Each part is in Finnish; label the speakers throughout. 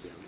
Speaker 1: abbiamo.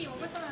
Speaker 2: team. What's on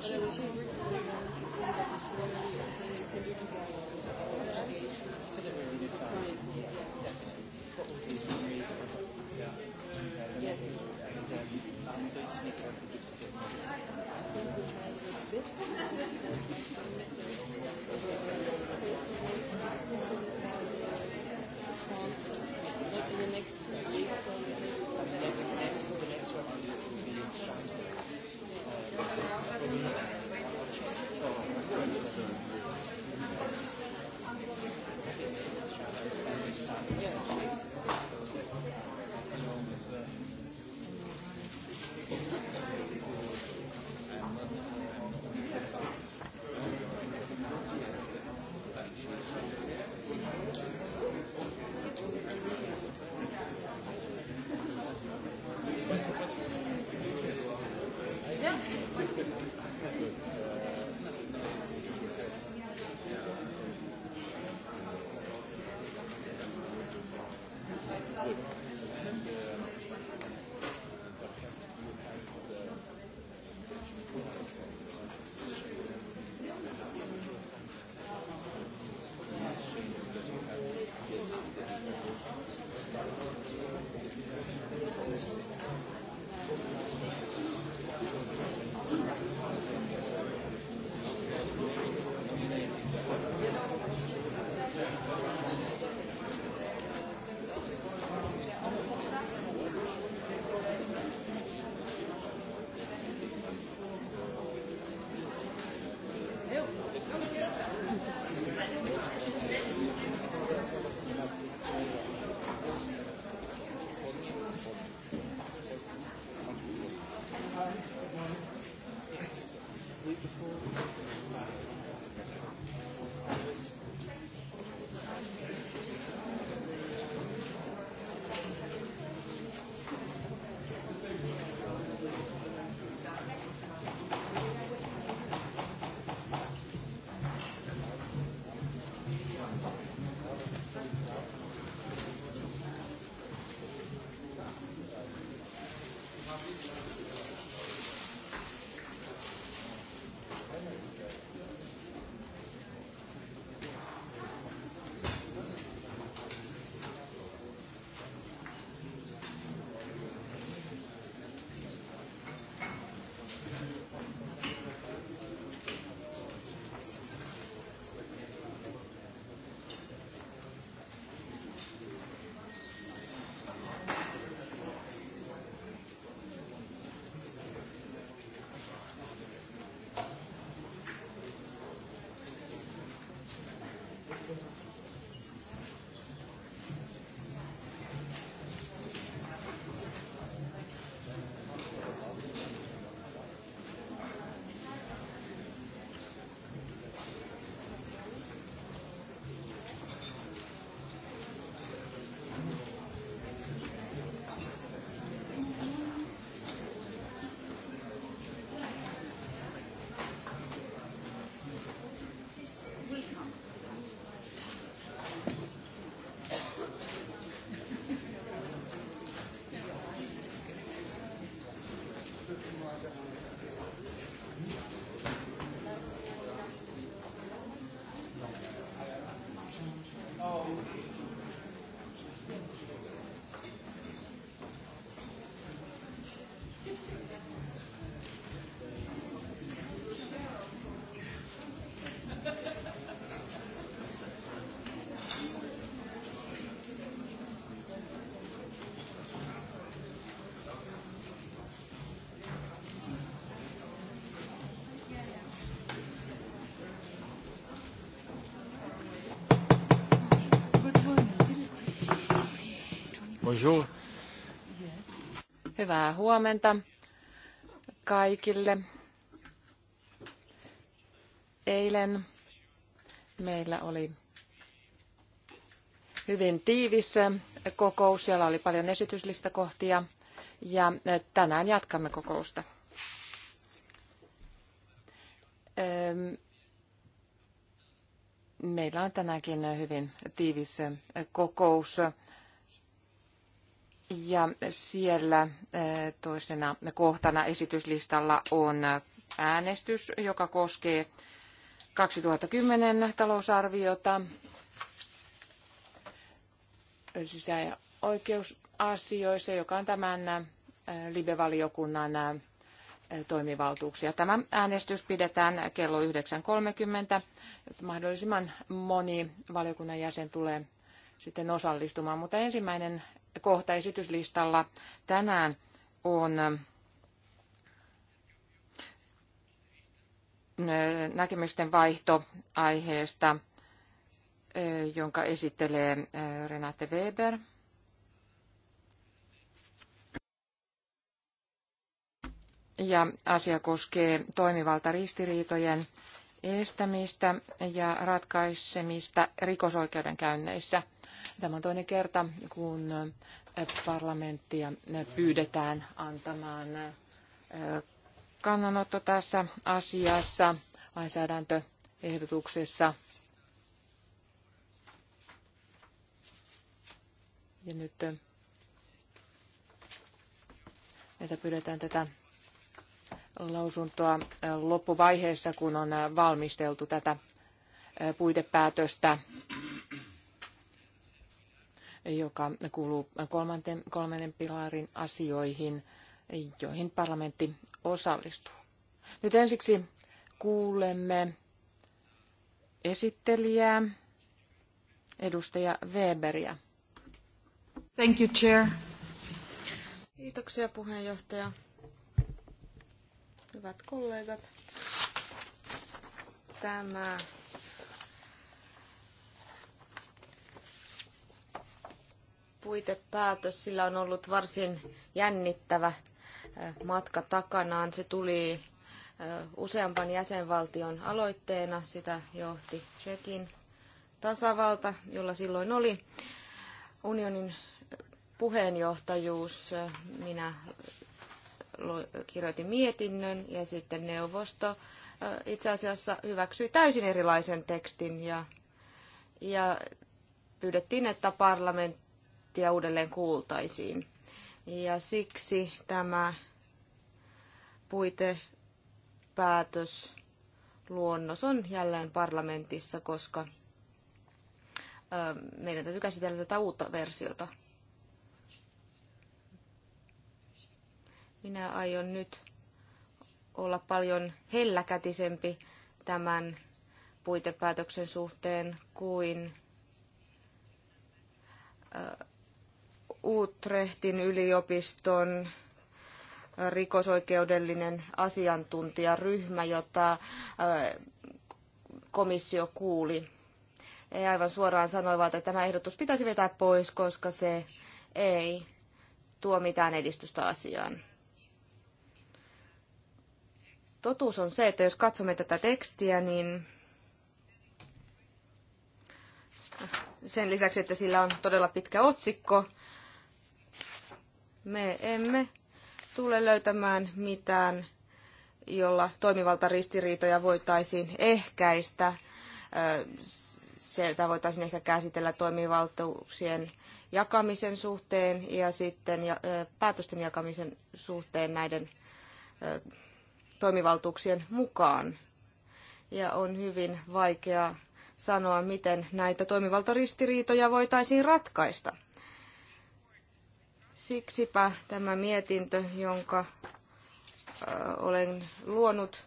Speaker 2: said, Bonjour. Hyvää huomenta kaikille. Eilen meillä oli hyvin tiivis kokous. Siellä oli paljon esityslistakohtia ja tänään jatkamme kokousta. Meillä on tänäänkin hyvin tiivis kokous ja siellä eh, toisena kohtana esityslistalla on äänestys, joka koskee 2010 talousarviota, sisä- ja oikeusasioissa, joka on tämän eh, libe valiokunnan eh, toimivaltuuksia. Tämä äänestys pidetään kello 9.30, jotta mahdollisimman moni valiokunnan jäsen tulee sitten osallistumaan. Mutta ensimmäinen kohta esityslistalla tänään on näkemysten vaihto aiheesta, jonka esittelee Renate Weber. Ja asia koskee toimivaltaristiriitojen estämistä ja ratkaisemista rikosoikeudenkäynneissä. Tämä on toinen kerta, kun parlamenttia pyydetään antamaan kannanotto tässä asiassa lainsäädäntöehdotuksessa. Ja nyt meitä pyydetään tätä lausuntoa loppuvaiheessa, kun on valmisteltu tätä puitepäätöstä, joka kuuluu kolmanten, kolmannen pilarin asioihin, joihin parlamentti osallistuu. Nyt ensiksi kuulemme esittelijää, edustaja Weberiä. Thank you, Chair.
Speaker 3: Kiitoksia puheenjohtaja. Hyvät kollegat, tämä puitepäätös, sillä on ollut varsin jännittävä matka takanaan. Se tuli useampan jäsenvaltion aloitteena. Sitä johti Tsekin tasavalta, jolla silloin oli unionin puheenjohtajuus. Minä kirjoitti mietinnön ja sitten neuvosto itse asiassa hyväksyi täysin erilaisen tekstin ja, ja pyydettiin, että parlamenttia uudelleen kuultaisiin. Ja siksi tämä puitepäätös luonnos on jälleen parlamentissa, koska meidän täytyy käsitellä tätä uutta versiota. Minä aion nyt olla paljon helläkätisempi tämän puitepäätöksen suhteen kuin Utrehtin yliopiston rikosoikeudellinen asiantuntijaryhmä, jota komissio kuuli. He aivan suoraan sanoivat, että tämä ehdotus pitäisi vetää pois, koska se ei tuo mitään edistystä asiaan totuus on se, että jos katsomme tätä tekstiä, niin sen lisäksi, että sillä on todella pitkä otsikko, me emme tule löytämään mitään, jolla toimivaltaristiriitoja voitaisiin ehkäistä. Sieltä voitaisiin ehkä käsitellä toimivaltuuksien jakamisen suhteen ja sitten päätösten jakamisen suhteen näiden toimivaltuuksien mukaan. Ja on hyvin vaikea sanoa, miten näitä toimivaltaristiriitoja voitaisiin ratkaista. Siksipä tämä mietintö, jonka olen luonut,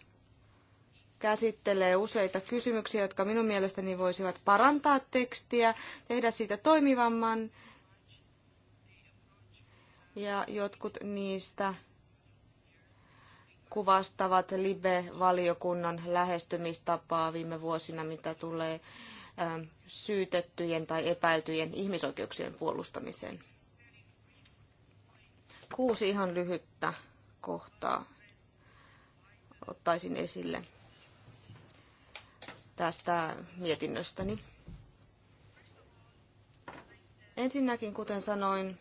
Speaker 3: käsittelee useita kysymyksiä, jotka minun mielestäni voisivat parantaa tekstiä, tehdä siitä toimivamman. Ja jotkut niistä kuvastavat Libe-valiokunnan lähestymistapaa viime vuosina, mitä tulee ähm, syytettyjen tai epäiltyjen ihmisoikeuksien puolustamiseen. Kuusi ihan lyhyttä kohtaa ottaisin esille tästä mietinnöstäni. Ensinnäkin, kuten sanoin,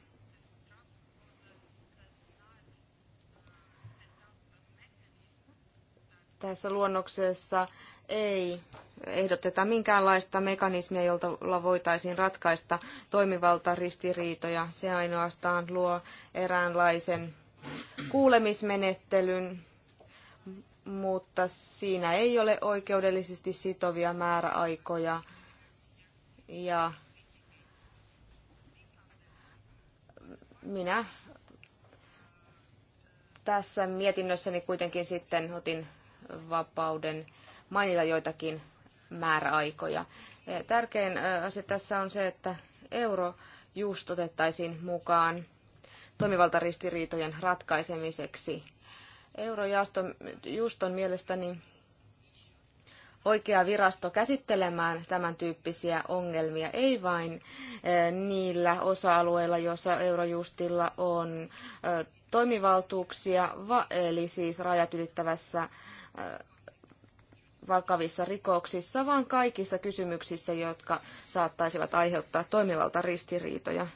Speaker 3: tässä luonnoksessa ei ehdoteta minkäänlaista mekanismia, jolla voitaisiin ratkaista toimivaltaristiriitoja. Se ainoastaan luo eräänlaisen kuulemismenettelyn, mutta siinä ei ole oikeudellisesti sitovia määräaikoja ja minä tässä mietinnössäni kuitenkin sitten otin vapauden mainita joitakin määräaikoja. Tärkein asia tässä on se, että euro just otettaisiin mukaan toimivaltaristiriitojen ratkaisemiseksi. Eurojaosto just on mielestäni oikea virasto käsittelemään tämän tyyppisiä ongelmia, ei vain niillä osa-alueilla, joissa Eurojustilla on toimivaltuuksia, eli siis rajat ylittävässä Äh, vakavissa rikoksissa, vaan kaikissa kysymyksissä, jotka saattaisivat aiheuttaa toimivalta ristiriitoja.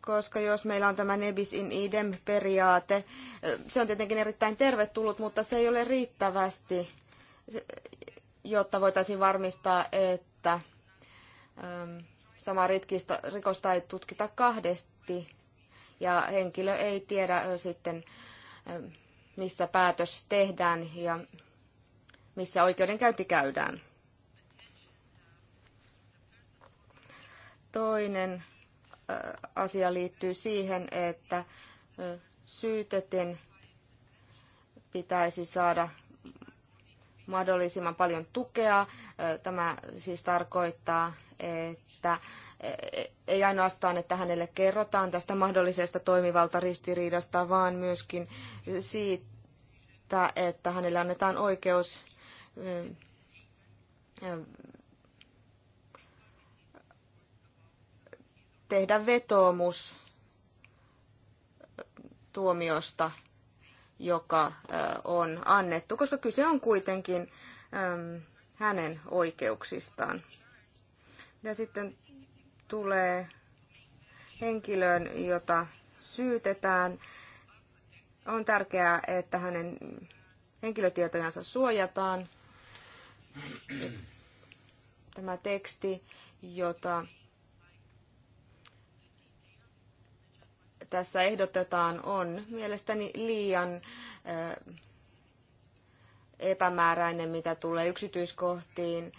Speaker 3: Koska jos meillä on tämä nebis in idem periaate, äh, se on tietenkin erittäin tervetullut, mutta se ei ole riittävästi, jotta voitaisiin varmistaa, että ähm, sama rikosta ei tutkita kahdesti ja henkilö ei tiedä äh, sitten ähm, missä päätös tehdään ja missä oikeudenkäynti käydään. Toinen asia liittyy siihen, että syytetin pitäisi saada mahdollisimman paljon tukea. Tämä siis tarkoittaa, että että e, ei ainoastaan, että hänelle kerrotaan tästä mahdollisesta toimivalta ristiriidasta, vaan myöskin siitä, että hänelle annetaan oikeus e, e, tehdä vetoomus tuomiosta, joka on annettu, koska kyse on kuitenkin hänen oikeuksistaan. Ja sitten tulee henkilöön, jota syytetään. On tärkeää, että hänen henkilötietojansa suojataan. Tämä teksti, jota tässä ehdotetaan, on mielestäni liian epämääräinen, mitä tulee yksityiskohtiin.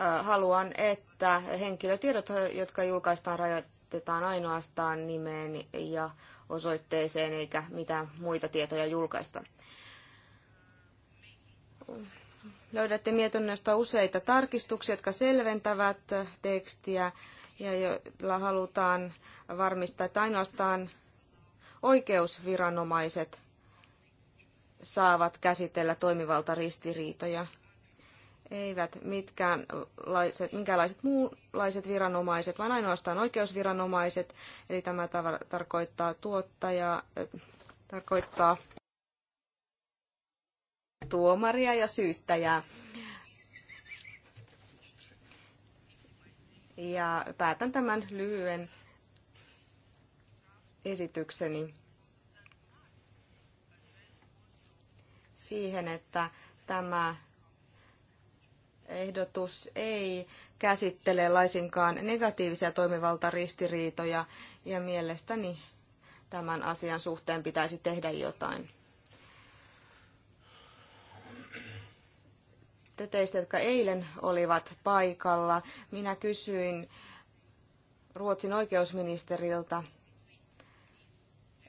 Speaker 3: Äh, haluan, että henkilötiedot, jotka julkaistaan, rajoitetaan ainoastaan nimeen ja osoitteeseen eikä mitään muita tietoja julkaista. Löydätte mietinnöstä useita tarkistuksia, jotka selventävät tekstiä ja joilla halutaan varmistaa, että ainoastaan oikeusviranomaiset saavat käsitellä toimivalta ristiriitoja eivät mitkään laiset, minkäänlaiset muunlaiset viranomaiset, vaan ainoastaan oikeusviranomaiset. Eli tämä tarkoittaa tuottajaa, tarkoittaa tuomaria ja syyttäjää. Ja päätän tämän lyhyen esitykseni siihen, että tämä ehdotus ei käsittele laisinkaan negatiivisia toimivaltaristiriitoja ja mielestäni tämän asian suhteen pitäisi tehdä jotain. Te teistä, jotka eilen olivat paikalla, minä kysyin Ruotsin oikeusministeriltä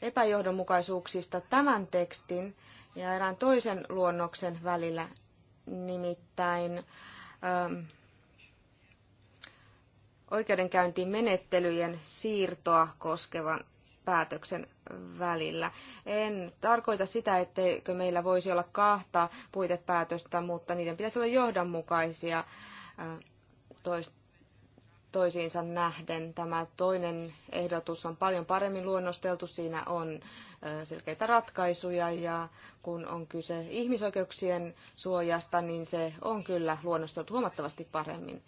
Speaker 3: epäjohdonmukaisuuksista tämän tekstin ja erään toisen luonnoksen välillä nimittäin ähm, oikeudenkäyntiin menettelyjen siirtoa koskevan päätöksen välillä. En tarkoita sitä, etteikö meillä voisi olla kahta puitepäätöstä, mutta niiden pitäisi olla johdonmukaisia äh, toist toisiinsa nähden. Tämä toinen ehdotus on paljon paremmin luonnosteltu, siinä on selkeitä ratkaisuja ja kun on kyse ihmisoikeuksien suojasta, niin se on kyllä luonnosteltu huomattavasti paremmin.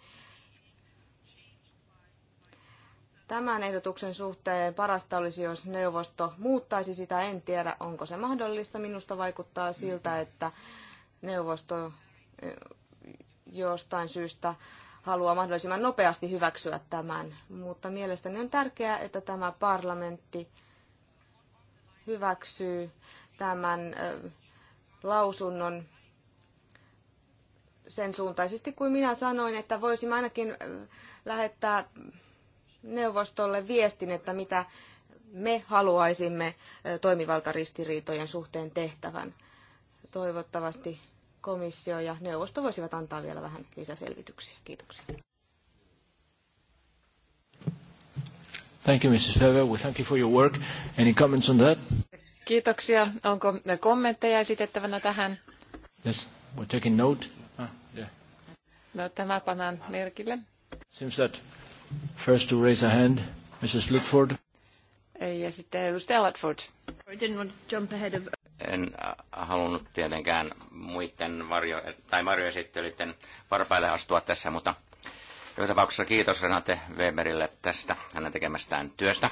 Speaker 3: Tämän ehdotuksen suhteen parasta olisi, jos neuvosto muuttaisi sitä. En tiedä, onko se mahdollista. Minusta vaikuttaa siltä, että neuvosto jostain syystä haluaa mahdollisimman nopeasti hyväksyä tämän. Mutta mielestäni on tärkeää, että tämä parlamentti hyväksyy tämän lausunnon sen suuntaisesti kuin minä sanoin, että voisimme ainakin lähettää neuvostolle viestin, että mitä me haluaisimme toimivaltaristiriitojen suhteen tehtävän. Toivottavasti komissio ja neuvosto voisivat antaa vielä vähän lisäselvityksiä. Kiitoksia.
Speaker 2: Thank you, Mrs. Weber. We thank you for your work. Any comments on that? Kiitoksia. Onko kommentteja esitettävänä tähän? Yes, we're taking note. Ah, yeah. No, tämä panan merkille.
Speaker 1: Seems that first to raise a hand, Mrs. Ludford.
Speaker 2: Ja sitten edustaja Ludford. I didn't want to jump ahead of
Speaker 1: en äh, halunnut tietenkään muiden varjo, tai varjoesittelyiden varpaille astua tässä, mutta joka tapauksessa kiitos Renate Weberille tästä hänen tekemästään työstä.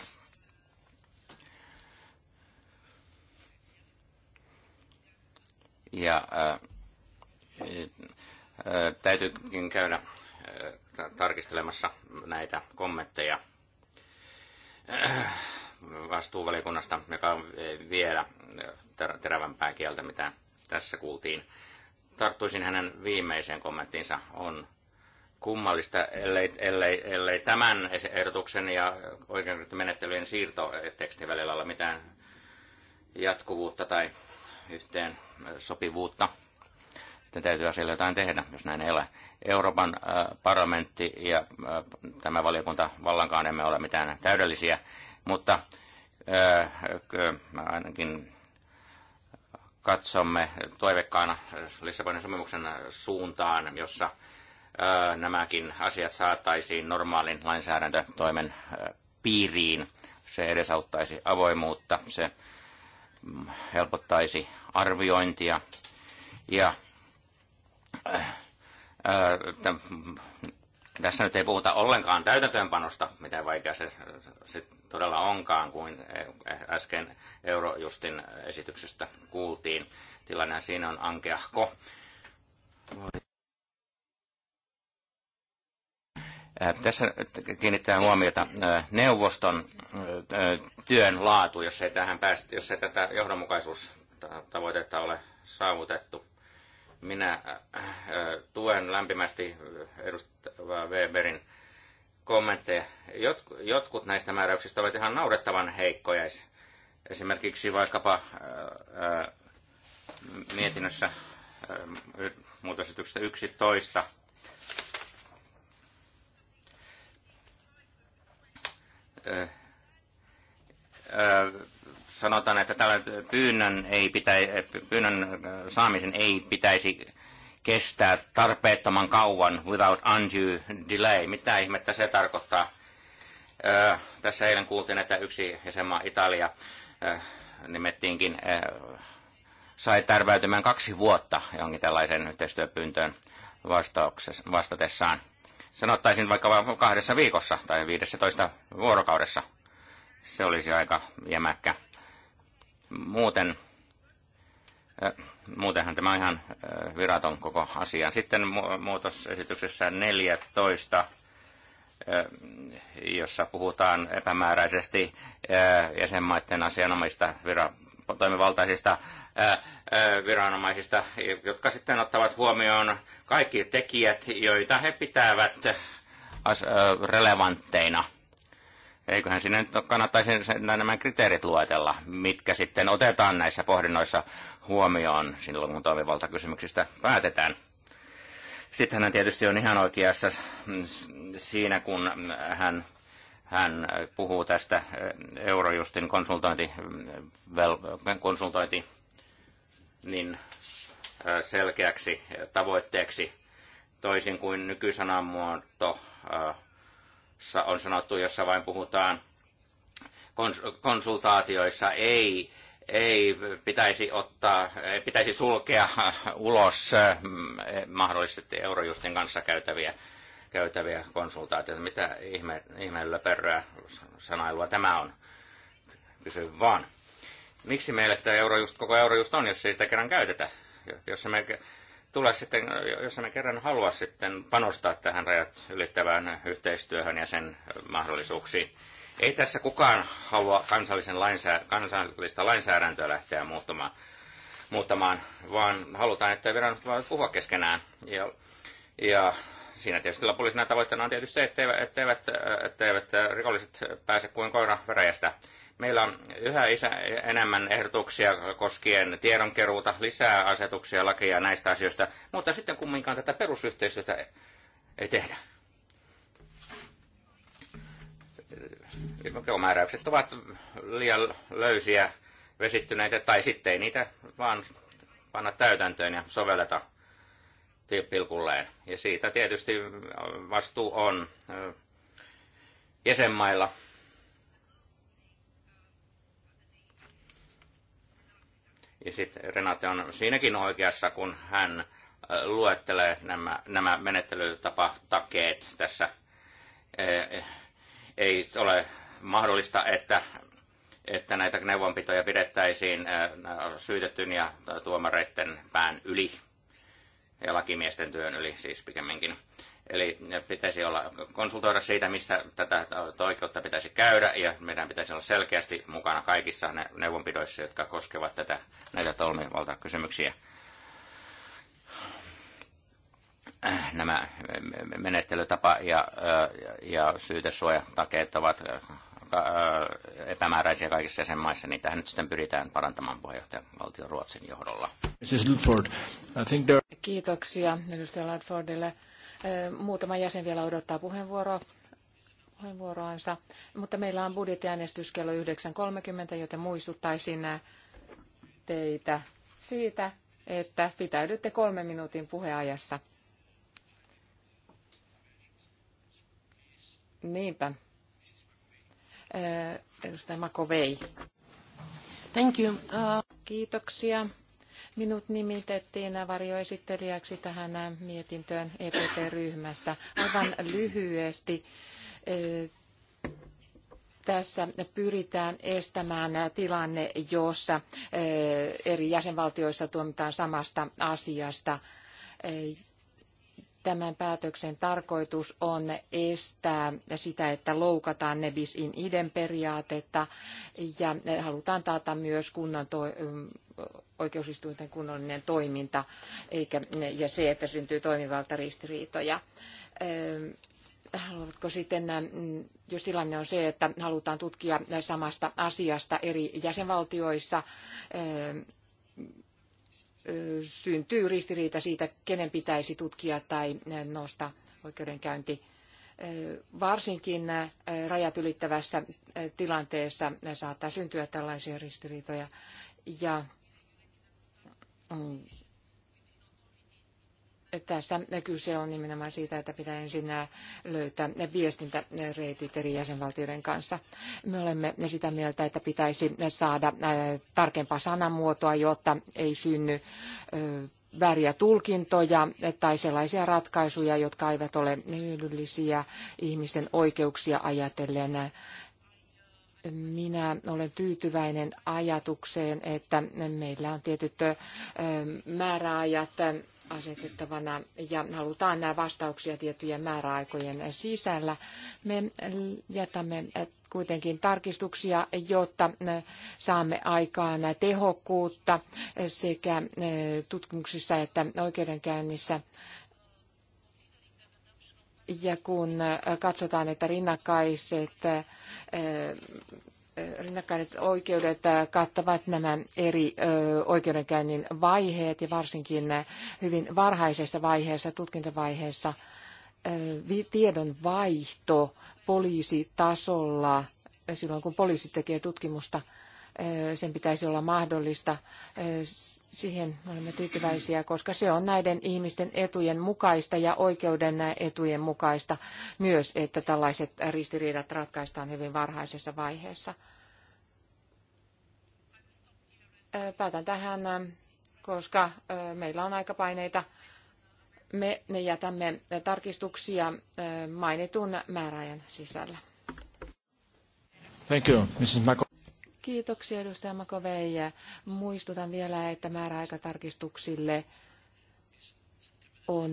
Speaker 1: Ja äh, äh, täytyykin käydä ää, tarkistelemassa näitä kommentteja. Äh vastuuvaliokunnasta, joka on vielä terävämpää kieltä, mitä tässä kuultiin. Tarttuisin hänen viimeiseen kommenttiinsa. On kummallista, ellei, ellei, ellei tämän ehdotuksen ja oikeudenmenettelyjen siirtotekstin välillä ole mitään jatkuvuutta tai yhteen sopivuutta. Sitten täytyy asialle jotain tehdä, jos näin ei ole. Euroopan parlamentti ja tämä valiokunta vallankaan emme ole mitään täydellisiä mutta äh, ainakin katsomme toivekkaana Lissabonin sopimuksen suuntaan, jossa äh, nämäkin asiat saataisiin normaalin lainsäädäntötoimen äh, piiriin. Se edesauttaisi avoimuutta, se mm, helpottaisi arviointia ja tässä nyt ei puhuta ollenkaan täytäntöönpanosta, mitä vaikea se, se todella onkaan, kuin äsken Eurojustin esityksestä kuultiin. Tilanne siinä on ankeahko. Äh, tässä kiinnittää huomiota äh, neuvoston äh, työn laatu, jos ei, tähän päästä, jos ei tätä johdonmukaisuustavoitetta ole saavutettu. Minä tuen lämpimästi edustaja Weberin kommentteja. Jot, jotkut näistä määräyksistä ovat ihan naurettavan heikkoja. Esimerkiksi vaikkapa ää, ää, mietinnössä ää, muutosesityksestä 11 ää, ää, sanotaan, että tällä pyynnön, ei pitäisi, pyynnön saamisen ei pitäisi kestää tarpeettoman kauan, without undue delay. Mitä ihmettä se tarkoittaa? Öö, tässä eilen kuultiin, että yksi jäsenmaa Italia öö, nimettiinkin öö, sai tärväytymään kaksi vuotta johonkin tällaisen yhteistyöpyyntöön vastatessaan. Sanottaisin vaikka vain kahdessa viikossa tai 15 vuorokaudessa. Se olisi aika jämäkkä. Muuten Muutenhan tämä on ihan viraton koko asia. Sitten muutosesityksessä 14 jossa puhutaan epämääräisesti jäsenmaiden asianomaisista vira, toimivaltaisista viranomaisista, jotka sitten ottavat huomioon kaikki tekijät, joita he pitävät relevantteina – Eiköhän sinne nyt kannattaisi nämä kriteerit luetella, mitkä sitten otetaan näissä pohdinnoissa huomioon silloin, kun toimivaltakysymyksistä päätetään. Sitten hän tietysti on ihan oikeassa siinä, kun hän, hän puhuu tästä eh, Eurojustin konsultointi, mm, vel, konsultointi niin eh, selkeäksi tavoitteeksi, toisin kuin nykysanamuoto eh, on sanottu, jossa vain puhutaan konsultaatioissa, ei, ei pitäisi ottaa, pitäisi sulkea ulos eh, mahdollisesti Eurojustin kanssa käytäviä, käytäviä konsultaatioita. Mitä ihme, ihmeellä perää sanailua tämä on? Kysy vaan. Miksi meillä sitä Eurojust, koko Eurojust on, jos ei sitä kerran käytetä? Jos me tule sitten, jos me kerran halua sitten panostaa tähän rajat ylittävään yhteistyöhön ja sen mahdollisuuksiin. Ei tässä kukaan halua kansallisen lainsää, kansallista lainsäädäntöä lähteä muuttamaan, muuttamaan, vaan halutaan, että viranomaiset voivat puhua keskenään. Ja, ja siinä tietysti lopullisena tavoitteena on tietysti se, etteivät, äh, etteivät, etteivät äh, rikolliset pääse kuin koira veräjästä Meillä on yhä isä, enemmän ehdotuksia koskien tiedonkeruuta, lisää asetuksia, lakeja näistä asioista, mutta sitten kumminkaan tätä perusyhteistyötä ei tehdä. määräykset ovat liian löysiä, vesittyneitä tai sitten ei niitä vaan panna täytäntöön ja sovelleta pilkulleen. Ja siitä tietysti vastuu on jäsenmailla Ja sitten Renate on siinäkin oikeassa, kun hän luettelee nämä, nämä menettelytapatakeet tässä. Ei ole mahdollista, että, että näitä neuvonpitoja pidettäisiin syytetyn ja tuomareiden pään yli ja lakimiesten työn yli siis pikemminkin. Eli pitäisi olla, konsultoida siitä, missä tätä oikeutta pitäisi käydä, ja meidän pitäisi olla selkeästi mukana kaikissa neuvonpidoissa, jotka koskevat tätä, näitä toimivaltakysymyksiä. Nämä menettelytapa ja, ja syytesuojatakeet ovat äh, epämääräisiä kaikissa jäsenmaissa, niin tähän nyt sitten pyritään parantamaan puheenjohtajan valtio Ruotsin johdolla.
Speaker 2: Kiitoksia edustaja Ladfordille. Muutama jäsen vielä odottaa puheenvuoroa puheenvuoroansa, mutta meillä on budjettiäänestys kello 9.30, joten muistuttaisin äh, teitä siitä, että pitäydytte kolmen minuutin puheajassa. Niinpä. Edustaja Makovei. Thank you. Uh... Kiitoksia. Minut nimitettiin varjoesittelijäksi tähän mietintöön EPP-ryhmästä. Aivan lyhyesti eh, tässä pyritään estämään tilanne, jossa eh, eri jäsenvaltioissa tuomitaan samasta asiasta eh, tämän päätöksen tarkoitus on estää sitä, että loukataan ne bis in idem periaatetta ja halutaan taata myös kunnan to- mm, oikeusistuinten kunnollinen toiminta eikä, ja se, että syntyy toimivaltaristiriitoja. Öö, haluatko sitten, mm, jos tilanne on se, että halutaan tutkia samasta asiasta eri jäsenvaltioissa, öö, syntyy ristiriita siitä, kenen pitäisi tutkia tai nostaa oikeudenkäynti. Varsinkin rajat ylittävässä tilanteessa saattaa syntyä tällaisia ristiriitoja ja mm, tässä kyse on nimenomaan siitä, että pitää ensin löytää viestintäreitit eri jäsenvaltioiden kanssa. Me olemme sitä mieltä, että pitäisi saada äh, tarkempaa sanamuotoa, jotta ei synny vääriä tulkintoja tai sellaisia ratkaisuja, jotka eivät ole hyödyllisiä ihmisten oikeuksia ajatellen. Minä olen tyytyväinen ajatukseen, että meillä on tietyt määräajat asetettavana ja halutaan nämä vastauksia tiettyjen määräaikojen sisällä. Me jätämme kuitenkin tarkistuksia, jotta saamme aikaan tehokkuutta sekä tutkimuksissa että oikeudenkäynnissä. Ja kun katsotaan, että rinnakkaiset rinnakkaiset oikeudet äh, kattavat nämä eri oikeudenkäynnin vaiheet ja varsinkin äh, hyvin varhaisessa vaiheessa, tutkintavaiheessa, tiedon vaihto poliisitasolla silloin, kun poliisi tekee tutkimusta – sen pitäisi olla mahdollista. Siihen olemme tyytyväisiä, koska se on näiden ihmisten etujen mukaista ja oikeuden etujen mukaista myös, että tällaiset ristiriidat ratkaistaan hyvin varhaisessa vaiheessa. Päätän tähän, koska meillä on aikapaineita. Me ne jätämme tarkistuksia mainitun määräajan sisällä. Thank you, Mrs. Kiitoksia edustaja Makovei. Muistutan vielä, että määräaikatarkistuksille on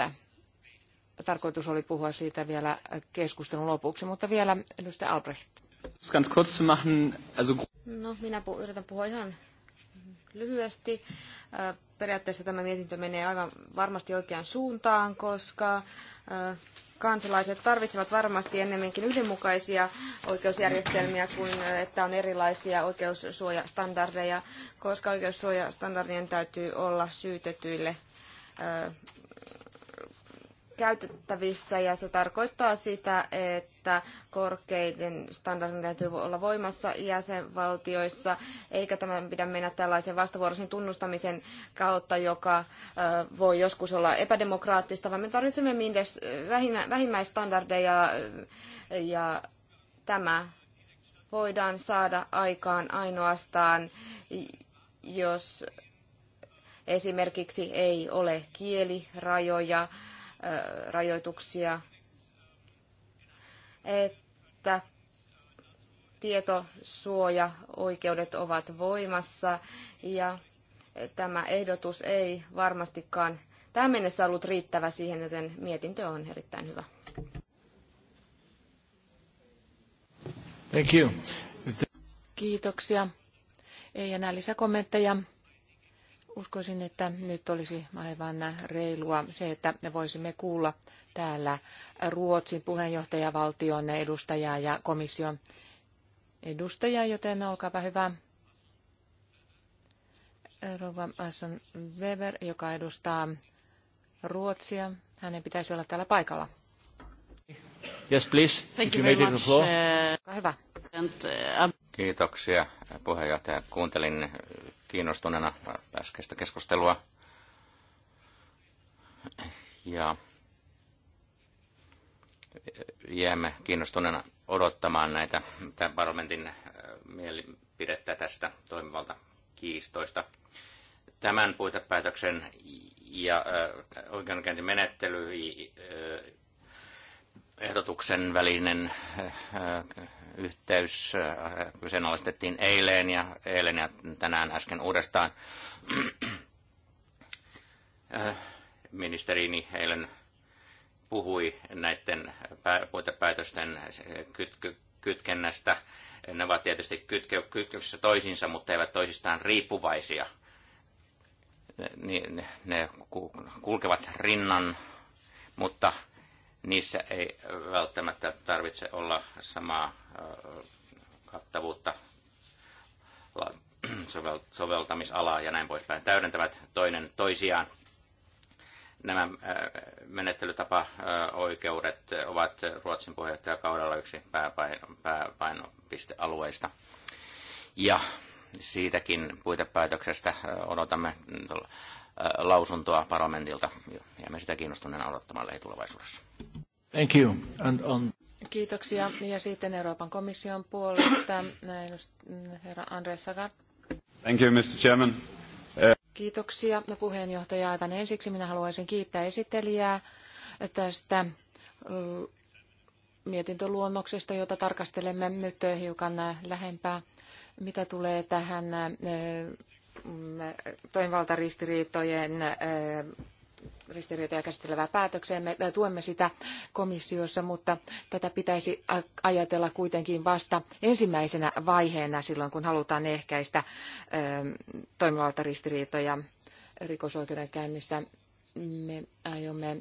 Speaker 2: 9.9. Tarkoitus oli puhua siitä vielä keskustelun lopuksi, mutta vielä edustaja Albrecht. No,
Speaker 3: minä pu- yritän puhua ihan lyhyesti. Äh, periaatteessa tämä mietintö menee aivan varmasti oikeaan suuntaan, koska äh, kansalaiset tarvitsevat varmasti ennemminkin yhdenmukaisia oikeusjärjestelmiä kuin että on erilaisia oikeussuojastandardeja, koska oikeussuojastandardien täytyy olla syytetyille käytettävissä ja se tarkoittaa sitä, että korkeiden standardin täytyy olla voimassa jäsenvaltioissa, eikä tämän pidä mennä tällaisen vastavuoroisen tunnustamisen kautta, joka voi joskus olla epädemokraattista, vaan me tarvitsemme mindes, vähimmäistandardeja ja tämä voidaan saada aikaan ainoastaan, jos esimerkiksi ei ole kielirajoja, rajoituksia, että tietosuoja-oikeudet ovat voimassa ja tämä ehdotus ei varmastikaan tähän mennessä ollut riittävä siihen, joten
Speaker 2: mietintö on erittäin hyvä. Thank you. Kiitoksia. Ei enää lisäkommentteja uskoisin, että nyt olisi aivan reilua se, että me voisimme kuulla täällä Ruotsin puheenjohtajavaltion edustajaa ja komission edustajaa, joten olkaapa hyvä. Rova Asson Weber, joka edustaa Ruotsia, hänen pitäisi olla täällä paikalla.
Speaker 1: Yes, please. Thank you, you very much. Uh, Olkaa
Speaker 2: hyvä. And,
Speaker 1: uh, Kiitoksia puheenjohtaja. Kuuntelin kiinnostuneena äskeistä keskustelua. Ja jäämme kiinnostuneena odottamaan näitä tämän parlamentin äh, mielipidettä tästä toimivalta kiistoista. Tämän puitepäätöksen ja äh, oikeudenkäyntimenettely äh, ehdotuksen välinen eh, yhteys eh, kyseenalaistettiin eilen ja, eilen ja tänään äsken uudestaan. Eh, ministeriini eilen puhui näiden puitepäätösten kytkennästä. Ne ovat tietysti kytkössä toisinsa, mutta eivät toisistaan riippuvaisia. Ne, ne, ne kulkevat rinnan, mutta niissä ei välttämättä tarvitse olla samaa kattavuutta soveltamisalaa ja näin poispäin. Täydentävät toinen toisiaan. Nämä menettelytapa oikeudet ovat Ruotsin puheenjohtajakaudella yksi pääpainopistealueista. Ja siitäkin puitepäätöksestä odotamme lausuntoa parlamentilta. ja me sitä kiinnostuneena odottamaan lähitulevaisuudessa.
Speaker 2: Thank you. And on... Kiitoksia. Ja sitten Euroopan komission puolesta herra Andres Sagar.
Speaker 3: Thank you, Mr. Chairman. Eh,
Speaker 2: Kiitoksia no, puheenjohtaja. Aivan ensiksi minä haluaisin kiittää esittelijää tästä mietintöluonnoksesta, jota tarkastelemme nyt hiukan lähempää, mitä tulee tähän toimivaltaristiriitojen ristiriitoja käsittelevää päätöksiä. Me tuemme sitä komissiossa, mutta tätä pitäisi ajatella kuitenkin vasta ensimmäisenä vaiheena silloin, kun halutaan ehkäistä toimivaltaristiriitoja rikosoikeudenkäynnissä. Me aiomme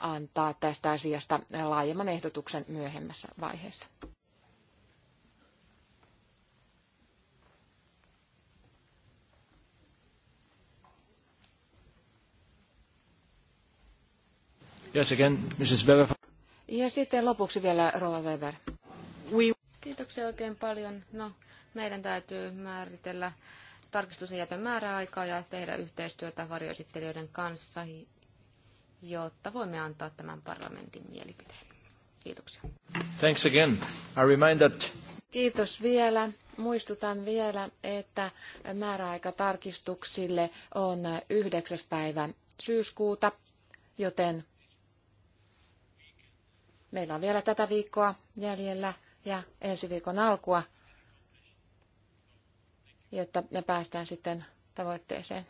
Speaker 2: antaa tästä asiasta laajemman ehdotuksen myöhemmässä vaiheessa. Yes, again, Mrs. Weber. Ja sitten lopuksi vielä Rova Weber. We... Kiitoksia
Speaker 3: oikein paljon. No, meidän täytyy määritellä tarkistuksen jätön määräaikaa ja tehdä yhteistyötä varjoesittelijöiden kanssa, jotta voimme antaa tämän parlamentin mielipiteen. Kiitoksia.
Speaker 2: Thanks again. I remind that... Kiitos vielä. Muistutan vielä, että määräaika tarkistuksille on 9. päivä syyskuuta, joten Meillä on vielä tätä viikkoa jäljellä ja ensi viikon alkua, jotta ne päästään sitten tavoitteeseen.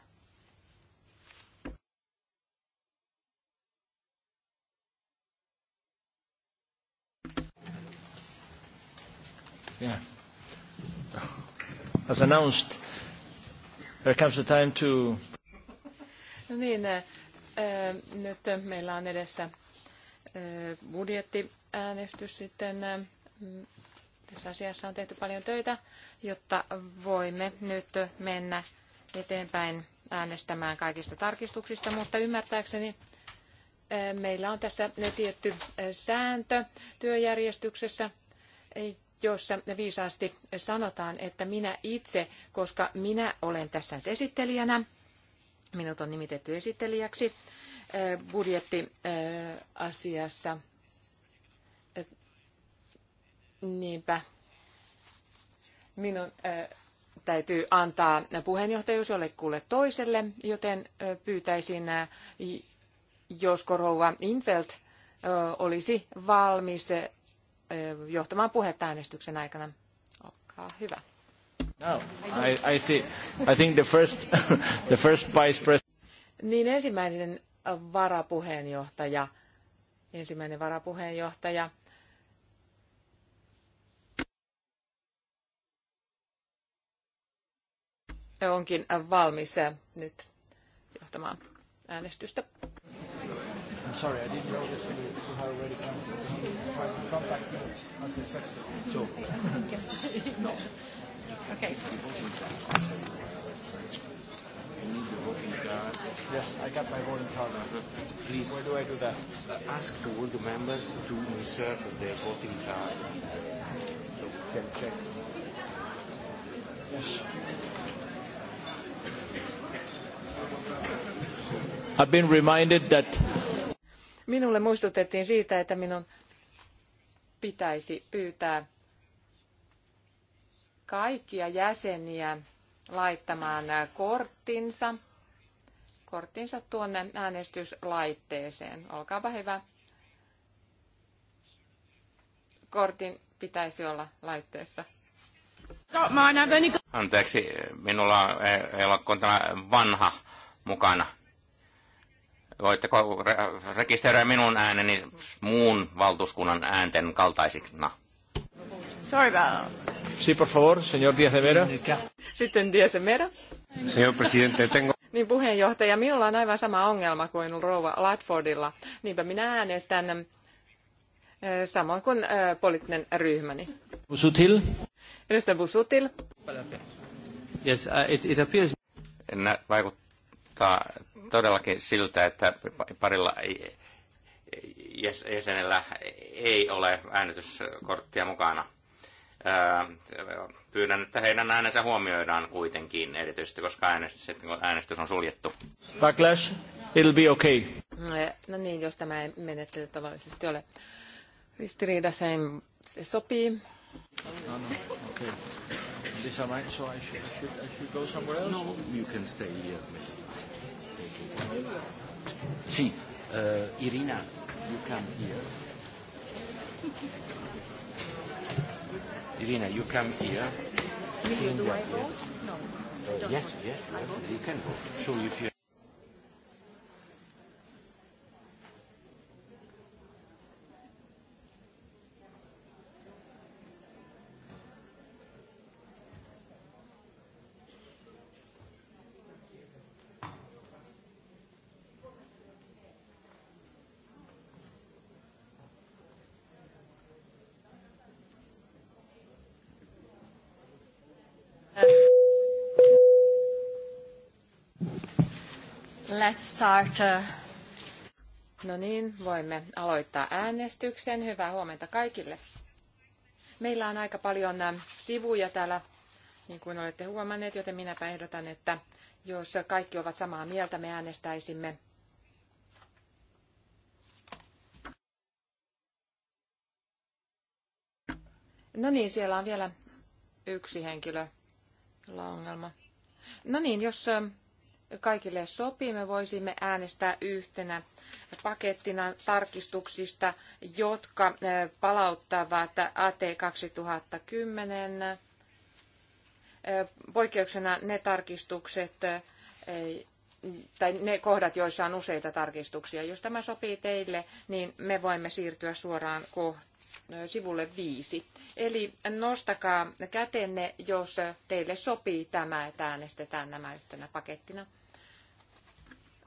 Speaker 2: Yeah. As announced, there comes the time to... No niin, äh, nyt meillä on edessä budjettiäänestys sitten. Tässä asiassa on tehty paljon töitä, jotta voimme nyt mennä eteenpäin äänestämään kaikista tarkistuksista, mutta ymmärtääkseni meillä on tässä tietty sääntö työjärjestyksessä, jossa viisaasti sanotaan, että minä itse, koska minä olen tässä nyt esittelijänä, minut on nimitetty esittelijäksi, budjettiasiassa. Niinpä. Minun täytyy antaa puheenjohtajuus jollekulle toiselle, joten pyytäisin, josko rouva Infeld olisi valmis johtamaan puhetta äänestyksen aikana. Olkaa hyvä. No,
Speaker 1: I, I, see. I think the first, the first vice president.
Speaker 2: Niin ensimmäinen varapuheenjohtaja, ensimmäinen varapuheenjohtaja. onkin valmis nyt johtamaan äänestystä.
Speaker 1: okay need the voting card. Yes, I got my voting card. Please, where do I do that? Ask the the members to insert their voting card so we can check. Yes. I've been reminded that
Speaker 2: Minulle muistutettiin siitä, että minun pitäisi pyytää kaikkia jäseniä laittamaan korttinsa, korttinsa tuonne äänestyslaitteeseen. Olkaapa hyvä. Kortin pitäisi olla laitteessa. No, niinku-
Speaker 1: Anteeksi, minulla ei ole kuin tämä vanha mukana. Voitteko re- rekisteröidä minun ääneni muun valtuuskunnan äänten kaltaisina? No.
Speaker 2: Sorry about that.
Speaker 1: Sí, por favor, señor Díaz de Mera.
Speaker 2: Sitten Díaz de Mera.
Speaker 1: Señor presidente, tengo... Niin
Speaker 2: puheenjohtaja, minulla on aivan sama ongelma kuin rouva Latfordilla. Niinpä minä äänestän äh, samoin kuin äh, poliittinen ryhmäni. Busutil. Edustaja Busutil.
Speaker 1: Yes, uh, it, it appears... Nä, vaikuttaa todellakin siltä, että parilla jäsenellä ei ole äänestyskorttia mukana Ää, pyydän, että heidän äänensä huomioidaan kuitenkin, erityisesti koska äänestys, kun äänestys on suljettu. Backlash, it'll be okay.
Speaker 2: Eh, no niin, jos tämä ei menettely tavallisesti ole ristiriidassa, niin se sopii. No,
Speaker 1: no, okay. This I so I should, I should, I should go somewhere else? No, you can stay here. Thank you. Si, uh, Irina, you come here. Irina, you come here. do I
Speaker 2: vote? No.
Speaker 1: Uh, yes, yes, yes, you can vote. Show if you.
Speaker 2: Let's start. Uh, no niin, voimme aloittaa äänestyksen. Hyvää huomenta kaikille. Meillä on aika paljon äh, sivuja täällä, niin kuin olette huomanneet, joten minäpä ehdotan, että jos kaikki ovat samaa mieltä, me äänestäisimme No niin, siellä on vielä yksi henkilö, jolla on ongelma. No niin, jos äh, kaikille sopii, me voisimme äänestää yhtenä pakettina tarkistuksista, jotka eh, palauttavat AT 2010. Eh, poikkeuksena ne tarkistukset eh, tai ne kohdat, joissa on useita tarkistuksia. Jos tämä sopii teille, niin me voimme siirtyä suoraan sivulle viisi. Eli nostakaa kätenne, jos teille sopii tämä, että äänestetään nämä yhtenä pakettina.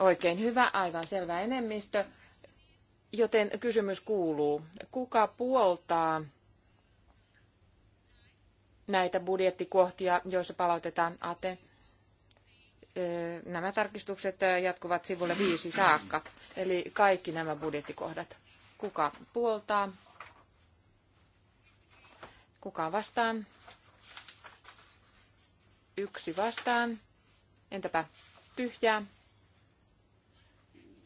Speaker 2: Oikein hyvä, aivan selvä enemmistö. Joten kysymys kuuluu, kuka puoltaa näitä budjettikohtia, joissa palautetaan ATE? Nämä tarkistukset jatkuvat sivulle viisi saakka, eli kaikki nämä budjettikohdat. Kuka puoltaa? Kuka vastaan? Yksi vastaan. Entäpä tyhjää?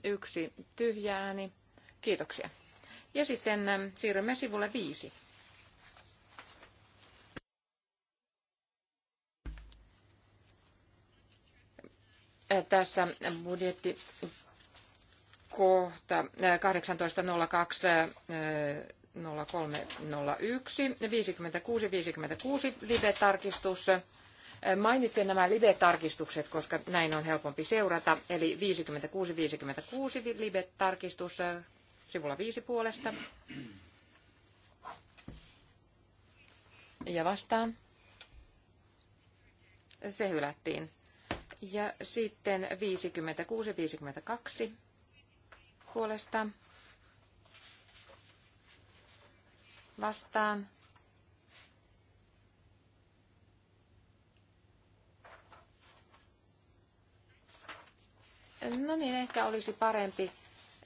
Speaker 2: yksi tyhjääni. Kiitoksia. Ja sitten ähm, siirrymme sivulle viisi. Äh, tässä budjetti kohta 18.02 0301 56 56 live-tarkistus Mainitsen nämä live-tarkistukset, koska näin on helpompi seurata. Eli 56-56 live-tarkistus äh, sivulla viisi puolesta. Ja vastaan. Se hylättiin. Ja sitten 56-52 puolesta. Vastaan. No niin, ehkä olisi parempi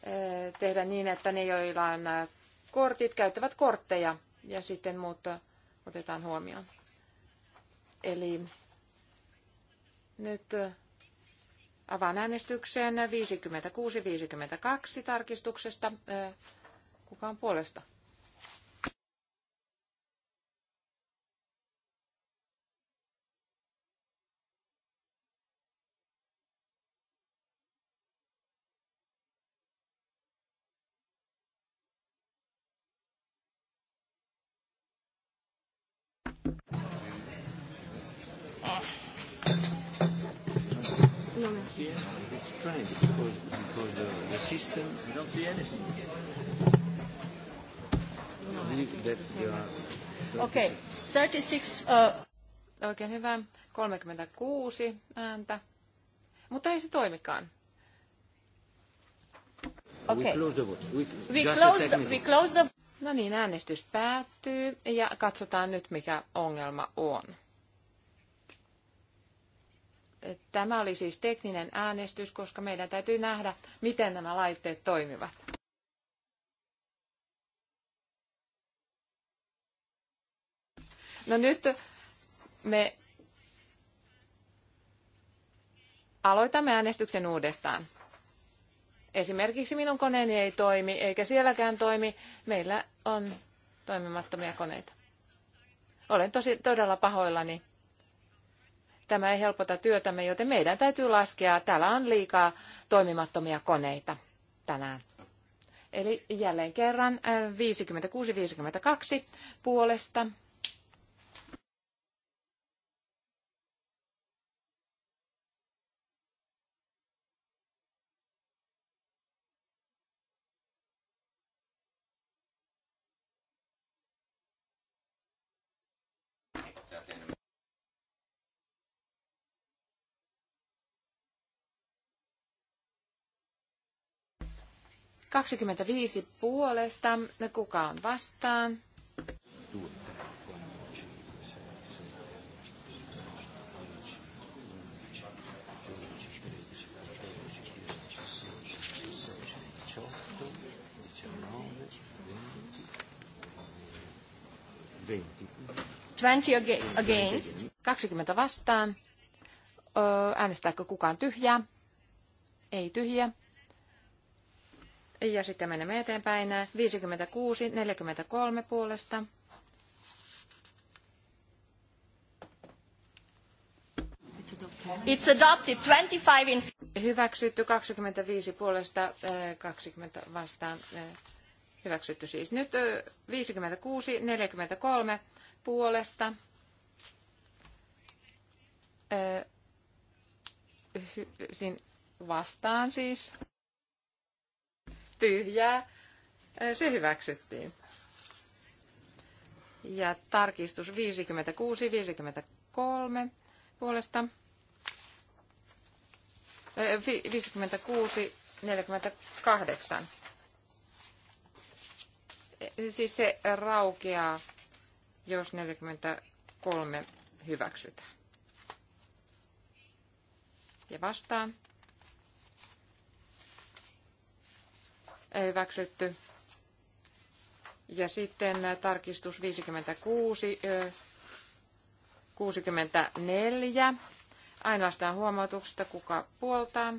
Speaker 2: eh, tehdä niin, että ne, joilla on eh, kortit, käyttävät kortteja ja sitten muut eh, otetaan huomioon. Eli nyt avaan äänestyksen 56-52 tarkistuksesta. Kuka on puolesta? see It's
Speaker 1: strange because, the, system. don't see anything. 36.
Speaker 2: Okay, 36. Uh... Oikein hyvä. 36 ääntä. Mutta ei se toimikaan.
Speaker 1: Okay. We close the vote. We, we, close the, we close the...
Speaker 2: No niin, äänestys päättyy ja katsotaan nyt mikä ongelma on. Tämä oli siis tekninen äänestys, koska meidän täytyy nähdä, miten nämä laitteet toimivat. No nyt me aloitamme äänestyksen uudestaan. Esimerkiksi minun koneeni ei toimi, eikä sielläkään toimi. Meillä on toimimattomia koneita. Olen tosi todella pahoillani. Tämä ei helpota työtämme, joten meidän täytyy laskea. Täällä on liikaa toimimattomia koneita tänään. Eli jälleen kerran 56-52 äh, puolesta 25 puolesta, kuka on vastaan? against. 20 vastaan. Äänestääkö kukaan tyhjää? Ei tyhjää. Ja sitten menemme eteenpäin. 56, 43 puolesta. It's adopted 25 in... Hyväksytty 25 puolesta, 20 eh, vastaan. Eh, hyväksytty siis nyt 56, eh, 43 puolesta. Sin vastaan siis tyhjää, se hyväksyttiin. Ja tarkistus 56, 53 puolesta. 56, 48. Siis se raukeaa, jos 43 hyväksytään. Ja vastaan hyväksytty. Ja sitten tarkistus 56, 64. Ainoastaan huomautuksesta, kuka puoltaa,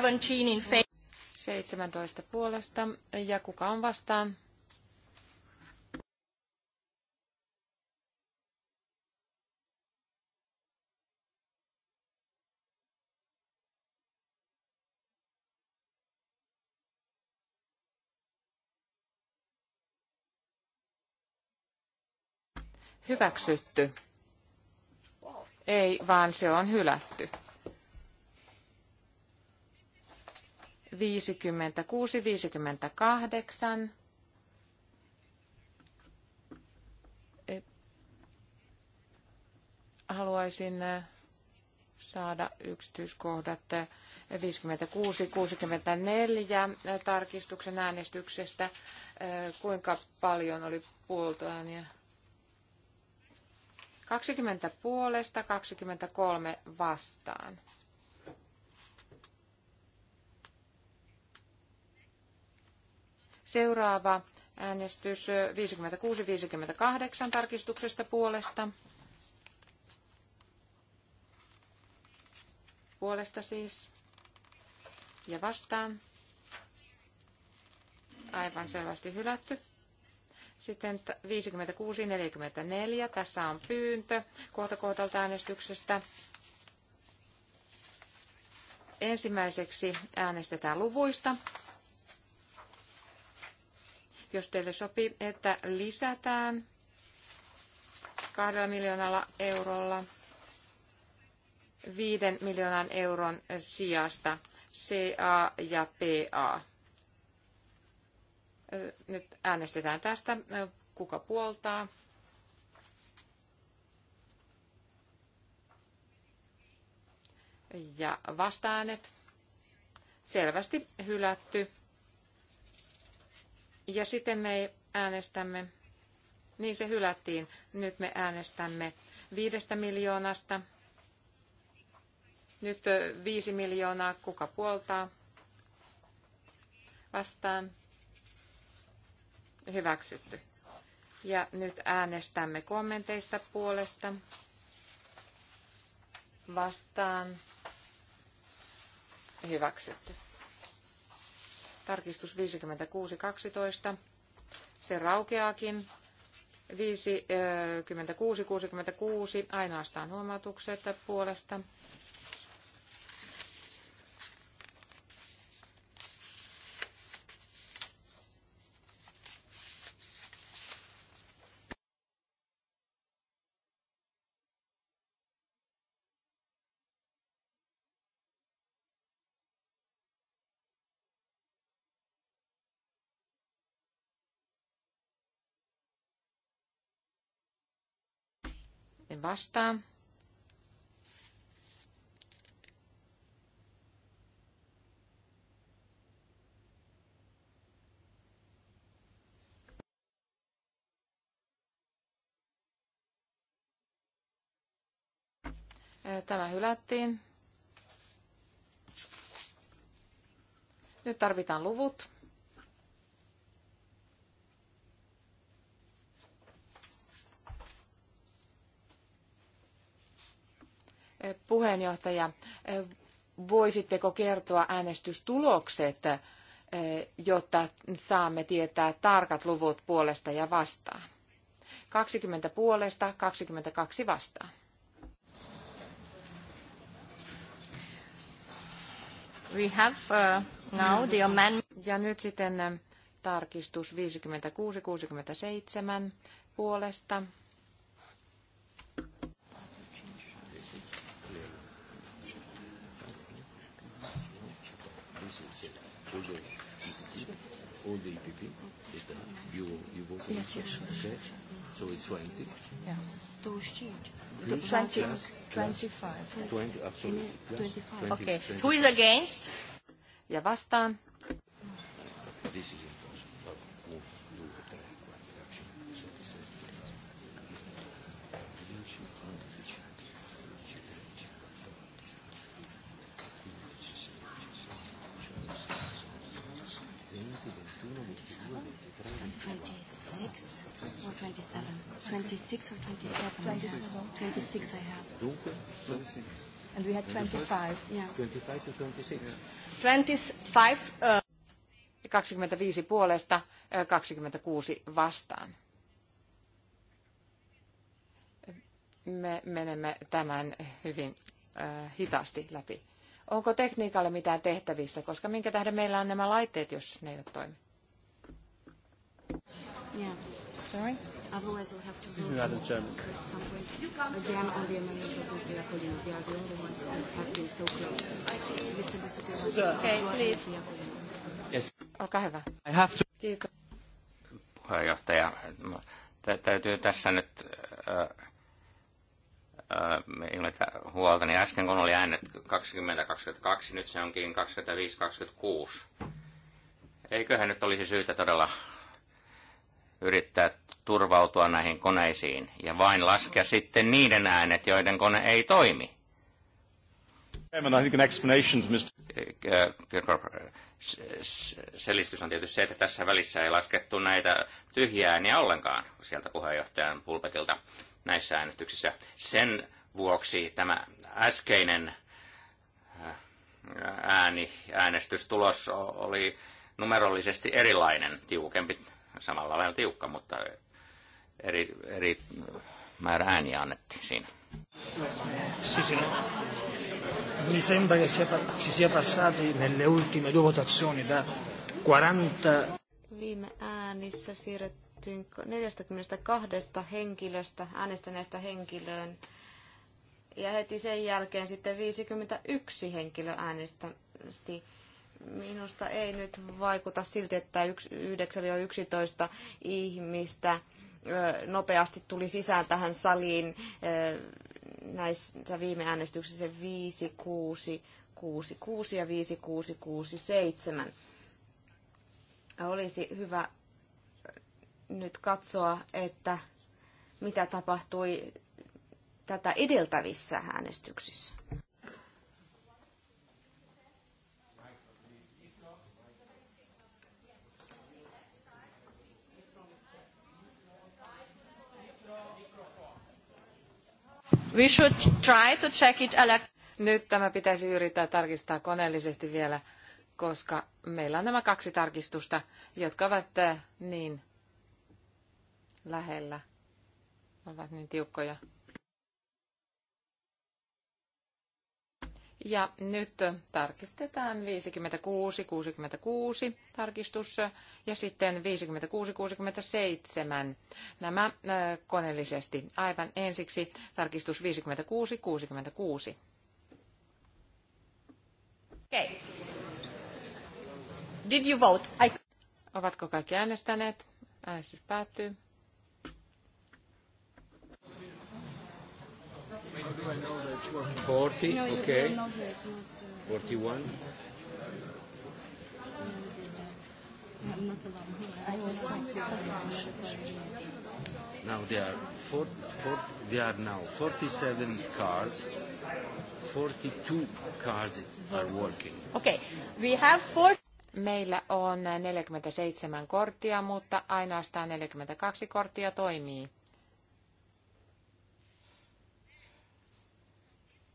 Speaker 2: 17 in favor. 17 puolesta ja kuka on vastaan? Hyväksytty. Ei, vaan se on hylätty. 56, 58. Haluaisin äh, saada yksityiskohdat 56-64 äh, äh, tarkistuksen äänestyksestä. Kuinka paljon oli puoltoääniä? 20 puolesta, 23 vastaan. Seuraava äänestys 56-58 tarkistuksesta puolesta. Puolesta siis. Ja vastaan. Aivan selvästi hylätty. Sitten 56-44. Tässä on pyyntö kohta kohdalta äänestyksestä. Ensimmäiseksi äänestetään luvuista jos teille sopii, että lisätään kahdella miljoonalla eurolla viiden miljoonan euron sijasta CA ja PA. Nyt äänestetään tästä, kuka puoltaa. Ja vastaanet selvästi hylätty. Ja sitten me äänestämme, niin se hylättiin. Nyt me äänestämme viidestä miljoonasta. Nyt viisi miljoonaa, kuka puoltaa? Vastaan. Hyväksytty. Ja nyt äänestämme kommenteista puolesta. Vastaan. Hyväksytty. Tarkistus 56.12. Se raukeakin. 56.66 äh, ainoastaan huomautukset puolesta Sitten niin vastaan. Tämä hylättiin. Nyt tarvitaan luvut. puheenjohtaja, voisitteko kertoa äänestystulokset, eh, jotta saamme tietää tarkat luvut puolesta ja vastaan? 20 puolesta, 22 vastaan. We have uh, now the amendment. Ja nyt sitten eh, tarkistus 56-67 puolesta
Speaker 1: all the EPP, all the EPP that uh, you, you voted? Yes, yes, sure. So it's 20? Yeah.
Speaker 2: To 25. 25. Okay. Who is against? Ja vastaan.
Speaker 1: This is it.
Speaker 3: 27. 26 or 27? 26, 26 I have.
Speaker 1: 26. And we had 25. Yeah. 25 to 26.
Speaker 2: 25. Uh... 25 puolesta, 26 uh, vastaan. Me menemme tämän hyvin äh, hitaasti läpi. Onko tekniikalle mitään tehtävissä, koska minkä tähden meillä on nämä laitteet, jos ne eivät toimi? Yeah. Sorry?
Speaker 1: Otherwise, we'll have to vote at some
Speaker 3: point again on the amendments of Mr. Iacolino. They are the
Speaker 2: only ones who have been so close. Mr. Busuttil, okay, please. Yes. Olkaa hyvä. I have to... Kiitos.
Speaker 1: Puheenjohtaja, täytyy tässä nyt äh, ilmeitä huolta, niin äsken kun oli äänet 20-22, nyt se onkin 25-26. Eiköhän nyt olisi syytä todella yrittää turvautua näihin koneisiin ja vain laskea sitten niiden äänet, joiden kone ei toimi. Selistys on tietysti se, että tässä välissä ei laskettu näitä tyhjiä ääniä ollenkaan sieltä puheenjohtajan pulpetilta näissä äänestyksissä. Sen vuoksi tämä äskeinen äh, ääni, äänestystulos oli numerollisesti erilainen, tiukempi samalla lailla tiukka, mutta eri, eri määrä ääniä annettiin siinä.
Speaker 2: No.
Speaker 3: Mi sembra che sia, si sia passati nelle ultime due votazioni da 40... Viime äänissä siirrettiin 42 henkilöstä äänestäneestä henkilöön ja heti sen jälkeen sitten 51 henkilöä äänesti Minusta ei nyt vaikuta siltä, että 9-11 ihmistä nopeasti tuli sisään tähän saliin näissä viime äänestyksissä 6 ja 7. Olisi hyvä nyt katsoa, että mitä tapahtui tätä edeltävissä äänestyksissä.
Speaker 2: We should try to check it Nyt tämä pitäisi yrittää tarkistaa koneellisesti vielä, koska meillä on nämä kaksi tarkistusta, jotka ovat eh, niin lähellä, ovat niin tiukkoja. Ja nyt tarkistetaan 56, 66 tarkistus ja sitten 56, 67. Nämä koneellisesti aivan ensiksi tarkistus 56, 66. Okay. Did you vote? I... Ovatko kaikki äänestäneet? Äänestys päättyy.
Speaker 1: 40, no, okay. 41. Uh, now there are four, four, there are now 47 cards. 42 cards are working. Okay,
Speaker 2: we have four. Meillä on 47 korttia, mutta ainoastaan 42 korttia toimii.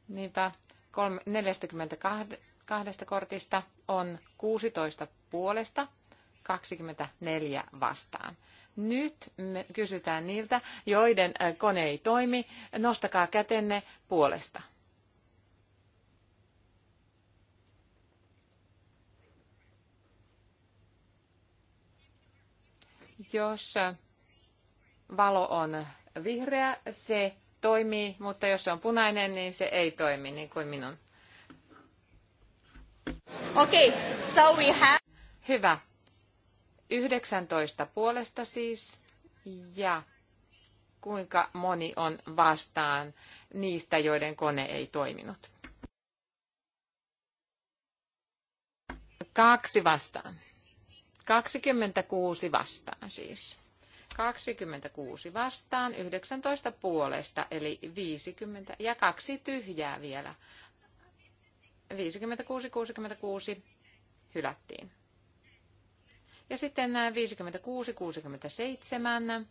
Speaker 2: Niitä 42 kortista on 16 puolesta, 24 vastaan. Nyt me kysytään niiltä, joiden äh, kone ei toimi, nostakaa kätenne puolesta. Jos äh, valo on vihreä, se toimii, mutta jos se on punainen, niin se ei toimi, niin kuin minun. Okay, so we have... Hyvä. 19 puolesta siis. Ja kuinka moni on vastaan niistä, joiden kone ei toiminut? Kaksi vastaan. 26 vastaan siis. 26 vastaan, 19 puolesta, eli 50 ja kaksi tyhjää vielä. 56, 66 hylättiin. Ja sitten 56, 67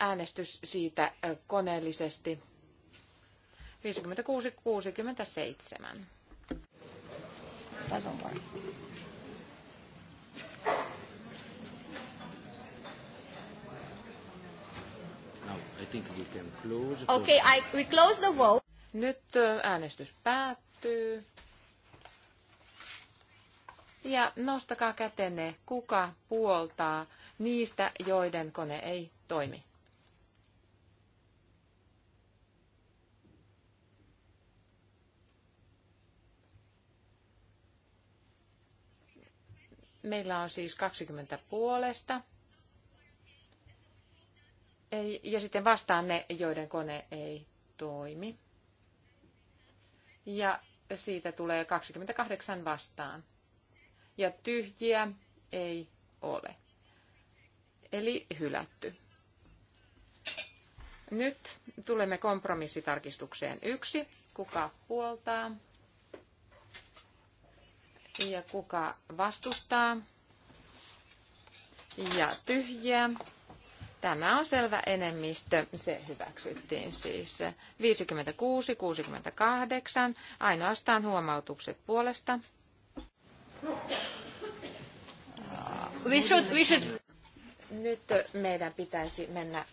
Speaker 2: äänestys siitä koneellisesti 56, 67. Doesn't work. Okay, I, we close the vote. Nyt äänestys päättyy. Ja nostakaa kätenne, kuka puoltaa niistä, joiden kone ei toimi. Meillä on siis 20 puolesta, ja sitten vastaan ne, joiden kone ei toimi. Ja siitä tulee 28 vastaan. Ja tyhjiä ei ole. Eli hylätty. Nyt tulemme kompromissitarkistukseen yksi. Kuka puoltaa? Ja kuka vastustaa? Ja tyhjiä Tämä on selvä enemmistö. Se hyväksyttiin siis 56-68. Ainoastaan huomautukset puolesta. We should, we should. Nyt meidän pitäisi mennä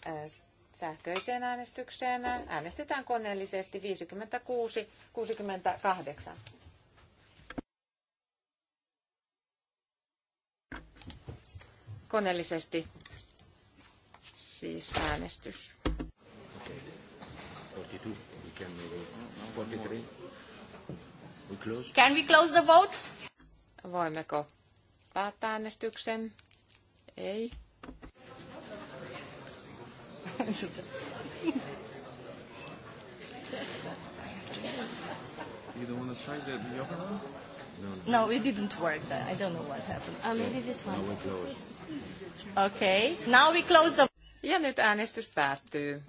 Speaker 2: sähköiseen äänestykseen. Äänestetään koneellisesti 56-68. Koneellisesti siis
Speaker 1: äänestys. Uh,
Speaker 2: can We close. the vote? Voimmeko päättää äänestyksen? Ei. You
Speaker 3: don't want to try the other one? No, no. no,
Speaker 2: it didn't work. I don't know what happened. Uh, maybe this one.
Speaker 1: Now we close. Okay. Now
Speaker 2: we close the... Ja nyt äänestys päättyy.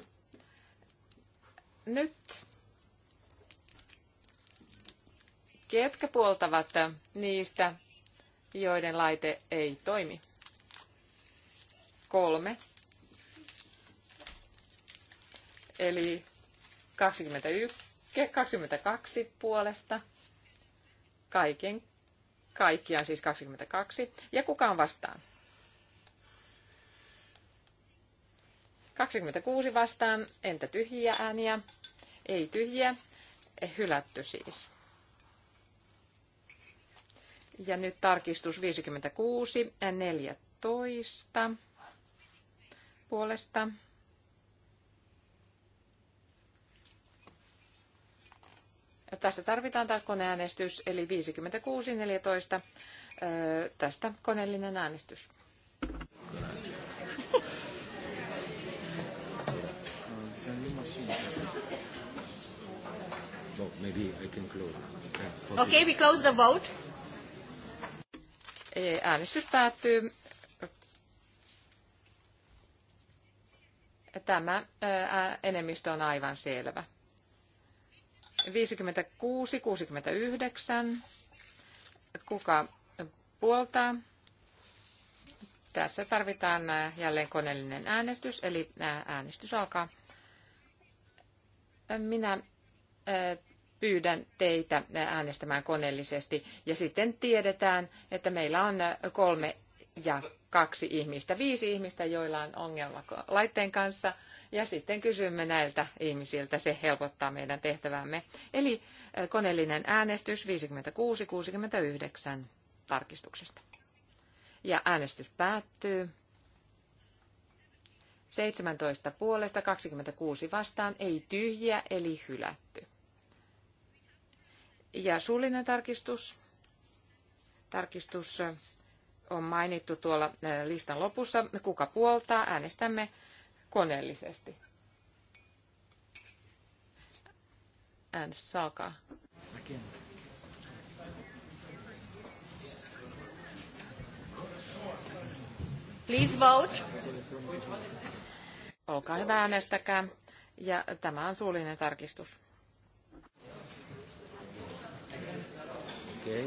Speaker 2: Nyt ketkä puoltavat niistä, joiden laite ei toimi? Kolme. Eli 21, 22 puolesta. Kaiken, kaikkiaan siis 22. Ja kuka on vastaan? 26 vastaan, entä tyhjiä ääniä? Ei tyhjiä, eh, hylätty siis. Ja nyt tarkistus 56, 14 eh, puolesta. Ja tässä tarvitaan tämä koneäänestys, eli 56 56.14. Eh, tästä koneellinen äänestys.
Speaker 1: Maybe I can close. Yeah, okay we close the vote.
Speaker 2: E, äänestys päättyy. Tämä e, enemmistö on aivan selvä. 56, 69. Kuka puoltaa? Tässä tarvitaan jälleen koneellinen äänestys, eli äänestys alkaa. Minä pyydän teitä äänestämään koneellisesti. Ja sitten tiedetään, että meillä on kolme ja kaksi ihmistä, viisi ihmistä, joilla on ongelma laitteen kanssa. Ja sitten kysymme näiltä ihmisiltä, se helpottaa meidän tehtävämme. Eli koneellinen äänestys 56-69 tarkistuksesta. Ja äänestys päättyy. 17 puolesta 26 vastaan ei tyhjiä eli hylätty. Ja suullinen tarkistus. Tarkistus on mainittu tuolla listan lopussa. Kuka puoltaa, äänestämme koneellisesti. Äänestys alkaa. Please vote. Olkaa hyvä, äänestäkää. Ja tämä on suullinen tarkistus.
Speaker 1: Okay.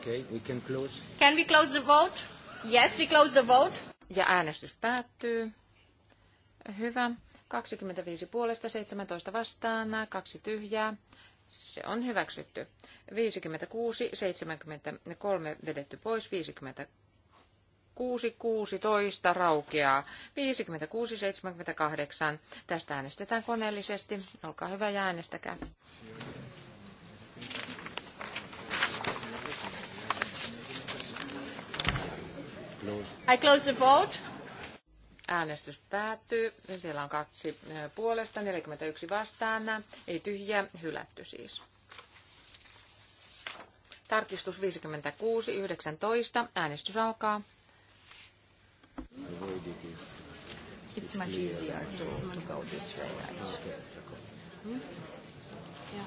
Speaker 1: Okay, we can close.
Speaker 2: Can we close the vote? Yes, we close the vote. Ja äänestys päättyy. Hyvä. 25 puolesta, 17 vastaan, kaksi tyhjää. Se on hyväksytty. 56, 73 vedetty pois, 56, 16 raukeaa. 56, 78. Tästä äänestetään koneellisesti. Olkaa hyvä ja äänestäkää. I close the vote. Äänestys päättyy. Siellä on kaksi puolesta, 41 vastaan. Ei tyhjä, hylätty siis. Tarkistus 56, 19. Äänestys alkaa.
Speaker 1: It's much easier to, go
Speaker 2: this way, right?
Speaker 1: Hmm? Yeah.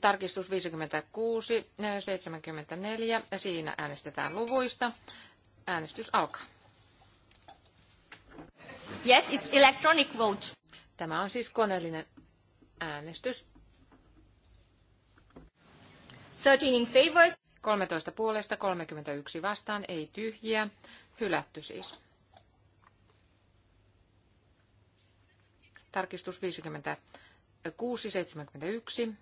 Speaker 2: Tarkistus 56, 74. Siinä äänestetään luvuista. Äänestys alkaa. Yes, it's electronic vote. Tämä on siis koneellinen äänestys. 13 in favor. 13 puolesta, 31 vastaan, ei tyhjiä. Hylätty siis. Tarkistus 56, 71.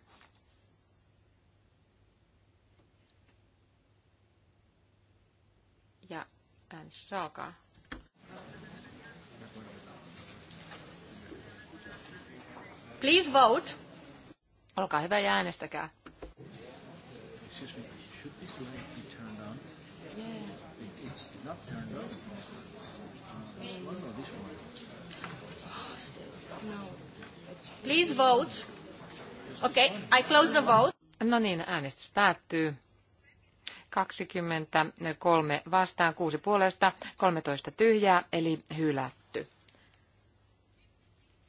Speaker 2: ja äänestys alkaa. Please vote. Olkaa hyvä ja äänestäkää. Please vote. Okay, I close the vote. No niin, äänestys päättyy. 23 vastaan, 6 puolesta, 13 tyhjää, eli hylätty.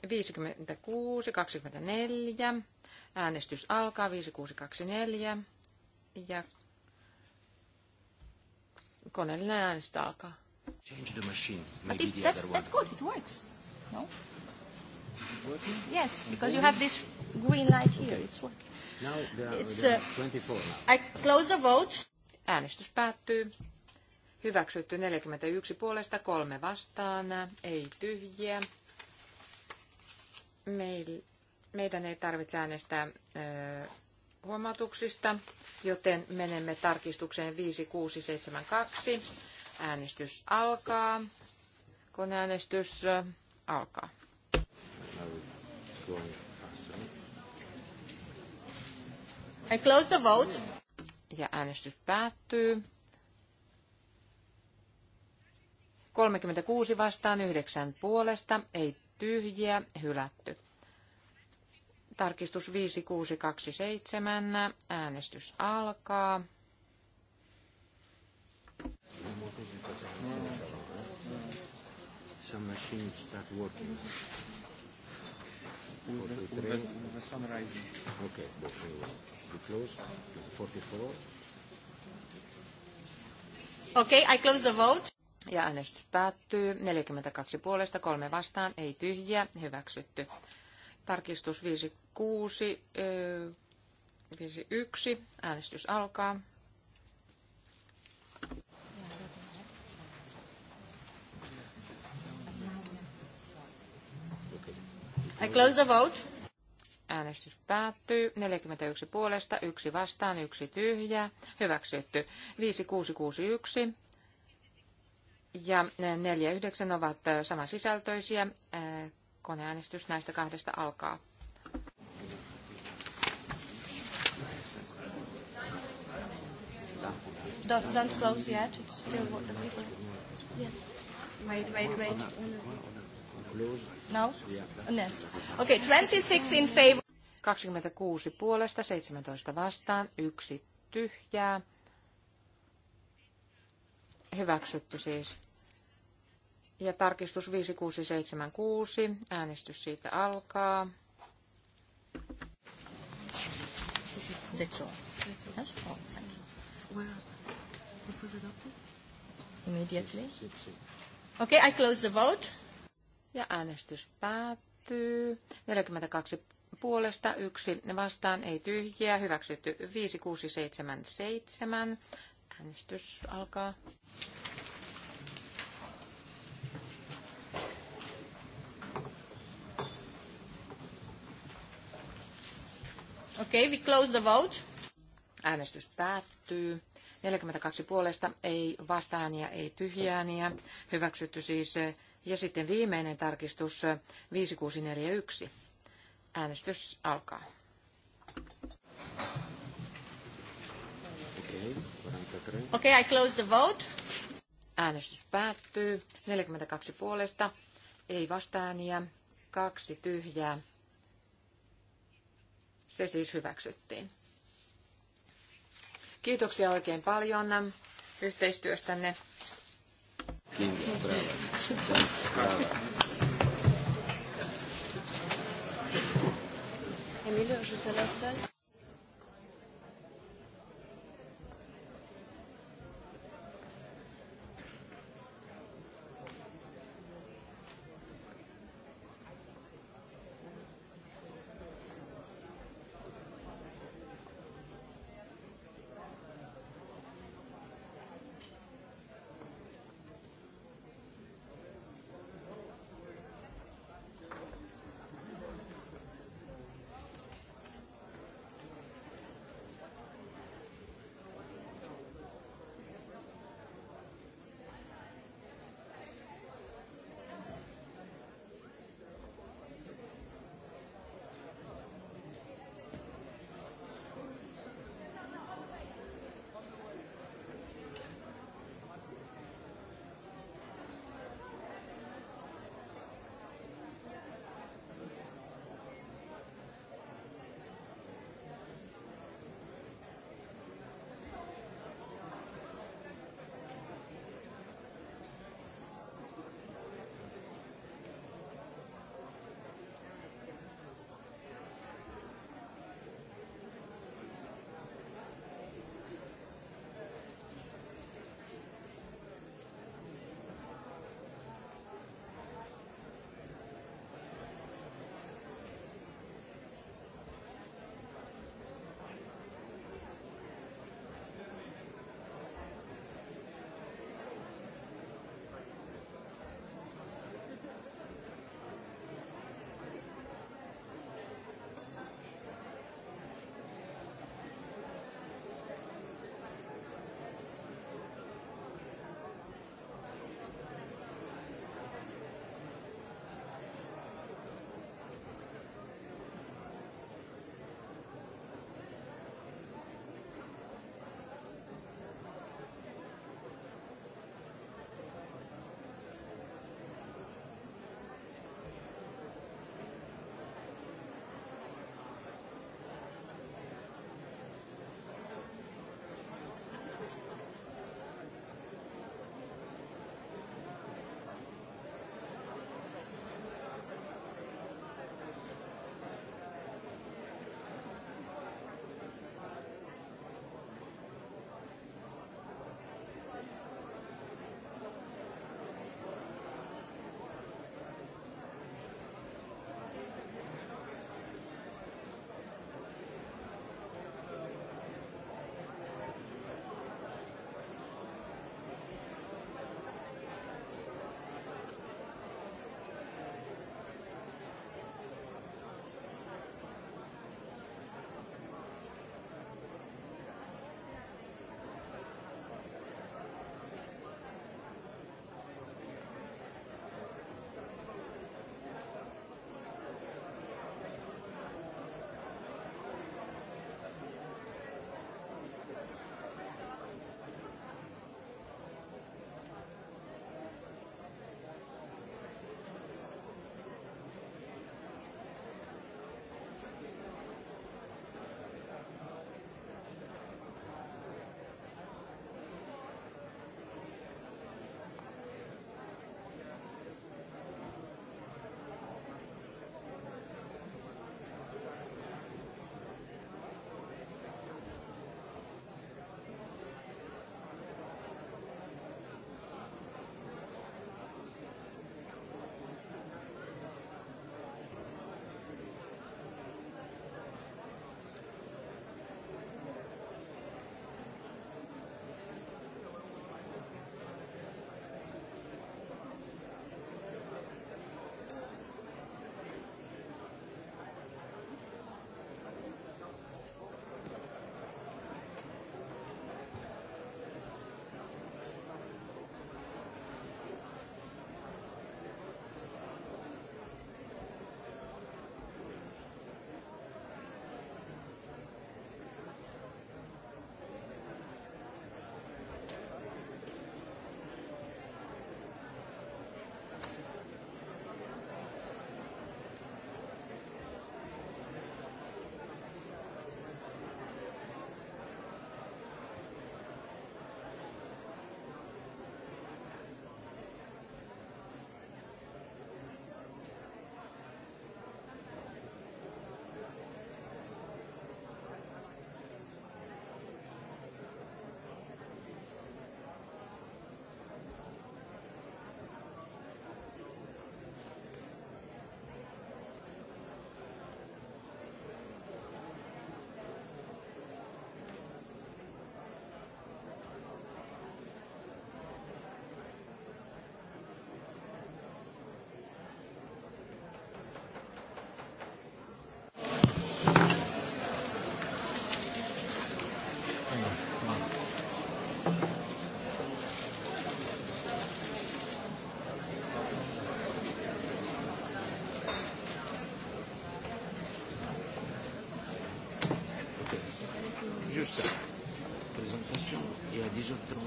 Speaker 2: 56, 24. Äänestys alkaa 5624 ja koneellinen äänestys alkaa.
Speaker 1: Change the machine. Maybe But if, the that's, other one. that's
Speaker 2: good. It works. No? Working?
Speaker 1: Yes, because you have this
Speaker 2: green light here. Okay. It's
Speaker 1: working. Now there are, it's, there are 24 uh, now.
Speaker 2: I close the vote. Äänestys päättyy. Hyväksytty 41 puolesta, kolme vastaan, ei tyhjiä. Meil, meidän ei tarvitse äänestää ö, huomautuksista, joten menemme tarkistukseen 5672. Äänestys alkaa. Kun äänestys alkaa. I close the vote ja äänestys päättyy. 36 vastaan 9 puolesta, ei tyhjiä, hylätty. Tarkistus 5627, äänestys alkaa.
Speaker 1: Some machine start working. Okay, We close 44.
Speaker 2: Okay, I close the vote. Ja äänestys päättyy. 42 puolesta, kolme vastaan, ei tyhjiä, hyväksytty. Tarkistus 56, 51, äänestys alkaa.
Speaker 1: I close the vote.
Speaker 2: Äänestys päättyy. 41 puolesta, yksi vastaan, yksi tyhjä. Hyväksytty. 5661 ja 49 ovat samansisältöisiä. Koneäänestys näistä kahdesta alkaa. Don't, close yet. It's
Speaker 3: still what the Yes. Wait, wait, wait. 26
Speaker 2: no? puolesta, 17 vastaan, yksi tyhjää. Hyväksytty siis. Ja tarkistus 5676, äänestys siitä alkaa. That's
Speaker 1: Immediately.
Speaker 2: Okay, I close the vote. Ja äänestys päättyy. 42 puolesta, yksi vastaan, ei tyhjiä, hyväksytty 5677. Äänestys alkaa. Okay, we close the vote. Äänestys päättyy. 42 puolesta, ei vastaania, ei tyhjääniä. Hyväksytty siis ja sitten viimeinen tarkistus 5641. Äänestys alkaa. Okei, okay, I close the vote. Äänestys päättyy. 42 puolesta. Ei vastaääniä. Kaksi tyhjää. Se siis hyväksyttiin. Kiitoksia oikein paljon yhteistyöstänne.
Speaker 1: Kiitos.
Speaker 3: Emilio, je te laisse seule.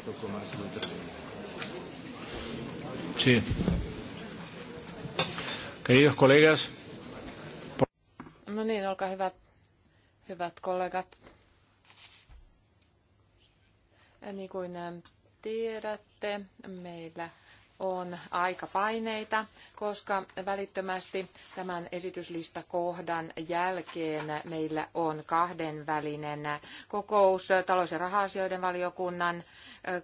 Speaker 1: punto con intervento. Sì.
Speaker 2: Queridos colegas. No niin, olkaa hyvät, hyvät kollegat. Ja niin kuin ähm, tiedätte, meillä on aikapaineita, koska välittömästi tämän esityslistakohdan jälkeen meillä on kahdenvälinen kokous talous- ja raha-asioiden valiokunnan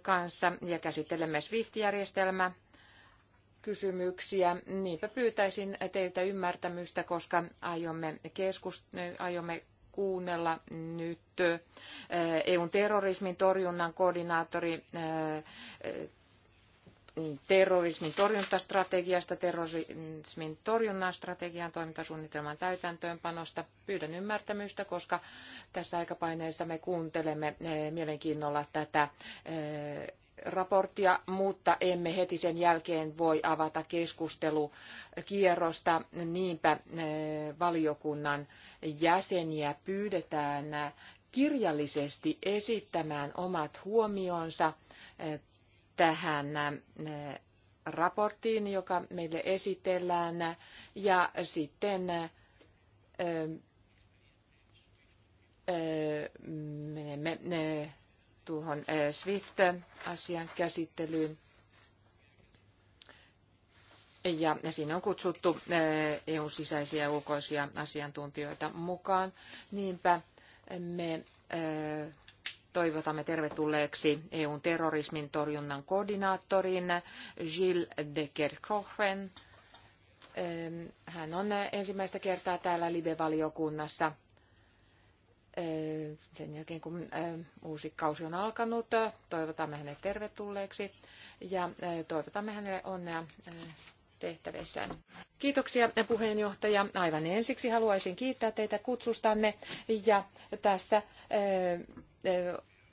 Speaker 2: kanssa ja käsittelemme SWIFT-järjestelmä kysymyksiä. Niinpä pyytäisin teiltä ymmärtämystä, koska aiomme, keskust- aiomme kuunnella nyt EUn terrorismin torjunnan koordinaattori terrorismin torjuntastrategiasta, terrorismin torjunnan strategian toimintasuunnitelman täytäntöönpanosta. Pyydän ymmärtämystä, koska tässä aikapaineessa me kuuntelemme eh, mielenkiinnolla tätä eh, raporttia, mutta emme heti sen jälkeen voi avata keskustelukierrosta. Niinpä eh, valiokunnan jäseniä pyydetään kirjallisesti esittämään omat huomionsa tähän raporttiin, joka meille esitellään, ja sitten menemme tuohon SWIFT-asian käsittelyyn. Ja siinä on kutsuttu EUn sisäisiä ja ulkoisia asiantuntijoita mukaan. Niinpä me toivotamme tervetulleeksi EUn terrorismin torjunnan koordinaattorin Gilles de Kerkhoven. Hän on ensimmäistä kertaa täällä Libe-valiokunnassa sen jälkeen, kun uusi kausi on alkanut. Toivotamme hänet tervetulleeksi ja e, toivotamme hänelle onnea e, tehtävissään. Kiitoksia puheenjohtaja. Aivan ensiksi haluaisin kiittää teitä kutsustanne ja tässä e,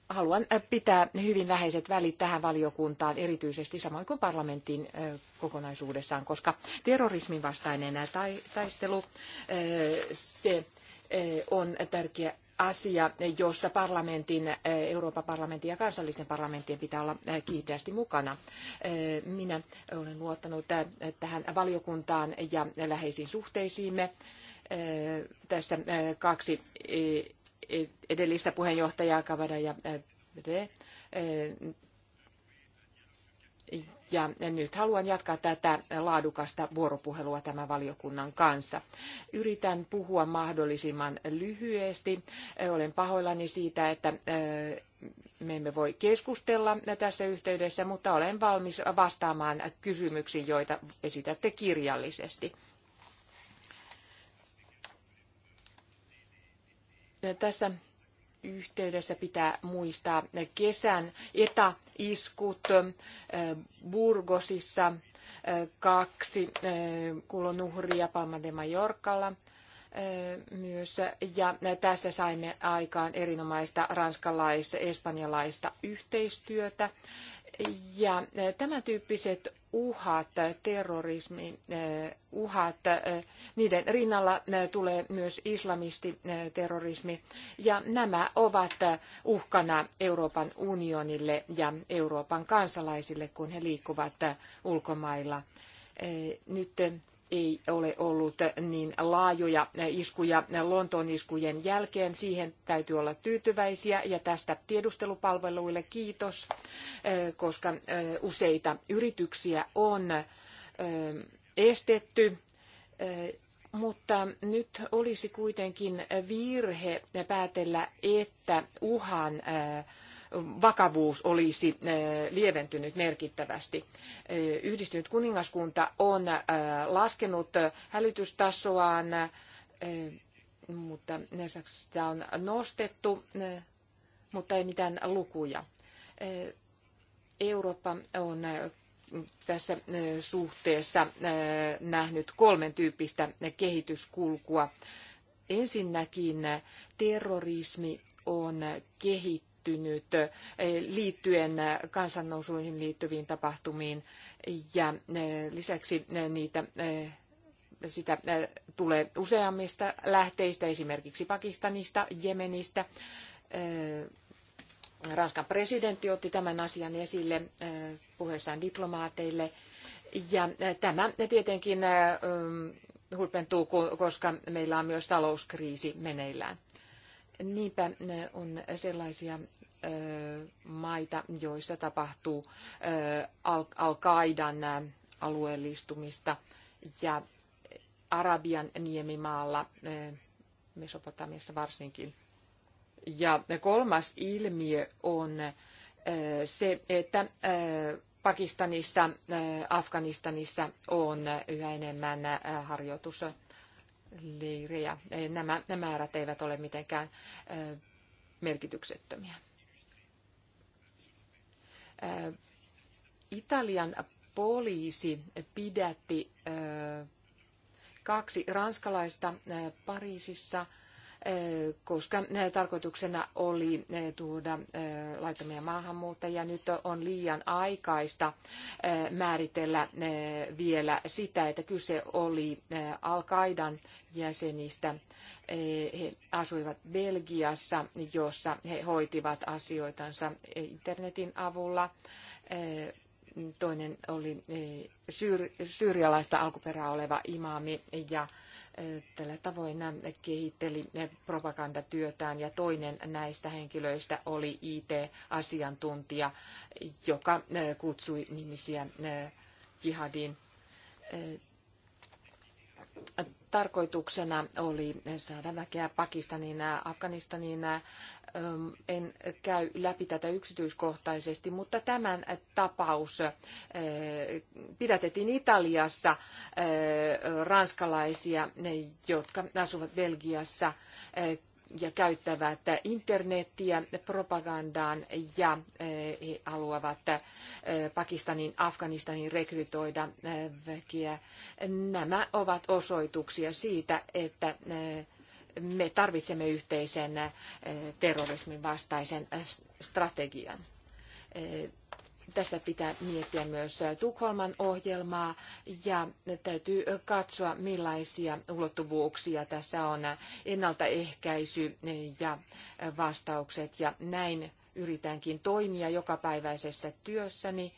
Speaker 2: haluan pitää hyvin läheiset välit tähän valiokuntaan, erityisesti samoin kuin parlamenttiin kokonaisuudessaan, koska terrorismin vastainen taistelu se on tärkeä asia, jossa parlamentin, Euroopan parlamentin ja kansallisten parlamenttien pitää olla kiinteästi mukana. Minä olen luottanut tähän valiokuntaan ja läheisiin suhteisiimme. Tässä kaksi edellistä puheenjohtajaa Kavada ja äh, Bede. Äh, ja nyt haluan jatkaa tätä laadukasta vuoropuhelua tämän valiokunnan kanssa. Yritän puhua mahdollisimman lyhyesti. Äh, olen pahoillani siitä, että me emme voi keskustella tässä yhteydessä, mutta olen valmis vastaamaan kysymyksiin, joita esitätte kirjallisesti. Tässä yhteydessä pitää muistaa kesän etäiskut Burgosissa kaksi kulonuhria Palma de Mallorcalla myös. Ja tässä saimme aikaan erinomaista ranskalais-espanjalaista yhteistyötä. Ja eh, tämän tyyppiset uhat, terrorismin eh, uhat, eh, niiden rinnalla tulee myös islamistiterrorismi. Ja nämä ovat uhkana Euroopan unionille ja Euroopan kansalaisille, kun he liikkuvat ulkomailla. Nyt ei ole ollut niin laajoja iskuja Lontoon iskujen jälkeen. Siihen täytyy olla tyytyväisiä ja tästä tiedustelupalveluille kiitos, koska useita yrityksiä on estetty mutta nyt olisi kuitenkin virhe päätellä, että uhan vakavuus olisi eh, lieventynyt merkittävästi. Eh, yhdistynyt kuningaskunta on eh, laskenut hälytystasoaan, mutta sitä on nostettu, mutta ei mitään lukuja. Eurooppa on tässä suhteessa nähnyt kolmen tyyppistä kehityskulkua. Ensinnäkin terrorismi on kehittynyt kehittynyt eh, liittyen eh, kansannousuihin liittyviin tapahtumiin ja eh, lisäksi niitä sitä tulee useammista lähteistä, esimerkiksi Pakistanista, Jemenistä. Ranskan presidentti otti tämän asian esille puheessaan diplomaateille. Ja tämä tietenkin mm, huipentuu, koska meillä on myös talouskriisi meneillään. Niinpä on sellaisia maita, joissa tapahtuu Al-Qaidan alueellistumista ja Arabian niemimaalla, Mesopotamiassa varsinkin. Ja kolmas ilmiö on se, että Pakistanissa, Afganistanissa on yhä enemmän harjoitus leirejä. Nämä, nämä määrät eivät ole mitenkään merkityksettömiä. Italian poliisi pidätti kaksi ranskalaista Pariisissa – koska tarkoituksena oli tuoda laittomia maahanmuuttajia. Nyt on liian aikaista määritellä vielä sitä, että kyse oli Al-Qaidan jäsenistä. He asuivat Belgiassa, jossa he hoitivat asioitansa internetin avulla Toinen oli e, syyrialaista alkuperää oleva imaami ja e, tällä tavoin kehitteli propagandatyötään ja toinen näistä henkilöistä oli IT-asiantuntija, joka e, kutsui ihmisiä jihadiin tarkoituksena oli saada väkeä Pakistaniin ja Afganistaniin. En käy läpi tätä yksityiskohtaisesti, mutta tämän tapaus pidätettiin Italiassa ranskalaisia, jotka asuvat Belgiassa ja käyttävät internettiä propagandaan ja he eh, haluavat eh, Pakistanin, Afganistanin rekrytoida eh, väkeä. Nämä ovat osoituksia siitä, että me tarvitsemme yhteisen terrorismin vastaisen strategian. Tässä pitää miettiä myös Tukholman ohjelmaa ja täytyy katsoa, millaisia ulottuvuuksia tässä on ennaltaehkäisy ja vastaukset. Ja näin yritänkin toimia jokapäiväisessä työssäni.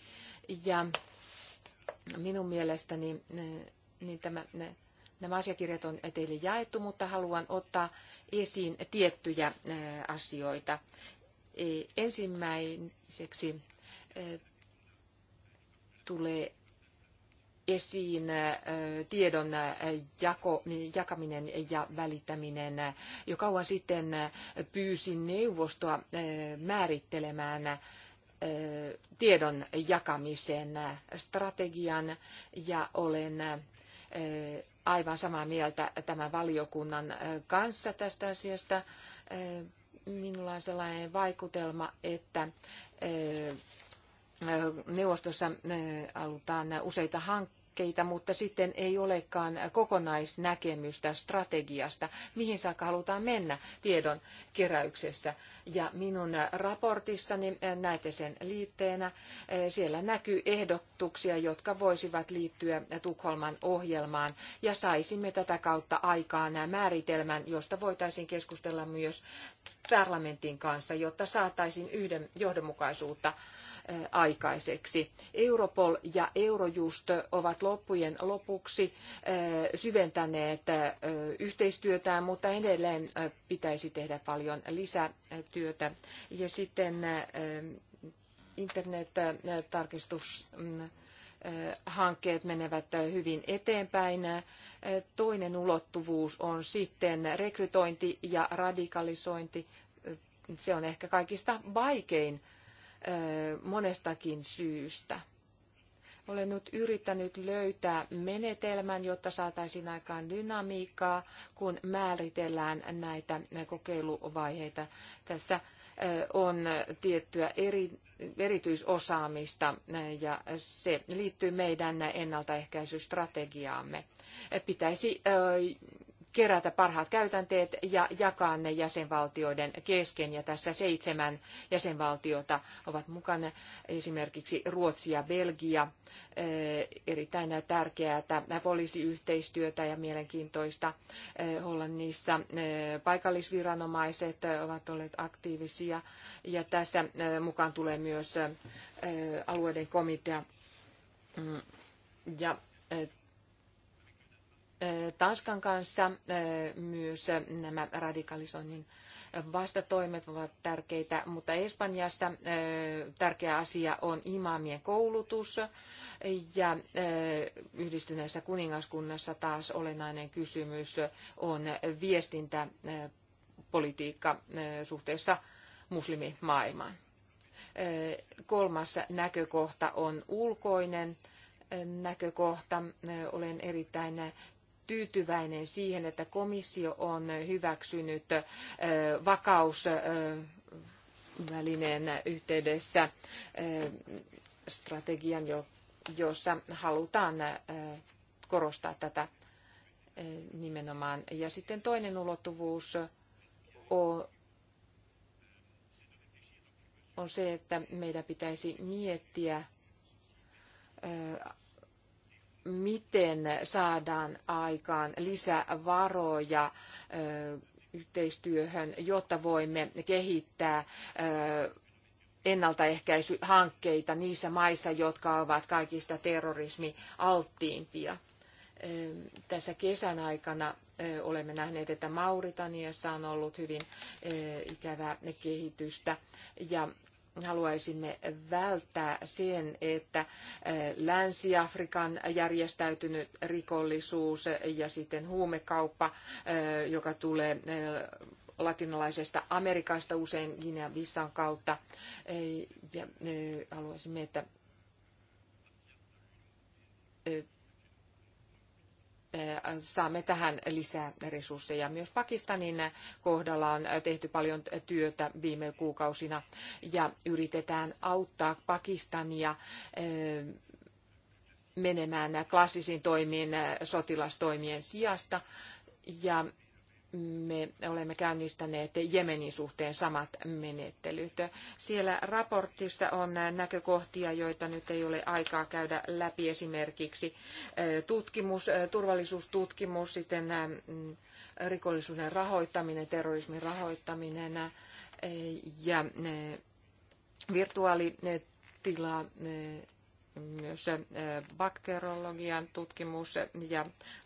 Speaker 2: Ja minun mielestäni niin tämä, nämä asiakirjat on teille jaettu, mutta haluan ottaa esiin tiettyjä asioita. E, ensimmäiseksi tulee esiin äh, tiedon äh, jako, jakaminen ja välittäminen. Jo kauan sitten äh, pyysin neuvostoa määrittelemään tiedon jakamisen strategian ja olen aivan samaa mieltä tämän valiokunnan kanssa tästä asiasta. Minulla on sellainen vaikutelma, että neuvostossa halutaan useita hankkeita, mutta sitten ei olekaan kokonaisnäkemystä strategiasta, mihin saakka halutaan mennä tiedon keräyksessä. Ja minun raportissani näette sen liitteenä. Siellä näkyy ehdotuksia, jotka voisivat liittyä Tukholman ohjelmaan ja saisimme tätä kautta aikaan määritelmän, josta voitaisiin keskustella myös parlamentin kanssa, jotta saataisiin yhden johdonmukaisuutta Eh, aikaiseksi. Europol ja Eurojust ovat loppujen lopuksi eh, syventäneet eh, yhteistyötään, mutta edelleen pitäisi tehdä paljon lisätyötä. Ja sitten internet-tarkistus mm, hankkeet menevät hyvin eteenpäin. Toinen ulottuvuus on sitten rekrytointi ja radikalisointi. Se on ehkä kaikista vaikein monestakin syystä. Olen nyt yrittänyt löytää menetelmän, jotta saataisiin aikaan dynamiikkaa, kun määritellään näitä kokeiluvaiheita. Tässä on tiettyä eri, erityisosaamista ja se liittyy meidän ennaltaehkäisystrategiaamme. Pitäisi kerätä parhaat käytänteet ja jakaa ne jäsenvaltioiden kesken. Ja tässä seitsemän jäsenvaltiota ovat mukana esimerkiksi Ruotsi ja Belgia. Eh, erittäin tärkeää poliisiyhteistyötä ja mielenkiintoista eh, Hollannissa. Eh, paikallisviranomaiset ovat olleet aktiivisia ja tässä mukaan tulee myös alueiden komitea mm, ja Tanskan kanssa myös nämä radikalisoinnin vastatoimet ovat tärkeitä, mutta Espanjassa tärkeä asia on imaamien koulutus ja yhdistyneessä kuningaskunnassa taas olennainen kysymys on viestintäpolitiikka suhteessa muslimimaailmaan. Kolmas näkökohta on ulkoinen näkökohta. Olen erittäin tyytyväinen siihen, että komissio on hyväksynyt vakausvälineen yhteydessä strategian, jossa halutaan korostaa tätä nimenomaan. Ja sitten toinen ulottuvuus on se, että meidän pitäisi miettiä miten saadaan aikaan lisävaroja yhteistyöhön, jotta voimme kehittää ennaltaehkäisyhankkeita niissä maissa, jotka ovat kaikista terrorismialttiimpia. Tässä kesän aikana olemme nähneet, että Mauritaniassa on ollut hyvin ikävää kehitystä ja haluaisimme välttää sen, että Länsi-Afrikan järjestäytynyt rikollisuus ja sitten huumekauppa, joka tulee latinalaisesta Amerikasta usein Guinea-Bissan kautta. Ja haluaisimme, että Äh, saamme tähän lisää resursseja. Myös Pakistanin kohdalla on tehty paljon työtä viime kuukausina ja yritetään auttaa Pakistania äh, menemään klassisiin toimiin äh, sotilastoimien sijasta. Ja me olemme käynnistäneet Jemenin suhteen samat menettelyt. Siellä raportista on näkökohtia, joita nyt ei ole aikaa käydä läpi, esimerkiksi tutkimus, turvallisuustutkimus, sitten mm, rikollisuuden rahoittaminen, terrorismin rahoittaminen ja virtuaalitila myös äh, bakteriologian tutkimus ja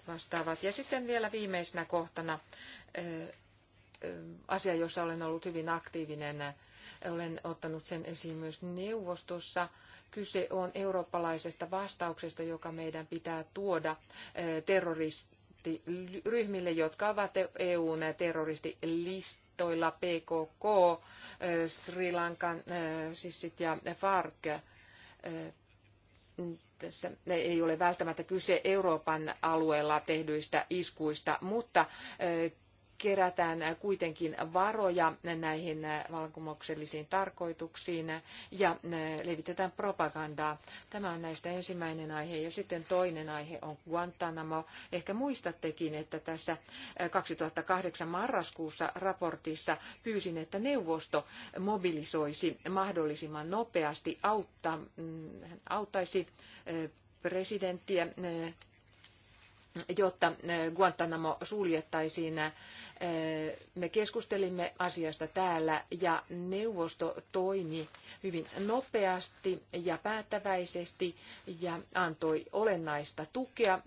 Speaker 2: vastaavat. Ja sitten vielä viimeisenä kohtana äh, äh, asia, jossa olen ollut hyvin aktiivinen. Olen ottanut sen esiin myös neuvostossa. Kyse on eurooppalaisesta vastauksesta, joka meidän pitää tuoda terroristiryhmille, jotka ovat EUn terroristilistoilla, PKK, Sri Lankan, Sissit ja FARC tässä ei ole välttämättä kyse Euroopan alueella tehdyistä iskuista, mutta kerätään kuitenkin varoja näihin vallankumouksellisiin tarkoituksiin ja levitetään propagandaa. Tämä on näistä ensimmäinen aihe ja sitten toinen aihe on Guantanamo. Ehkä muistattekin, että tässä 2008 marraskuussa raportissa pyysin, että neuvosto mobilisoisi mahdollisimman nopeasti auttaisi presidenttiä jotta eh, Guantanamo suljettaisiin. Eh, me keskustelimme asiasta täällä ja neuvosto toimi hyvin nopeasti ja päättäväisesti ja antoi olennaista tukea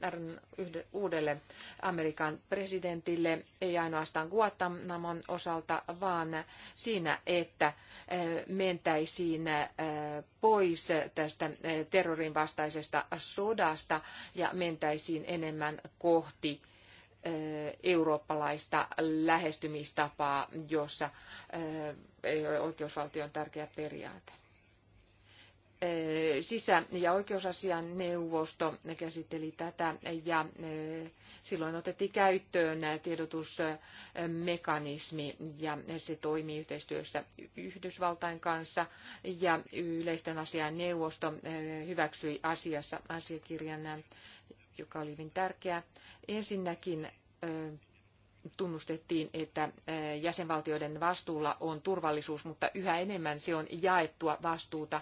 Speaker 2: uudelle Amerikan presidentille, ei ainoastaan Guantanamon osalta, vaan siinä, että eh, mentäisiin pois tästä eh, terrorin vastaisesta sodasta ja mentäisiin enemmän kohti eh, eurooppalaista lähestymistapaa, jossa eh, oikeusvaltio on tärkeä periaate. Eh, sisä- ja oikeusasian neuvosto käsitteli tätä ja eh, silloin otettiin käyttöön tiedotusmekanismi ja se toimii yhteistyössä Yhdysvaltain kanssa ja yleisten asian neuvosto eh, hyväksyi asiassa asiakirjan, joka oli hyvin tärkeä. Ensinnäkin tunnustettiin, että jäsenvaltioiden vastuulla on turvallisuus, mutta yhä enemmän se on jaettua vastuuta.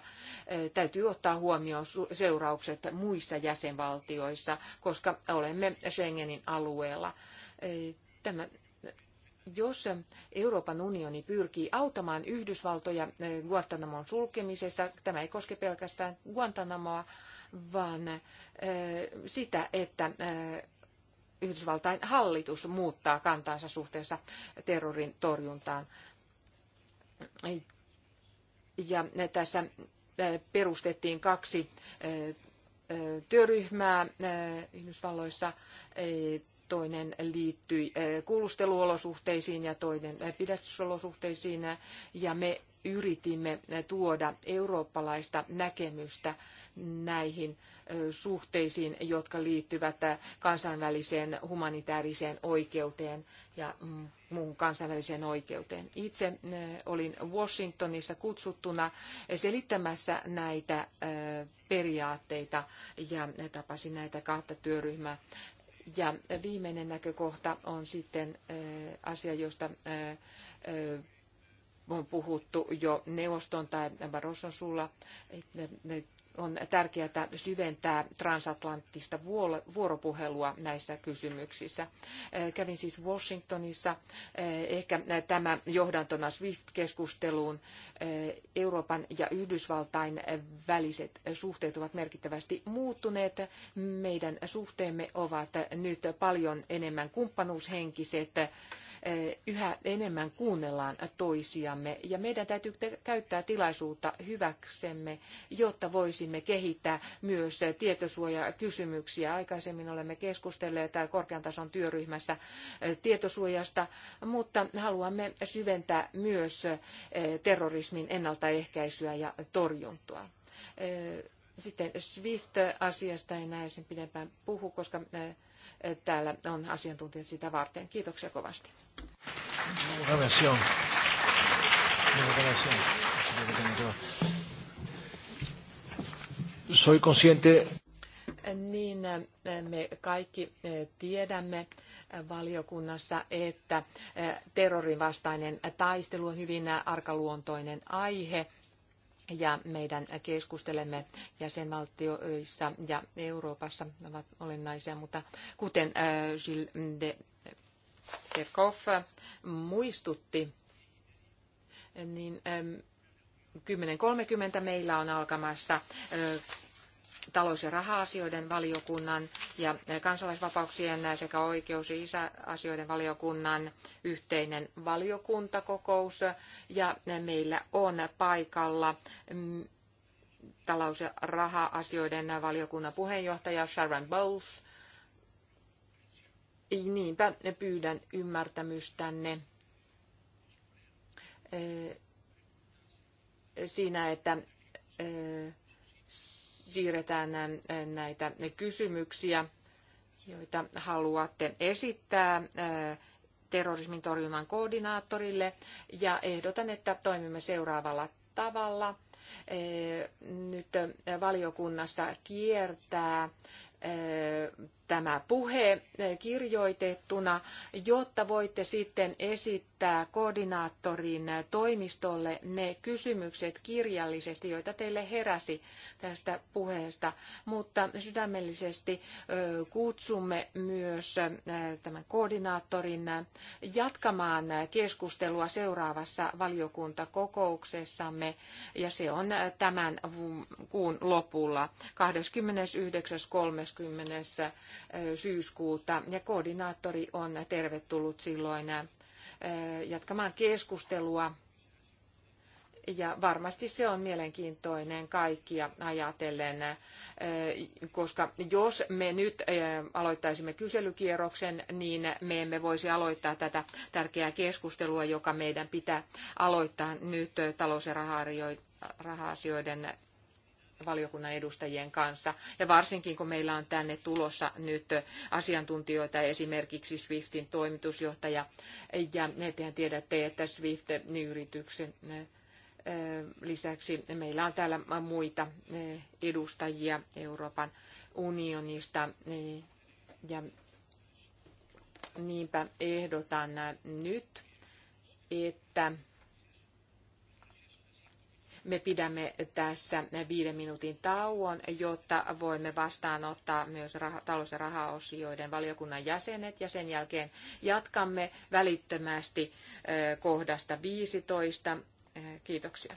Speaker 2: Täytyy ottaa huomioon seuraukset muissa jäsenvaltioissa, koska olemme Schengenin alueella. Tämä jos Euroopan unioni pyrkii auttamaan Yhdysvaltoja Guantanamon sulkemisessa, tämä ei koske pelkästään Guantanamoa, vaan sitä, että Yhdysvaltain hallitus muuttaa kantaansa suhteessa terrorin torjuntaan. Ja tässä perustettiin kaksi työryhmää Yhdysvalloissa. Toinen liittyi kuulusteluolosuhteisiin ja toinen pidätysolosuhteisiin. Ja me yritimme tuoda eurooppalaista näkemystä näihin suhteisiin, jotka liittyvät kansainväliseen humanitaariseen oikeuteen ja mm, muuhun kansainväliseen oikeuteen. Itse olin Washingtonissa kutsuttuna selittämässä näitä periaatteita ja tapasin näitä kahta työryhmää. Ja viimeinen näkökohta on sitten asia, josta on puhuttu jo neuvoston tai Barroson sulla, on tärkeää syventää transatlanttista vuoropuhelua näissä kysymyksissä. Kävin siis Washingtonissa, ehkä tämä johdantona SWIFT-keskusteluun. Euroopan ja Yhdysvaltain väliset suhteet ovat merkittävästi muuttuneet. Meidän suhteemme ovat nyt paljon enemmän kumppanuushenkiset Eh, yhä enemmän kuunnellaan toisiamme ja meidän täytyy käyttää tilaisuutta hyväksemme, jotta voisimme kehittää myös tietosuojakysymyksiä. Aikaisemmin olemme keskustelleet korkean tason työryhmässä eh, tietosuojasta, mutta haluamme syventää myös eh, terrorismin ennaltaehkäisyä ja torjuntaa. Sitten SWIFT-asiasta en näe sen pidempään puhu, koska täällä on asiantuntijat sitä varten. Kiitoksia kovasti. Soy consciente niin me kaikki eh, tiedämme valiokunnassa, että eh, terrorin vastainen taistelu on hyvin eh, arkaluontoinen aihe ja meidän keskustelemme jäsenvaltioissa ja Euroopassa ovat olennaisia, mutta kuten äh, Gilles de Kerkhoff äh, muistutti, niin 10.30 ähm, meillä on alkamassa äh, talous- ja raha-asioiden valiokunnan ja kansalaisvapauksien sekä oikeus- ja isäasioiden valiokunnan yhteinen valiokuntakokous. Ja meillä on paikalla mm, talous- ja raha-asioiden valiokunnan puheenjohtaja Sharon Bowles. Niinpä pyydän ymmärtämystänne eh, siinä, että eh, siirretään näitä kysymyksiä, joita haluatte esittää terrorismin torjunnan koordinaattorille ja ehdotan, että toimimme seuraavalla tavalla. Nyt valiokunnassa kiertää tämä puhe kirjoitettuna, jotta voitte sitten esittää koordinaattorin toimistolle ne kysymykset kirjallisesti, joita teille heräsi tästä puheesta. Mutta sydämellisesti kutsumme myös tämän koordinaattorin jatkamaan keskustelua seuraavassa valiokuntakokouksessamme, ja se on tämän kuun lopulla 29.3. 30. Eh, syyskuuta ja koordinaattori on tervetullut silloin eh, jatkamaan keskustelua. Ja varmasti se on mielenkiintoinen kaikkia ajatellen, eh, koska jos me nyt aloittaisimme kyselykierroksen, niin me emme voisi aloittaa tätä tärkeää keskustelua, joka meidän pitää aloittaa nyt talous- ja raha-asioiden valiokunnan edustajien kanssa. Ja varsinkin kun meillä on tänne tulossa nyt asiantuntijoita, esimerkiksi Swiftin toimitusjohtaja, ja tehän tiedätte, että Swift-yrityksen eh, lisäksi meillä on täällä muita eh, edustajia Euroopan unionista, eh, ja niinpä ehdotan nyt, että me pidämme tässä viiden minuutin tauon, jotta voimme vastaanottaa myös talous- ja rahaosioiden valiokunnan jäsenet ja sen jälkeen jatkamme välittömästi kohdasta 15. Kiitoksia.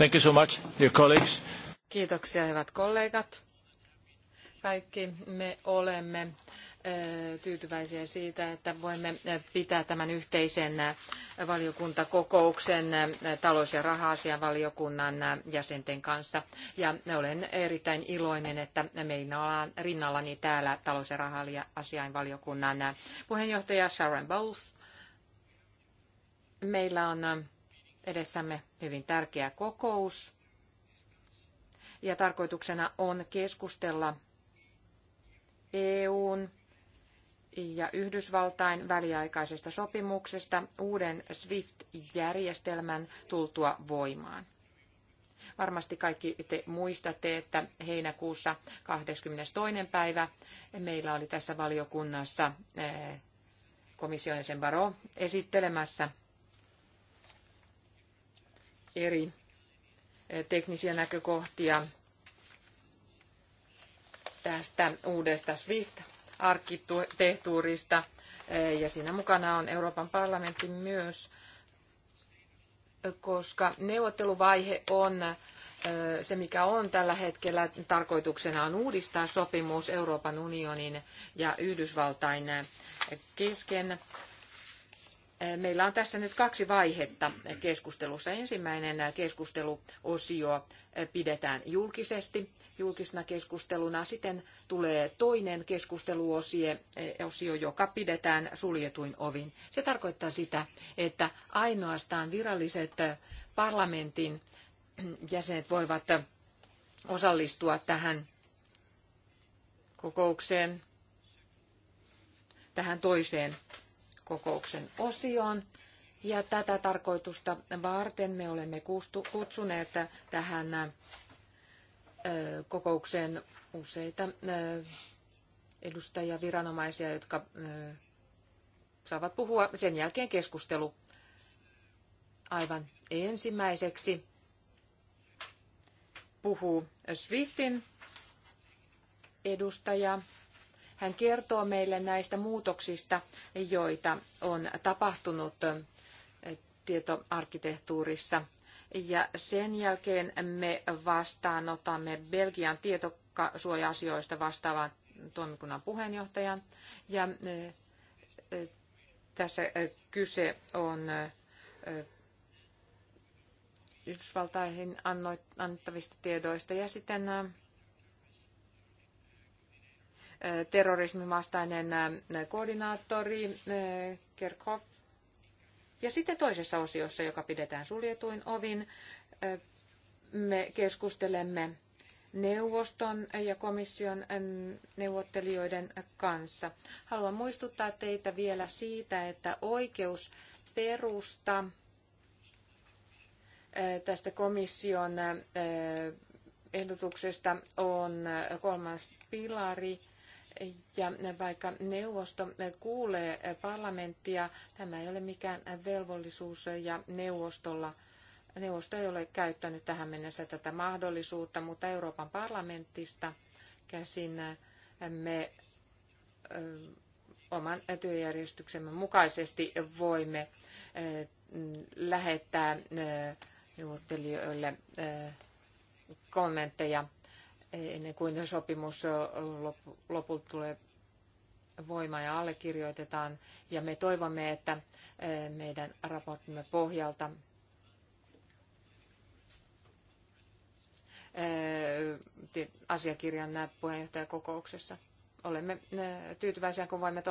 Speaker 3: Thank you so much, dear colleagues.
Speaker 2: Kiitoksia, hyvät kollegat. Kaikki me olemme tyytyväisiä siitä, että voimme pitää tämän yhteisen valiokuntakokouksen talous- ja raha valiokunnan jäsenten kanssa. Ja olen erittäin iloinen, että meillä on rinnallani täällä talous- ja raha valiokunnan puheenjohtaja Sharon Bowles. Meillä on edessämme hyvin tärkeä kokous. Ja tarkoituksena on keskustella EUn ja Yhdysvaltain väliaikaisesta sopimuksesta uuden SWIFT-järjestelmän tultua voimaan. Varmasti kaikki te muistatte, että heinäkuussa 22. päivä meillä oli tässä valiokunnassa eh, komission sen Baro esittelemässä eri eh, teknisiä näkökohtia tästä uudesta SWIFT-arkkitehtuurista. Eh, ja siinä mukana on Euroopan parlamentti myös, koska neuvotteluvaihe on eh, se, mikä on tällä hetkellä. Tarkoituksena on uudistaa sopimus Euroopan unionin ja Yhdysvaltain kesken Meillä on tässä nyt kaksi vaihetta keskustelussa. Ensimmäinen keskusteluosio pidetään julkisesti, julkisena keskusteluna. Sitten tulee toinen keskusteluosio, joka pidetään suljetuin ovin. Se tarkoittaa sitä, että ainoastaan viralliset parlamentin jäsenet voivat osallistua tähän kokoukseen, tähän toiseen kokouksen osioon. Ja tätä tarkoitusta varten me olemme kutsuneet tähän kokoukseen useita edustajia, viranomaisia, jotka saavat puhua. Sen jälkeen keskustelu aivan ensimmäiseksi puhuu Swiftin edustaja hän kertoo meille näistä muutoksista, joita on tapahtunut eh, tietoarkkitehtuurissa. Ja sen jälkeen me vastaanotamme Belgian tietosuoja-asioista vastaavan toimikunnan puheenjohtajan. Ja eh, eh, tässä kyse on Yhdysvaltaihin annettavista tiedoista. Ja sitten terrorismin vastainen äh, koordinaattori äh, Kerkhoff. Ja sitten toisessa osiossa, joka pidetään suljetuin ovin, äh, me keskustelemme neuvoston ja komission neuvottelijoiden kanssa. Haluan muistuttaa teitä vielä siitä, että oikeusperusta tästä komission ehdotuksesta on kolmas pilari ja vaikka neuvosto kuulee parlamenttia, tämä ei ole mikään velvollisuus ja neuvostolla Neuvosto ei ole käyttänyt tähän mennessä tätä mahdollisuutta, mutta Euroopan parlamentista käsin me oman työjärjestyksemme mukaisesti voimme lähettää neuvottelijoille kommentteja ennen kuin sopimus lopulta tulee voimaan ja allekirjoitetaan. Ja me toivomme, että eh, meidän raporttimme pohjalta eh, asiakirjan puheenjohtajakokouksessa. Olemme eh, tyytyväisiä, kun voimme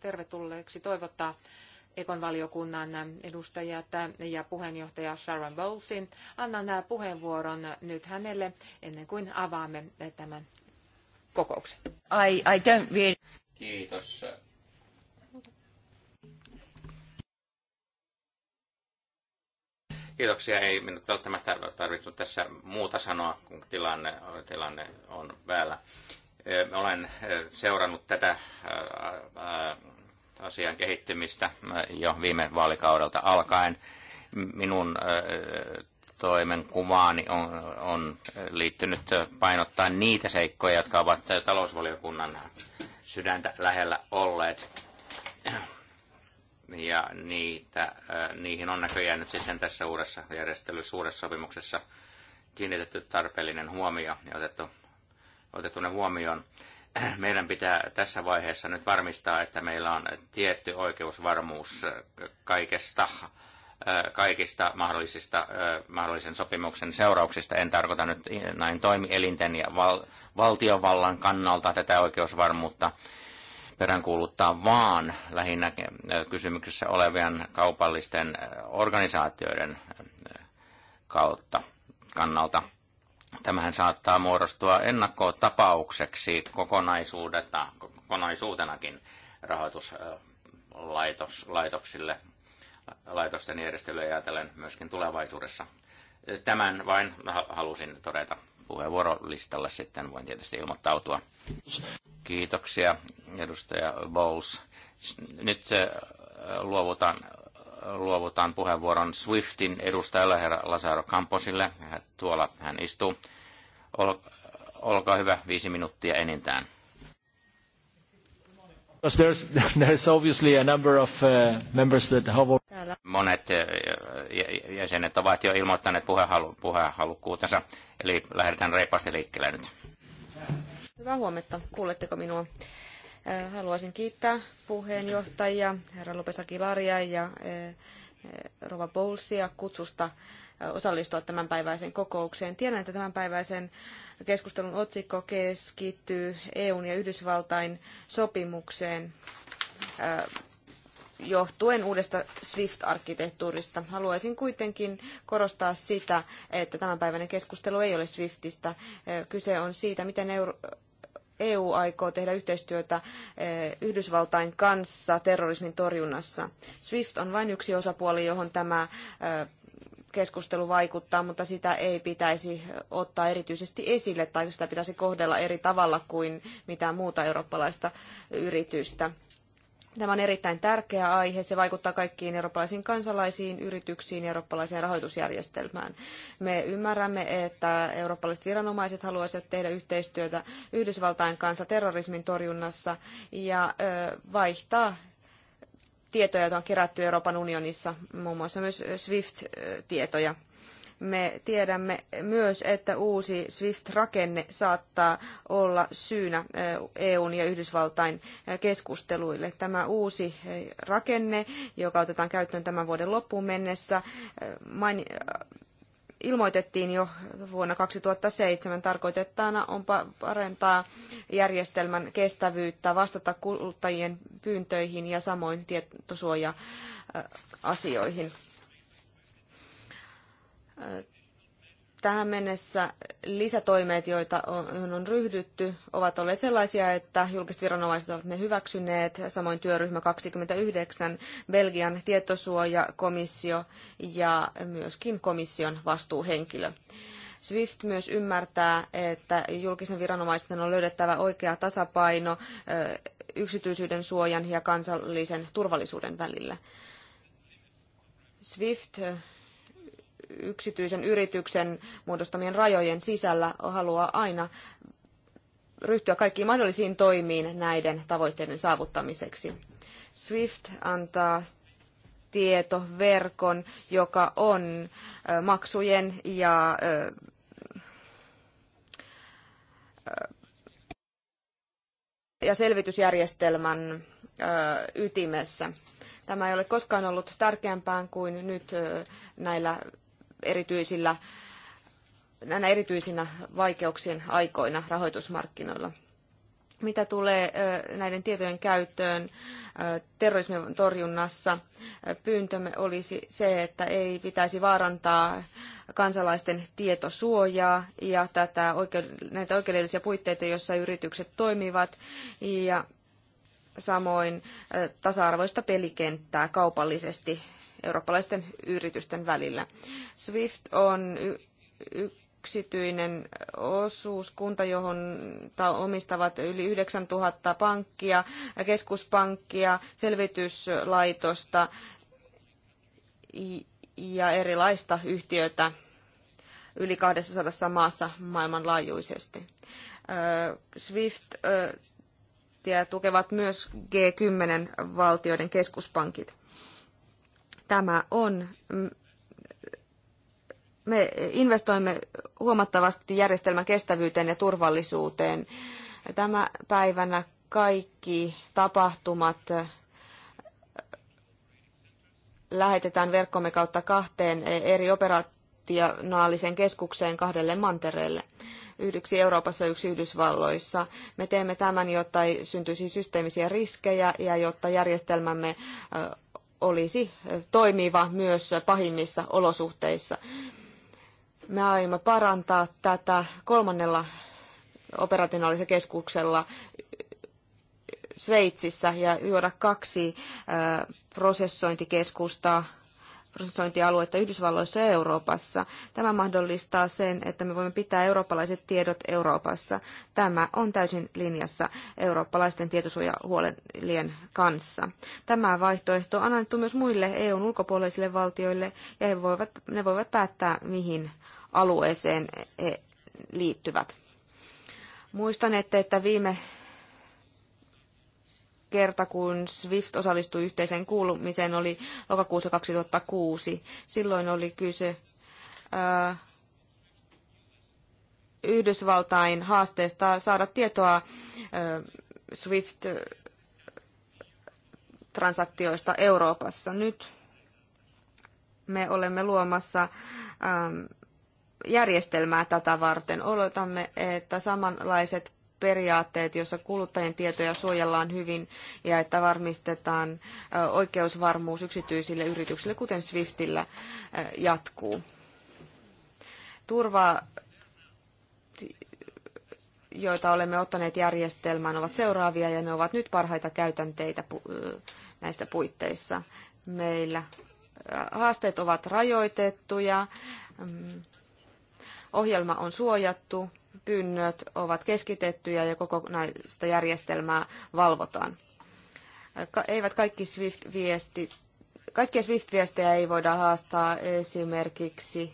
Speaker 2: tervetulleeksi toivottaa Ekon valiokunnan edustajat ja puheenjohtaja Sharon Bowlesin. Annan puheenvuoron nyt hänelle ennen kuin avaamme tämän kokouksen. I, I don't really...
Speaker 1: Kiitos. Kiitoksia. Ei minun välttämättä tarvitse tässä muuta sanoa, kun tilanne, tilanne on päällä. Olen seurannut tätä asian kehittymistä äh, jo viime vaalikaudelta alkaen. Minun äh, toimenkuvaani on, on liittynyt äh, painottaa niitä seikkoja, jotka ovat talousvaliokunnan sydäntä lähellä olleet. Ja niitä, niihin on näköjään nyt sitten tässä uudessa järjestelyssä, uudessa sopimuksessa kiinnitetty tarpeellinen huomio ja otettu, otettu ne huomioon meidän pitää tässä vaiheessa nyt varmistaa, että meillä on tietty oikeusvarmuus kaikesta, kaikista mahdollisista, mahdollisen sopimuksen seurauksista. En tarkoita nyt näin toimielinten ja val, valtiovallan kannalta tätä oikeusvarmuutta peräänkuuluttaa, vaan lähinnä kysymyksessä olevien kaupallisten organisaatioiden kautta kannalta – Tämähän saattaa muodostua ennakkotapaukseksi kokonaisuudeta, kokonaisuutenakin rahoituslaitoksille, laitosten järjestelyä ajatellen myöskin tulevaisuudessa. Tämän vain halusin todeta puheenvuorolistalle, sitten voin tietysti ilmoittautua. Kiitoksia, edustaja Bowles. Nyt äh, luovutaan luovutan puheenvuoron Swiftin edustajalle, herra Lazaro Camposille. Tuolla hän istuu. Ol, olkaa hyvä, viisi minuuttia enintään.
Speaker 2: There's,
Speaker 3: there's obviously a number of uh, members that have...
Speaker 1: Monet uh, jäsenet ovat jo ilmoittaneet puhehalu, puhehalukkuutensa, eli lähdetään reippaasti liikkeelle nyt.
Speaker 3: Hyvää huomenta, kuuletteko minua? Äh, haluaisin kiittää puheenjohtajia, herra Lopes Akilaria ja äh, äh, Rova Bowlesia kutsusta osallistua tämänpäiväiseen kokoukseen. Tiedän, että tämänpäiväisen keskustelun otsikko keskittyy EUn ja Yhdysvaltain sopimukseen johtuen uudesta SWIFT-arkkitehtuurista. Haluaisin kuitenkin korostaa sitä, että tämänpäiväinen keskustelu ei ole SWIFTistä. Kyse on siitä, miten Euro- EU aikoo tehdä yhteistyötä eh, Yhdysvaltain kanssa terrorismin torjunnassa. SWIFT on vain yksi osapuoli, johon tämä eh, keskustelu vaikuttaa, mutta sitä ei pitäisi ottaa erityisesti esille tai sitä pitäisi kohdella eri tavalla kuin mitään muuta eurooppalaista yritystä. Tämä on erittäin tärkeä aihe. Se vaikuttaa kaikkiin eurooppalaisiin kansalaisiin, yrityksiin ja eurooppalaiseen rahoitusjärjestelmään. Me ymmärrämme, että eurooppalaiset viranomaiset haluaisivat tehdä yhteistyötä Yhdysvaltain kanssa terrorismin torjunnassa ja vaihtaa tietoja, joita on kerätty Euroopan unionissa, muun muassa myös SWIFT-tietoja. Me tiedämme myös, että uusi SWIFT-rakenne saattaa olla syynä eh, EUn ja Yhdysvaltain eh, keskusteluille. Tämä uusi eh, rakenne, joka otetaan käyttöön tämän vuoden loppuun mennessä, ilmoitettiin jo vuonna 2007. Tarkoitettana on parantaa järjestelmän kestävyyttä, vastata kuluttajien pyyntöihin ja samoin tietosuoja-asioihin. Tähän mennessä lisätoimet, joita on, on ryhdytty, ovat olleet sellaisia, että julkiset viranomaiset ovat ne hyväksyneet, samoin työryhmä 29, Belgian tietosuojakomissio ja myöskin komission vastuuhenkilö. SWIFT myös ymmärtää, että julkisen viranomaisten on löydettävä oikea tasapaino yksityisyyden suojan ja kansallisen turvallisuuden välillä. SWIFT yksityisen yrityksen muodostamien rajojen sisällä haluaa aina ryhtyä kaikkiin mahdollisiin toimiin näiden tavoitteiden saavuttamiseksi. SWIFT antaa tietoverkon, joka on maksujen ja ja selvitysjärjestelmän ytimessä. Tämä ei ole koskaan ollut tärkeämpää kuin nyt näillä erityisillä, näinä erityisinä vaikeuksien aikoina rahoitusmarkkinoilla. Mitä tulee näiden tietojen käyttöön terrorismin torjunnassa, pyyntömme olisi se, että ei pitäisi vaarantaa kansalaisten tietosuojaa ja tätä, näitä oikeudellisia puitteita, joissa yritykset toimivat, ja samoin tasa-arvoista pelikenttää kaupallisesti eurooppalaisten yritysten välillä. SWIFT on yksityinen osuuskunta, johon omistavat yli 9000 pankkia, keskuspankkia, selvityslaitosta ja erilaista yhtiötä yli 200 maassa maailmanlaajuisesti. SWIFT tukevat myös G10-valtioiden keskuspankit. Tämä on mm, me investoimme huomattavasti järjestelmän kestävyyteen ja turvallisuuteen. Tämä päivänä kaikki tapahtumat eh, lähetetään verkkomme kautta kahteen eri operationaaliseen keskukseen kahdelle mantereelle. Yhdeksi Euroopassa ja yksi Yhdysvalloissa. Me teemme tämän, jotta ei syntyisi systeemisiä riskejä ja jotta järjestelmämme eh, olisi toimiva myös pahimmissa olosuhteissa. Me aiomme parantaa tätä kolmannella operationaalisella keskuksella Sveitsissä ja juoda kaksi prosessointikeskusta prosessointialuetta Yhdysvalloissa ja Euroopassa. Tämä mahdollistaa sen, että me voimme pitää eurooppalaiset tiedot Euroopassa. Tämä on täysin linjassa eurooppalaisten tietosuojahuolien kanssa. Tämä vaihtoehto on annettu myös muille EUn ulkopuolisille valtioille, ja he voivat, ne voivat päättää, mihin alueeseen he liittyvät. Muistan, että, että viime kerta, kun SWIFT osallistui yhteiseen kuulumiseen, oli lokakuussa 2006. Silloin oli kyse äh, Yhdysvaltain haasteesta saada tietoa äh, SWIFT-transaktioista äh, Euroopassa. Nyt me olemme luomassa ähm, järjestelmää tätä varten. oletamme että samanlaiset periaatteet, joissa kuluttajien tietoja suojellaan hyvin ja että varmistetaan oikeusvarmuus yksityisille yrityksille, kuten Swiftillä jatkuu. Turva joita olemme ottaneet järjestelmään, ovat seuraavia ja ne ovat nyt parhaita käytänteitä näissä puitteissa. Meillä haasteet ovat rajoitettuja, mm, ohjelma on suojattu pyynnöt ovat keskitettyjä ja kokonaista järjestelmää valvotaan. Eivät kaikki swift viesti kaikkia Swift-viestejä ei voida haastaa esimerkiksi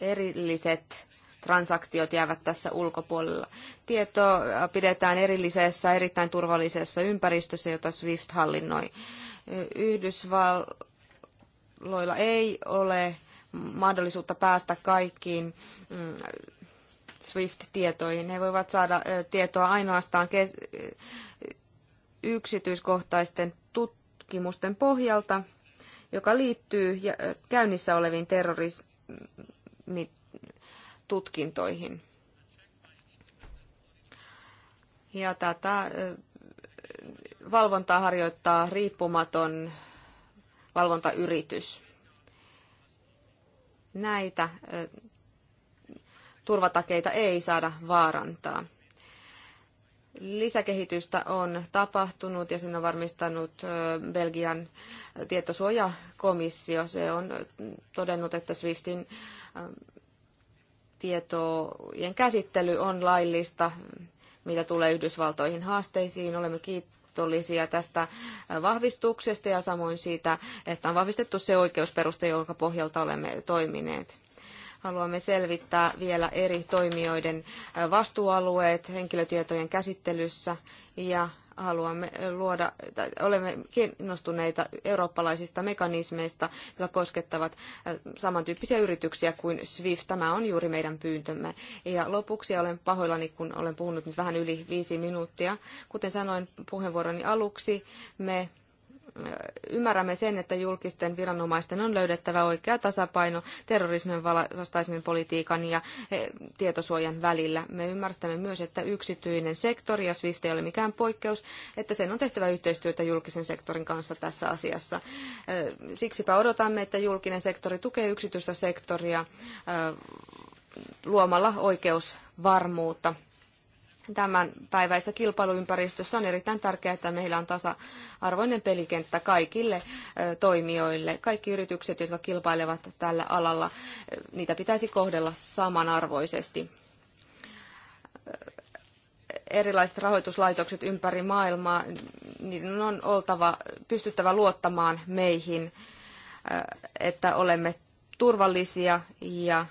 Speaker 3: erilliset transaktiot jäävät tässä ulkopuolella. Tieto pidetään erillisessä, erittäin turvallisessa ympäristössä, jota SWIFT hallinnoi. Yhdysvalloilla ei ole mahdollisuutta päästä kaikkiin mm, SWIFT-tietoihin. He voivat saada tietoa ainoastaan yksityiskohtaisten tutkimusten pohjalta, joka liittyy käynnissä oleviin terrorismitutkintoihin. Ja tätä valvontaa harjoittaa riippumaton valvontayritys näitä turvatakeita ei saada vaarantaa. Lisäkehitystä on tapahtunut ja sen on varmistanut Belgian tietosuojakomissio. Se on todennut, että Swiftin tietojen käsittely on laillista, mitä tulee Yhdysvaltoihin haasteisiin. Olemme kiittäneet kiitollisia tästä vahvistuksesta ja samoin siitä, että on vahvistettu se oikeusperuste, jonka pohjalta olemme toimineet. Haluamme selvittää vielä eri toimijoiden vastuualueet henkilötietojen käsittelyssä ja haluamme luoda, tai olemme kiinnostuneita eurooppalaisista mekanismeista, jotka koskettavat äh, samantyyppisiä yrityksiä kuin SWIFT. Tämä on juuri meidän pyyntömme. Ja lopuksi olen pahoillani, kun olen puhunut nyt vähän yli viisi minuuttia. Kuten sanoin puheenvuoroni aluksi, me ymmärrämme sen, että julkisten viranomaisten on löydettävä oikea tasapaino terrorismin vastaisen politiikan ja eh, tietosuojan välillä. Me ymmärrämme myös, että yksityinen sektori, ja SWIFT ei ole mikään poikkeus, että sen on tehtävä yhteistyötä julkisen sektorin kanssa tässä asiassa. Eh, siksipä odotamme, että julkinen sektori tukee yksityistä sektoria eh, luomalla oikeusvarmuutta tämän päiväisessä kilpailuympäristössä on erittäin tärkeää, että meillä on tasa-arvoinen pelikenttä kaikille toimijoille. Kaikki yritykset, jotka kilpailevat tällä alalla, niitä pitäisi kohdella samanarvoisesti. Erilaiset rahoituslaitokset ympäri maailmaa, niiden on oltava pystyttävä luottamaan meihin, että olemme turvallisia ja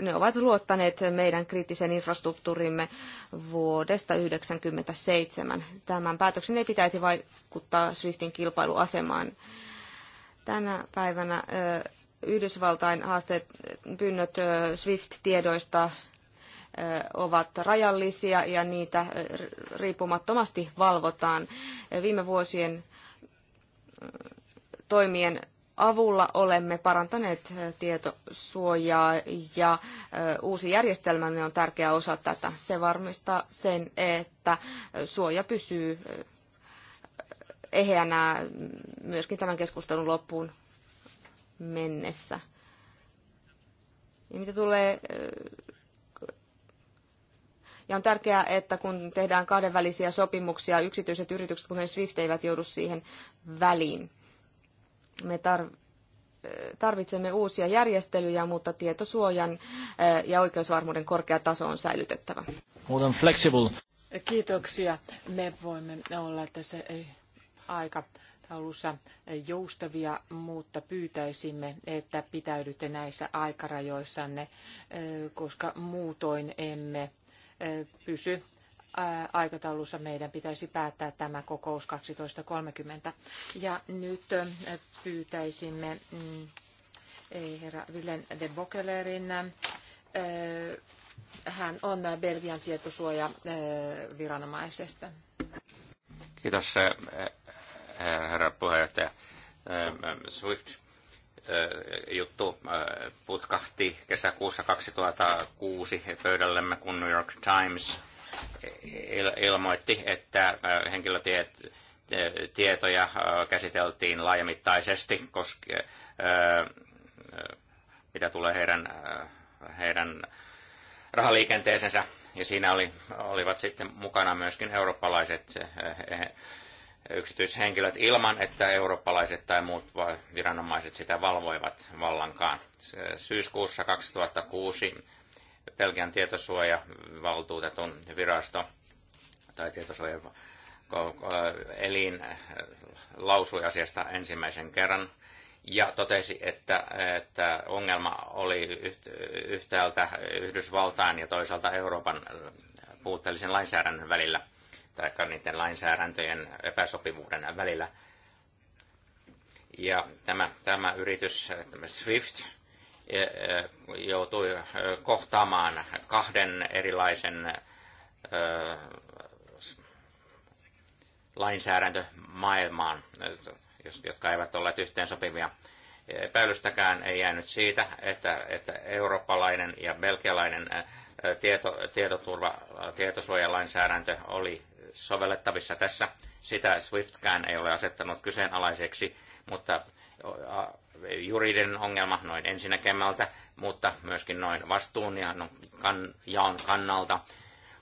Speaker 3: ne ovat luottaneet meidän kriittisen infrastruktuurimme vuodesta 1997. Tämän päätöksen ei pitäisi vaikuttaa Swiftin kilpailuasemaan. Tänä päivänä Yhdysvaltain haasteet, pyynnöt SWIFT-tiedoista ovat rajallisia ja niitä riippumattomasti valvotaan. Viime vuosien toimien avulla olemme parantaneet tietosuojaa ja uusi järjestelmämme on tärkeä osa tätä. Se varmistaa sen, että suoja pysyy eheänä myöskin tämän keskustelun loppuun mennessä. Ja mitä tulee ja on tärkeää, että kun tehdään kahdenvälisiä sopimuksia, yksityiset yritykset, kuten Swift, eivät joudu siihen väliin. Me tarvitsemme uusia järjestelyjä, mutta tietosuojan eh, ja oikeusvarmuuden korkea taso on säilytettävä.
Speaker 2: Kiitoksia. Me voimme olla tässä eh, aika taulussa eh, joustavia, mutta pyytäisimme, että pitäydytte näissä aikarajoissanne, koska muutoin emme pysy aikataulussa meidän pitäisi päättää tämä kokous 12.30. Ja nyt pyytäisimme mm, herra Villen de Bokelerin. Hän on Belgian tietosuojaviranomaisesta.
Speaker 1: Kiitos herra puheenjohtaja. Swift juttu putkahti kesäkuussa 2006 pöydällemme, kun New York Times – ilmoitti, että äh, henkilötietoja äh, käsiteltiin laajamittaisesti, koska, äh, mitä tulee heidän, heidän rahaliikenteeseensä. Ja siinä oli, olivat sitten mukana myöskin eurooppalaiset yksityishenkilöt ilman, että eurooppalaiset tai muut viranomaiset sitä valvoivat vallankaan. Syyskuussa 2006 Belgian tietosuojavaltuutetun virasto tai tietosuojan elin äh, lausui asiasta ensimmäisen kerran ja totesi, että, että ongelma oli yhtäältä Yhdysvaltain ja toisaalta Euroopan äh, puutteellisen lainsäädännön välillä, tai niiden lainsäädäntöjen epäsopivuuden välillä. Ja tämä, tämä yritys, tämä SWIFT, Eh, joutui eh, kohtaamaan kahden erilaisen eh, lainsäädäntömaailmaan, jotka eivät olleet yhteen sopivia. Epäilystäkään ei jäänyt siitä, että, että eurooppalainen ja belgialainen tieto, tietoturva, tietosuojalainsäädäntö oli sovellettavissa tässä. Sitä Swiftkään ei ole asettanut kyseenalaiseksi, mutta juridinen ongelma noin ensinäkemältä, mutta myöskin noin vastuun ja no, kan, jaon kannalta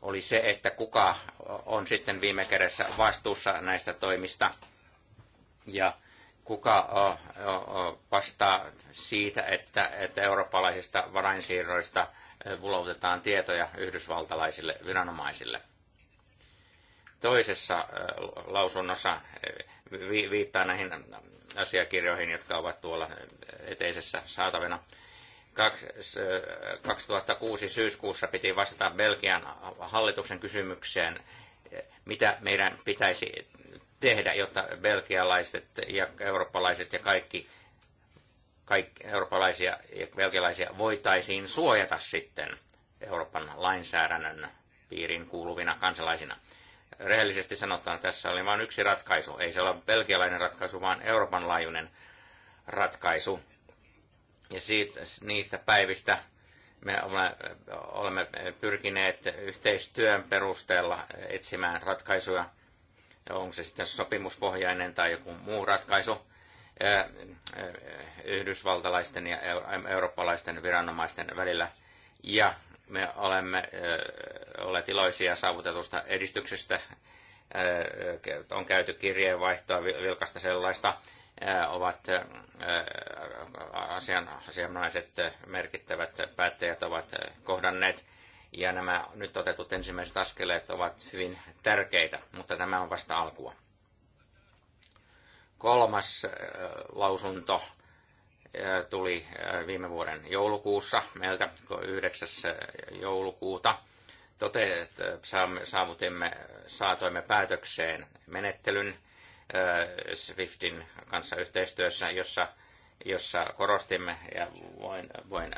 Speaker 1: oli se, että kuka on sitten viime kädessä vastuussa näistä toimista ja kuka vastaa siitä, että, että eurooppalaisista varainsiirroista e, vuloutetaan tietoja yhdysvaltalaisille viranomaisille. Toisessa e, lausunnossa e, viittaa näihin asiakirjoihin, jotka ovat tuolla eteisessä saatavina. 2006 äh, syyskuussa piti vastata Belgian hallituksen kysymykseen, mitä meidän pitäisi tehdä, jotta belgialaiset ja eurooppalaiset ja kaikki, kaikki eurooppalaisia ja belgialaisia voitaisiin suojata sitten Euroopan lainsäädännön piiriin kuuluvina kansalaisina rehellisesti sanotaan, tässä oli vain yksi ratkaisu. Ei se ole belgialainen ratkaisu, vaan Euroopan laajuinen ratkaisu. Ja siitä, niistä päivistä me olemme pyrkineet yhteistyön perusteella etsimään ratkaisuja. Onko se sitten sopimuspohjainen tai joku muu ratkaisu yhdysvaltalaisten ja eurooppalaisten viranomaisten välillä. Ja me olemme olleet iloisia saavutetusta edistyksestä. On käyty kirjeenvaihtoa, vilkasta sellaista. Ovat asian, asianomaiset merkittävät päättäjät ovat kohdanneet ja nämä nyt otetut ensimmäiset askeleet ovat hyvin tärkeitä, mutta tämä on vasta alkua. Kolmas lausunto Äh, tuli äh, viime vuoden joulukuussa, meiltä 9. Äh, joulukuuta. Tote, saavutimme, saatoimme päätökseen menettelyn Swiftin kanssa yhteistyössä, jossa, jossa korostimme ja voin, voin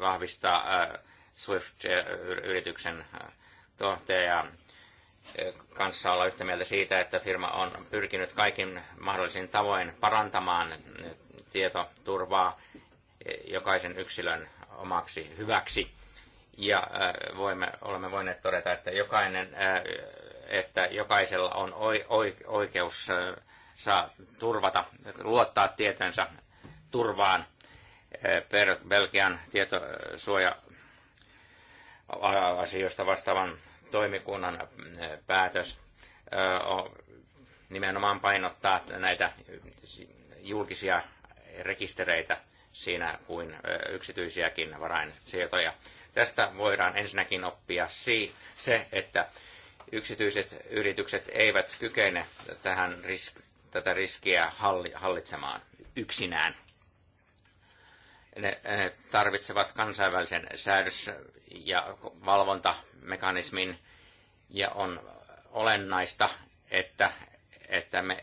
Speaker 1: vahvistaa Swift-yrityksen tohteja kanssa olla yhtä mieltä siitä, että firma on pyrkinyt kaikin mahdollisin tavoin parantamaan tietoturvaa jokaisen yksilön omaksi hyväksi. Ja äh, voimme, olemme voineet todeta, että, jokainen, äh, että jokaisella on oikeus äh, saa turvata, luottaa tietönsä turvaan. Belgian tietosuoja asioista vastaavan toimikunnan päätös nimenomaan painottaa näitä julkisia rekistereitä siinä kuin yksityisiäkin varainsiirtoja. Tästä voidaan ensinnäkin oppia se, että yksityiset yritykset eivät kykene tähän risk, tätä riskiä hallitsemaan yksinään. Ne, ne tarvitsevat kansainvälisen säädös- ja valvontamekanismin, ja on olennaista, että että me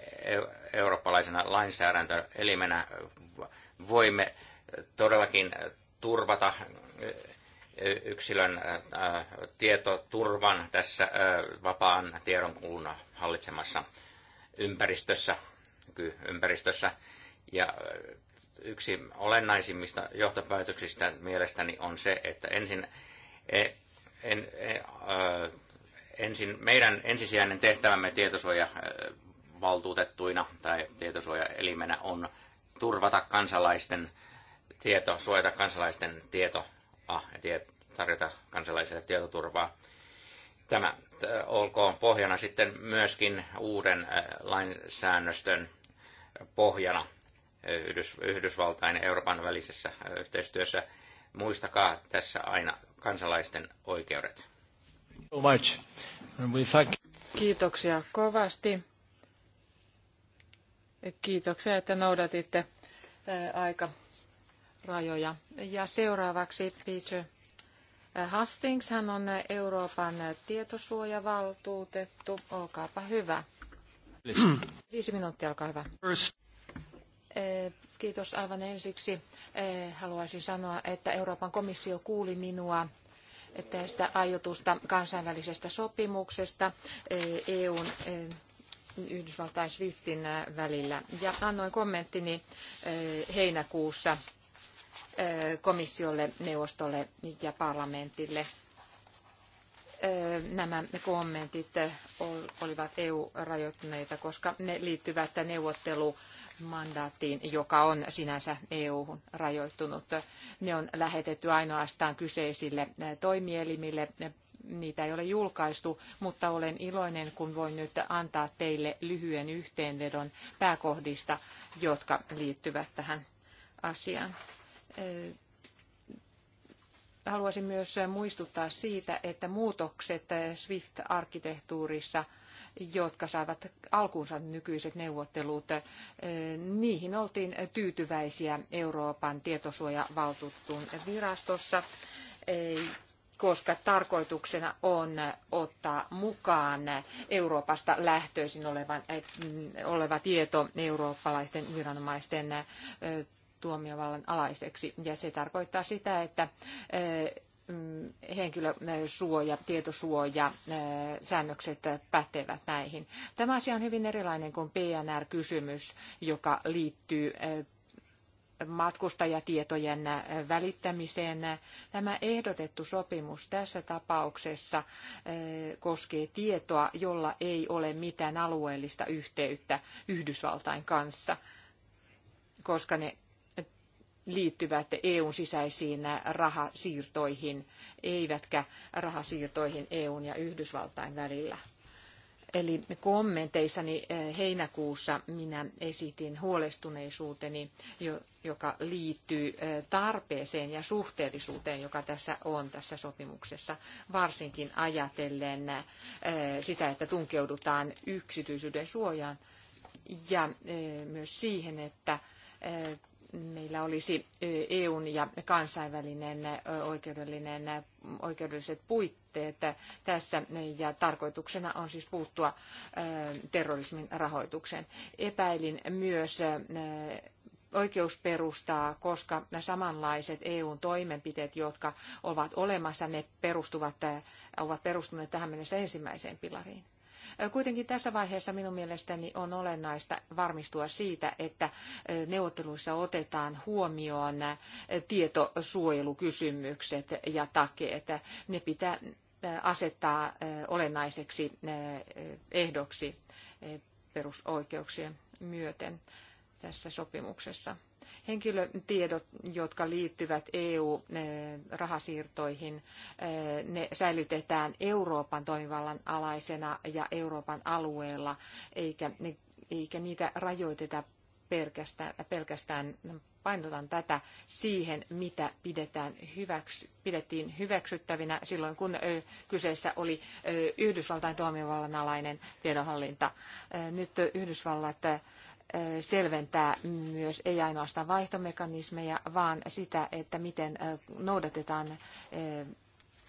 Speaker 1: eurooppalaisena lainsäädäntöelimenä voimme todellakin turvata yksilön tietoturvan tässä vapaan tiedonkulun hallitsemassa ympäristössä, ympäristössä. Ja yksi olennaisimmista johtopäätöksistä mielestäni on se, että ensin, e, en, en, ensin meidän ensisijainen tehtävämme tietosuoja valtuutettuina tai tietosuojaelimenä on turvata kansalaisten tieto, suojata kansalaisten tieto ah, ja tiet, tarjota kansalaisille tietoturvaa. Tämä äh, olkoon pohjana sitten myöskin uuden äh, lainsäännöstön pohjana äh, Yhdysvaltain ja Euroopan välisessä yhteistyössä. Muistakaa tässä aina kansalaisten oikeudet.
Speaker 2: Kiitoksia kovasti. Kiitoksia, että noudatitte aikarajoja. Ja seuraavaksi Peter Hastings, hän on Euroopan tietosuojavaltuutettu. Olkaapa hyvä. Viisi minuuttia, olkaa hyvä. Kiitos aivan ensiksi. Haluaisin sanoa, että Euroopan komissio kuuli minua tästä aiotusta kansainvälisestä sopimuksesta EUn Yhdysvaltain Swiftin äh, välillä. Ja annoin kommenttini äh, heinäkuussa äh, komissiolle, neuvostolle ja parlamentille. Nämä kommentit olivat EU-rajoittuneita, koska ne liittyvät neuvottelumandaattiin, joka on sinänsä EU-hun rajoittunut. Ne on lähetetty ainoastaan kyseisille toimielimille niitä ei ole julkaistu, mutta olen iloinen, kun voin nyt antaa teille lyhyen yhteenvedon pääkohdista, jotka liittyvät tähän asiaan. Haluaisin myös muistuttaa siitä, että muutokset SWIFT-arkkitehtuurissa – jotka saivat alkuunsa nykyiset neuvottelut. Niihin oltiin tyytyväisiä Euroopan tietosuojavaltuutetun virastossa koska tarkoituksena on ottaa mukaan Euroopasta lähtöisin olevan, oleva tieto eurooppalaisten viranomaisten tuomiovallan alaiseksi. Ja se tarkoittaa sitä, että mm, henkilösuoja, tietosuoja, säännökset pätevät näihin. Tämä asia on hyvin erilainen kuin PNR-kysymys, joka liittyy matkustajatietojen välittämiseen. Tämä ehdotettu sopimus tässä tapauksessa eh, koskee tietoa, jolla ei ole mitään alueellista yhteyttä Yhdysvaltain kanssa, koska ne liittyvät EUn sisäisiin rahasiirtoihin, eivätkä rahasiirtoihin EUn ja Yhdysvaltain välillä. Eli kommenteissani eh, heinäkuussa minä esitin huolestuneisuuteni, joka liittyy eh, tarpeeseen ja suhteellisuuteen, joka tässä on tässä sopimuksessa, varsinkin ajatellen eh, sitä, että tunkeudutaan yksityisyyden suojaan ja myös siihen, että meillä olisi EUn ja kansainvälinen oikeudellinen, oikeudelliset puitteet tässä ja tarkoituksena on siis puuttua terrorismin rahoitukseen. Epäilin myös oikeusperustaa, koska samanlaiset EUn toimenpiteet, jotka ovat olemassa, ne perustuvat, ovat perustuneet tähän mennessä ensimmäiseen pilariin. Kuitenkin tässä vaiheessa minun mielestäni on olennaista varmistua siitä, että neuvotteluissa otetaan huomioon tietosuojelukysymykset ja takeet. Ne pitää asettaa olennaiseksi ehdoksi perusoikeuksien myöten tässä sopimuksessa henkilötiedot, jotka liittyvät EU-rahasiirtoihin, eh, eh, ne säilytetään Euroopan toimivallan alaisena ja Euroopan alueella, eikä, ne, eikä niitä rajoiteta pelkästään, pelkästään painotan tätä siihen, mitä pidetään hyväksy, pidettiin hyväksyttävinä silloin, kun kyseessä oli Yhdysvaltain toimivallan alainen tiedonhallinta. Nyt Yhdysvallat selventää myös ei ainoastaan vaihtomekanismeja, vaan sitä, että miten noudatetaan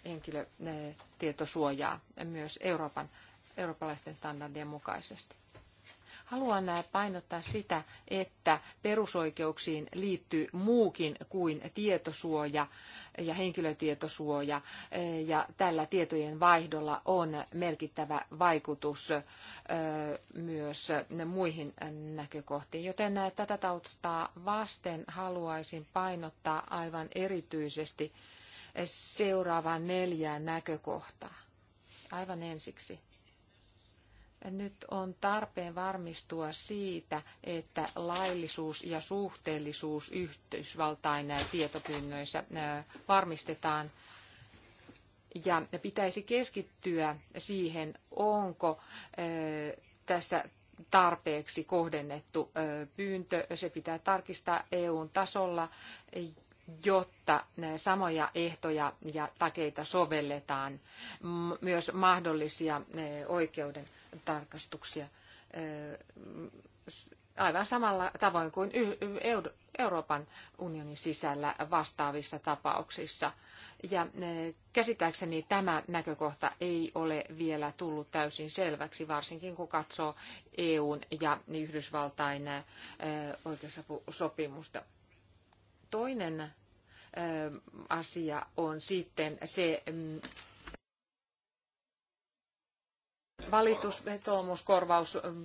Speaker 2: henkilötietosuojaa myös Euroopan, eurooppalaisten standardien mukaisesti. Haluan äh, painottaa sitä, että perusoikeuksiin liittyy muukin kuin tietosuoja ja henkilötietosuoja, äh, ja tällä tietojen vaihdolla on merkittävä vaikutus äh, myös muihin näkökohtiin. Joten tätä taustaa vasten haluaisin painottaa aivan erityisesti seuraavaa neljää näkökohtaa. Aivan ensiksi nyt on tarpeen varmistua siitä, että laillisuus ja suhteellisuus Yhdysvaltain äh, tietopyynnöissä äh, varmistetaan ja pitäisi keskittyä siihen, onko äh, tässä tarpeeksi kohdennettu pyyntö. Se pitää tarkistaa EUn tasolla jotta samoja ehtoja ja takeita sovelletaan myös mahdollisia eh, oikeuden tarkastuksia eh, aivan samalla tavoin kuin Euroopan unionin sisällä vastaavissa tapauksissa. Ja eh, käsittääkseni tämä näkökohta ei ole vielä tullut täysin selväksi, varsinkin kun katsoo EUn ja Yhdysvaltain oikeusapusopimusta. Toinen asia on sitten se mm, valitusvetoomus, korvaus, mm,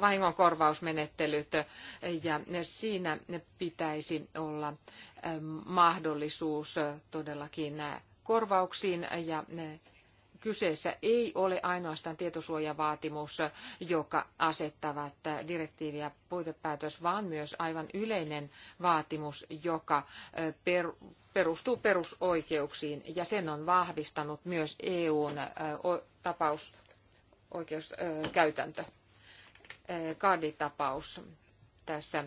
Speaker 2: vahingonkorvausmenettelyt ja siinä pitäisi olla mahdollisuus todellakin korvauksiin ja kyseessä ei ole ainoastaan tietosuojavaatimus, joka asettavat direktiiviä puitepäätös, vaan myös aivan yleinen vaatimus, joka perustuu perusoikeuksiin, ja sen on vahvistanut myös EUn tapausoikeuskäytäntö. Kaaditapaus tässä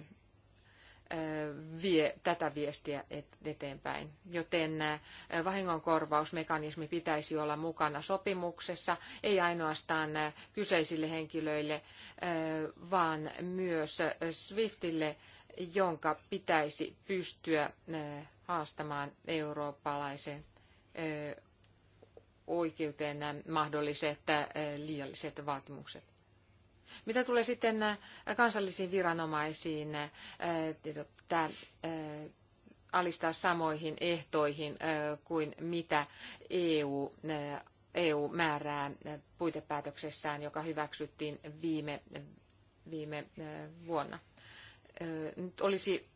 Speaker 2: vie tätä viestiä eteenpäin. Joten vahingonkorvausmekanismi pitäisi olla mukana sopimuksessa, ei ainoastaan kyseisille henkilöille, vaan myös Swiftille, jonka pitäisi pystyä haastamaan eurooppalaisen oikeuteen mahdolliset liialliset vaatimukset. Mitä tulee sitten äh, kansallisiin viranomaisiin, äh, tämä äh, alistaa samoihin ehtoihin kuin mitä EU, EU määrää puitepäätöksessään, joka hyväksyttiin viime, viime vuonna. Nyt olisi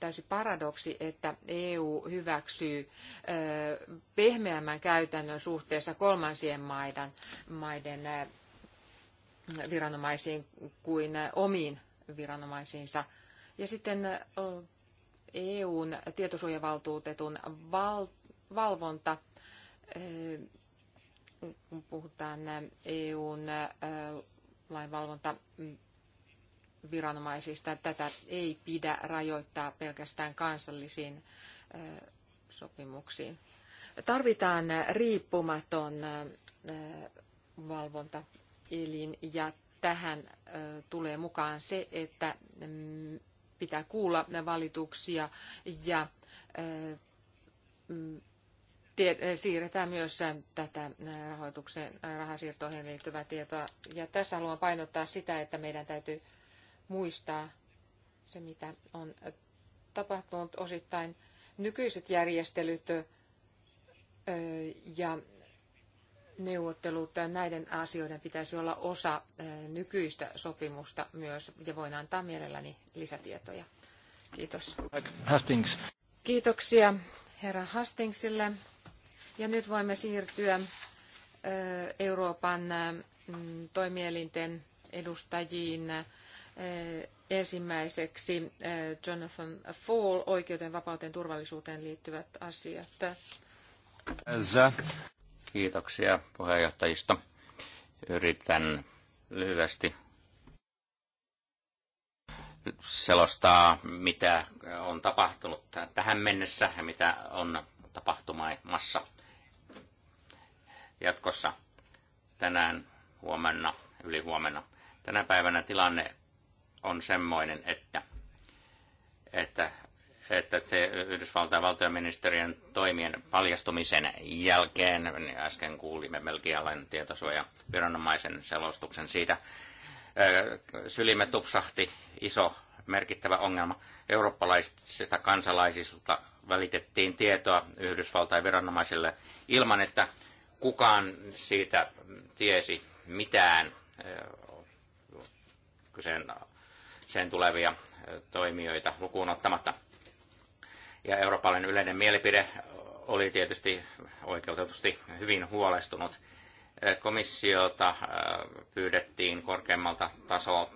Speaker 2: täysi paradoksi, että EU hyväksyy pehmeämmän käytännön suhteessa kolmansien maiden, maiden viranomaisiin kuin omiin viranomaisiinsa. Ja sitten EUn tietosuojavaltuutetun val- valvonta, kun puhutaan EUn lainvalvonta Tätä ei pidä rajoittaa pelkästään kansallisiin sopimuksiin. Tarvitaan riippumaton valvonta elin ja tähän tulee mukaan se, että mm, pitää kuulla valituksia ja mm, siirretään myös tätä rahoituksen rahasiirtoihin liittyvää tietoa. Ja tässä haluan painottaa sitä, että meidän täytyy muistaa se, mitä on tapahtunut osittain nykyiset järjestelyt ja neuvottelut näiden asioiden pitäisi olla osa eh, nykyistä sopimusta myös, ja voin antaa mielelläni lisätietoja. Kiitos. Hastings. Kiitoksia herra Hastingsille. Ja nyt voimme siirtyä eh, Euroopan mm, toimielinten edustajiin. Eh, ensimmäiseksi Jonathan Fall, oikeuden, vapauteen, turvallisuuteen liittyvät asiat.
Speaker 1: Kiitoksia puheenjohtajista. Yritän lyhyesti selostaa, mitä on tapahtunut tähän mennessä ja mitä on tapahtumassa jatkossa tänään, huomenna, yli huomenna. Tänä päivänä tilanne on semmoinen, että, että että se Yhdysvaltain valtioministeriön toimien paljastumisen jälkeen, niin äsken kuulimme belgialainen viranomaisen selostuksen siitä, sylimme tupsahti iso merkittävä ongelma. Eurooppalaisista kansalaisista välitettiin tietoa Yhdysvaltain viranomaisille ilman, että kukaan siitä tiesi mitään kyseen sen tulevia toimijoita lukuun ottamatta ja eurooppalainen yleinen mielipide oli tietysti oikeutetusti hyvin huolestunut. Komissiota pyydettiin korkeammalta tasolta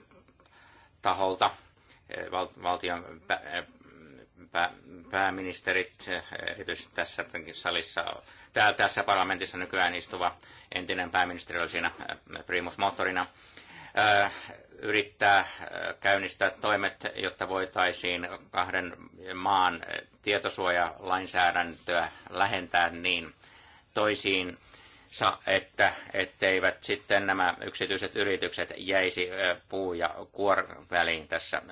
Speaker 1: taholta valtion pääministerit, erityisesti tässä salissa, täällä tässä parlamentissa nykyään istuva entinen pääministeri oli siinä motorina yrittää käynnistää toimet, jotta voitaisiin kahden maan tietosuojalainsäädäntöä lähentää niin toisiin, että etteivät sitten nämä yksityiset yritykset jäisi puu- ja kuor väliin tässä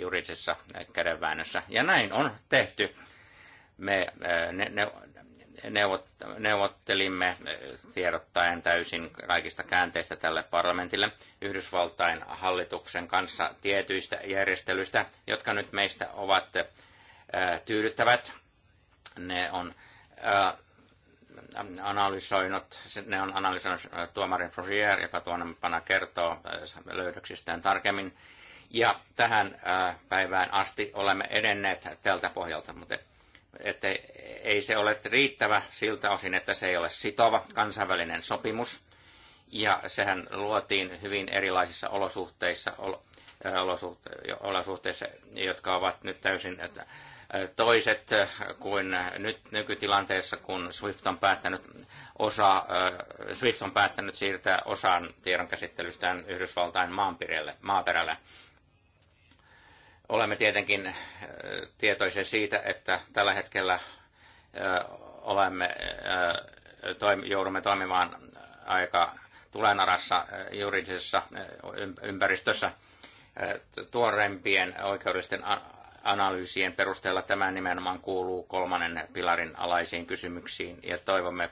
Speaker 1: juridisessa kädenväännössä. Ja näin on tehty. Me ne, ne, neuvot, neuvottelimme eh, tiedottaen täysin kaikista käänteistä tälle parlamentille Yhdysvaltain hallituksen kanssa tietyistä järjestelyistä, jotka nyt meistä ovat eh, tyydyttävät. Ne on eh, analysoinut, ne on analysoinut tuomarin Frosier, joka tuonnepana kertoo löydöksistään tarkemmin. Ja tähän päivään asti olemme edenneet tältä pohjalta, mutta että ei se ole riittävä siltä osin, että se ei ole sitova kansainvälinen sopimus. Ja sehän luotiin hyvin erilaisissa olosuhteissa, äh, olosuhteissa jotka ovat nyt täysin äh, toiset äh, kuin nyt nykytilanteessa, kun Swift on päättänyt, osa, Swift on päättänyt siirtää osan tiedonkäsittelystään Yhdysvaltain maanperälle. maaperälle. Olemme tietenkin äh, tietoisia siitä, että tällä hetkellä äh, olemme, äh, joudumme toimimaan aika tulenarassa juridisessa ympäristössä tuoreimpien oikeudellisten analyysien perusteella tämä nimenomaan kuuluu kolmannen pilarin alaisiin kysymyksiin ja toivomme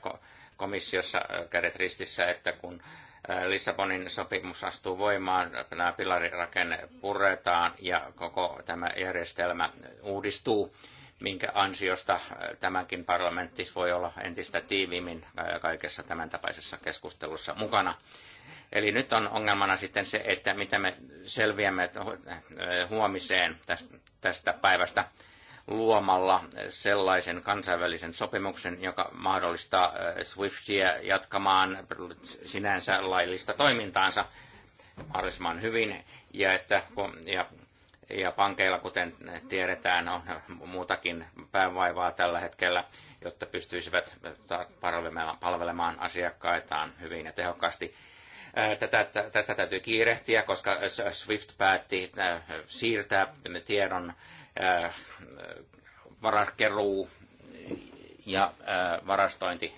Speaker 1: komissiossa kädet ristissä, että kun Äh, Lissabonin sopimus astuu voimaan, nämä pilarirakenne puretaan ja koko tämä järjestelmä uudistuu, minkä ansiosta äh, tämäkin parlamentti voi olla entistä tiiviimmin äh, kaikessa tämän tapaisessa keskustelussa mukana. Eli nyt on ongelmana sitten se, että mitä me selviämme huomiseen tästä päivästä luomalla sellaisen kansainvälisen sopimuksen, joka mahdollistaa äh, Swiftia jatkamaan sinänsä laillista toimintaansa mahdollisimman hyvin, ja että ja, ja pankeilla, kuten tiedetään, on muutakin päävaivaa tällä hetkellä, jotta pystyisivät palvelemaan asiakkaitaan hyvin ja tehokkaasti. Äh, tätä, tästä täytyy kiirehtiä, koska SWIFT päätti äh, siirtää tiedon Äh, äh, varakeruu ja äh, varastointi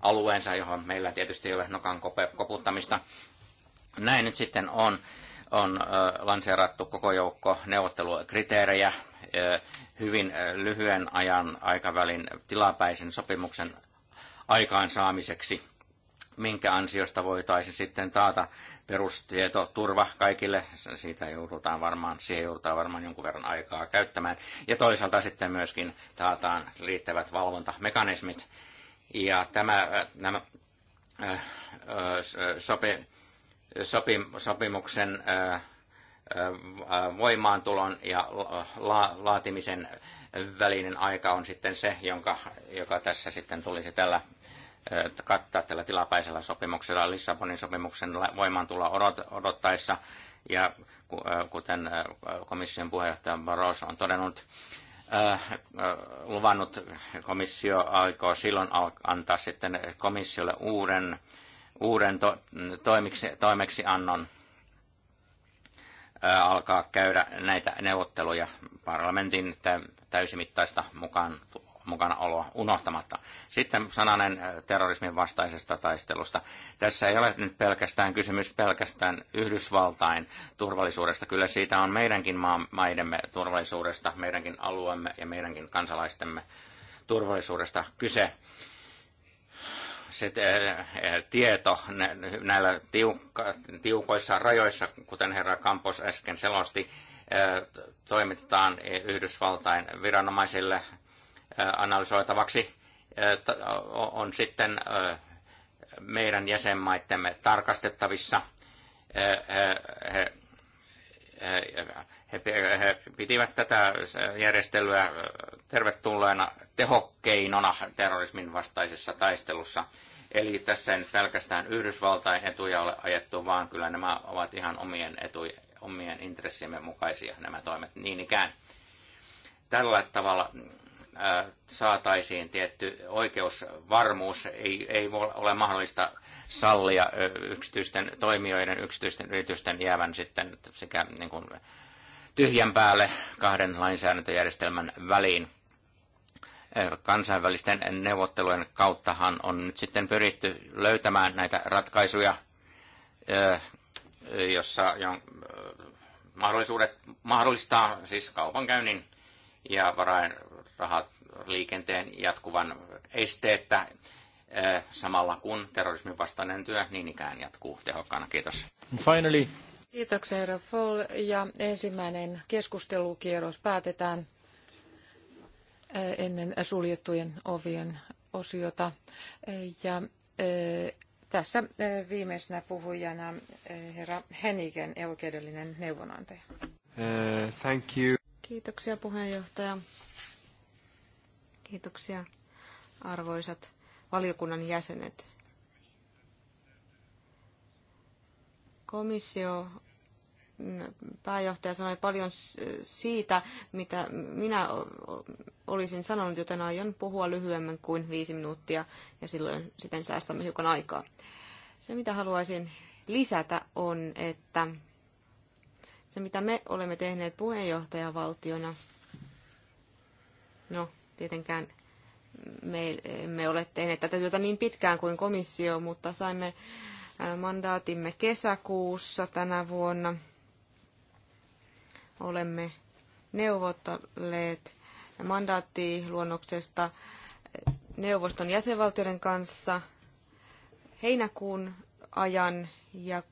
Speaker 1: alueensa, johon meillä tietysti ei ole nokan koputtamista. Näin nyt sitten on, on lanseerattu koko joukko neuvottelukriteerejä hyvin lyhyen ajan aikavälin tilapäisen sopimuksen aikaansaamiseksi minkä ansiosta voitaisiin sitten taata perustietoturva kaikille. Siitä joudutaan varmaan, siihen joudutaan varmaan jonkun verran aikaa käyttämään. Ja toisaalta sitten myöskin taataan riittävät valvontamekanismit. Ja tämä, äh, nämä äh, äh, sopi, sopi, sopimuksen äh, äh voimaantulon ja laatimisen välinen aika on sitten se, jonka, joka tässä sitten tulisi tällä kattaa tällä tilapäisellä sopimuksella Lissabonin sopimuksen voimaantuloa odottaessa. Ja kuten komission puheenjohtaja Barroso on todennut, luvannut komissio aikoo silloin antaa sitten komissiolle uuden, uuden to, toimiksi, toimeksiannon alkaa käydä näitä neuvotteluja parlamentin täysimittaista mukaan mukana oloa unohtamatta. Sitten sananen äh, terrorismin vastaisesta taistelusta. Tässä ei ole nyt pelkästään kysymys pelkästään Yhdysvaltain turvallisuudesta. Kyllä siitä on meidänkin maidemme turvallisuudesta, meidänkin alueemme ja meidänkin kansalaistemme turvallisuudesta kyse se äh, äh, tieto näillä tiukka, tiukoissa rajoissa, kuten herra Kampos äsken selosti, toimitetaan Yhdysvaltain viranomaisille analysoitavaksi on sitten meidän jäsenmaittemme tarkastettavissa. He, pitivät tätä järjestelyä tervetulleena tehokkeinona terrorismin vastaisessa taistelussa. Eli tässä ei nyt pelkästään Yhdysvaltain etuja ole ajettu, vaan kyllä nämä ovat ihan omien, etuja, omien intressimme mukaisia nämä toimet niin ikään. Tällä tavalla saataisiin tietty oikeusvarmuus. Ei, ei ole mahdollista sallia yksityisten toimijoiden, yksityisten yritysten jäävän sitten sekä niin kuin tyhjän päälle kahden lainsäädäntöjärjestelmän väliin. Kansainvälisten neuvottelujen kauttahan on nyt sitten pyritty löytämään näitä ratkaisuja, jossa mahdollisuudet mahdollistaa siis kaupankäynnin ja varainrahat liikenteen jatkuvan esteettä samalla kun terrorismin vastainen työ niin ikään jatkuu tehokkaana. Kiitos. Finally.
Speaker 2: Kiitoksia herra Foll ja ensimmäinen keskustelukierros päätetään ennen suljettujen ovien osiota. Ja tässä viimeisenä puhujana herra Henigen, oikeudellinen neuvonantaja. Uh, thank you. Kiitoksia puheenjohtaja.
Speaker 3: Kiitoksia arvoisat valiokunnan jäsenet. Komissio mm, pääjohtaja sanoi paljon siitä, mitä minä olisin sanonut, joten aion puhua lyhyemmän kuin viisi minuuttia ja silloin sitten säästämme hiukan aikaa. Se, mitä haluaisin lisätä, on, että se, mitä me olemme tehneet puheenjohtajavaltiona, no tietenkään me emme ole tehneet tätä työtä niin pitkään kuin komissio, mutta saimme mandaatimme kesäkuussa tänä vuonna. Olemme neuvotelleet mandaattiluonnoksesta neuvoston jäsenvaltioiden kanssa heinäkuun ajan ja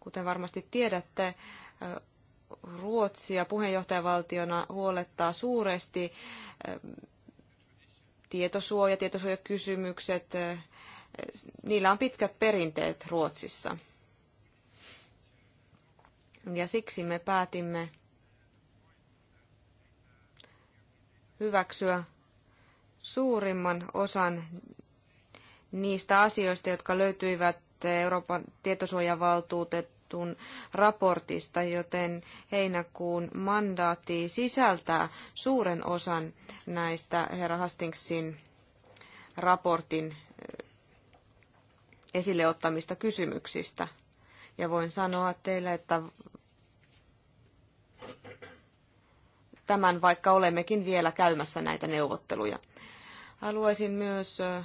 Speaker 3: Kuten varmasti tiedätte, Ruotsia puheenjohtajavaltiona huolettaa suuresti tietosuoja, tietosuojakysymykset. Niillä on pitkät perinteet Ruotsissa. Ja siksi me päätimme hyväksyä suurimman osan niistä asioista, jotka löytyivät Euroopan tietosuojavaltuutetun raportista, joten heinäkuun mandaatti sisältää suuren osan näistä herra Hastingsin raportin eh, esille ottamista kysymyksistä. Ja voin sanoa teille, että tämän, vaikka olemmekin vielä käymässä näitä neuvotteluja. Haluaisin myös eh,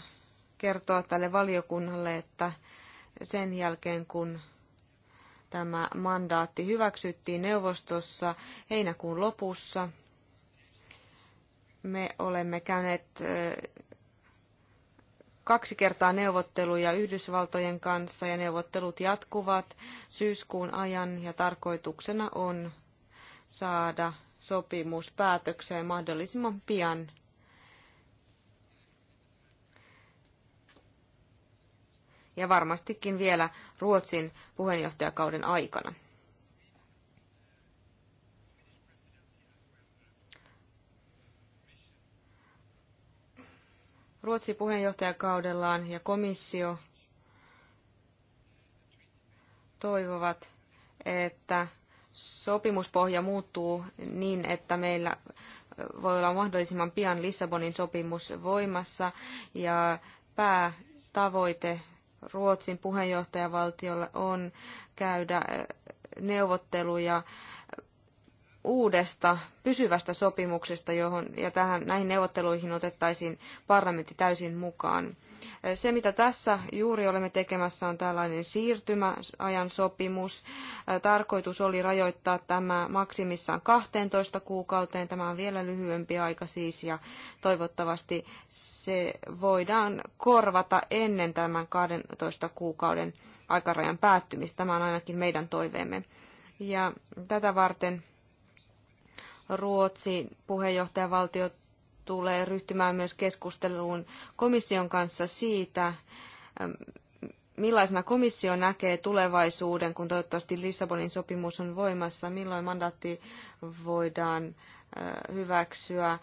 Speaker 3: kertoa tälle valiokunnalle, että sen jälkeen, kun tämä mandaatti hyväksyttiin neuvostossa heinäkuun lopussa. Me olemme käyneet kaksi kertaa neuvotteluja Yhdysvaltojen kanssa ja neuvottelut jatkuvat syyskuun ajan ja tarkoituksena on saada sopimus päätökseen mahdollisimman pian ja varmastikin vielä Ruotsin puheenjohtajakauden aikana. Ruotsi puheenjohtajakaudellaan ja komissio toivovat, että sopimuspohja muuttuu niin, että meillä voi olla mahdollisimman pian Lissabonin sopimus voimassa ja päätavoite Ruotsin puheenjohtajavaltiolle on käydä neuvotteluja uudesta pysyvästä sopimuksesta, johon, ja tähän, näihin neuvotteluihin otettaisiin parlamentti täysin mukaan. Se, mitä tässä juuri olemme tekemässä, on tällainen siirtymäajan sopimus. Tarkoitus oli rajoittaa tämä maksimissaan 12 kuukauteen. Tämä on vielä lyhyempi aika siis ja toivottavasti se voidaan korvata ennen tämän 12 kuukauden aikarajan päättymistä. Tämä on ainakin meidän toiveemme. Ja tätä varten Ruotsin puheenjohtajavaltio tulee ryhtymään myös keskusteluun komission kanssa siitä, ähm, millaisena komissio näkee tulevaisuuden, kun toivottavasti Lissabonin sopimus on voimassa, milloin mandaatti voidaan äh, hyväksyä.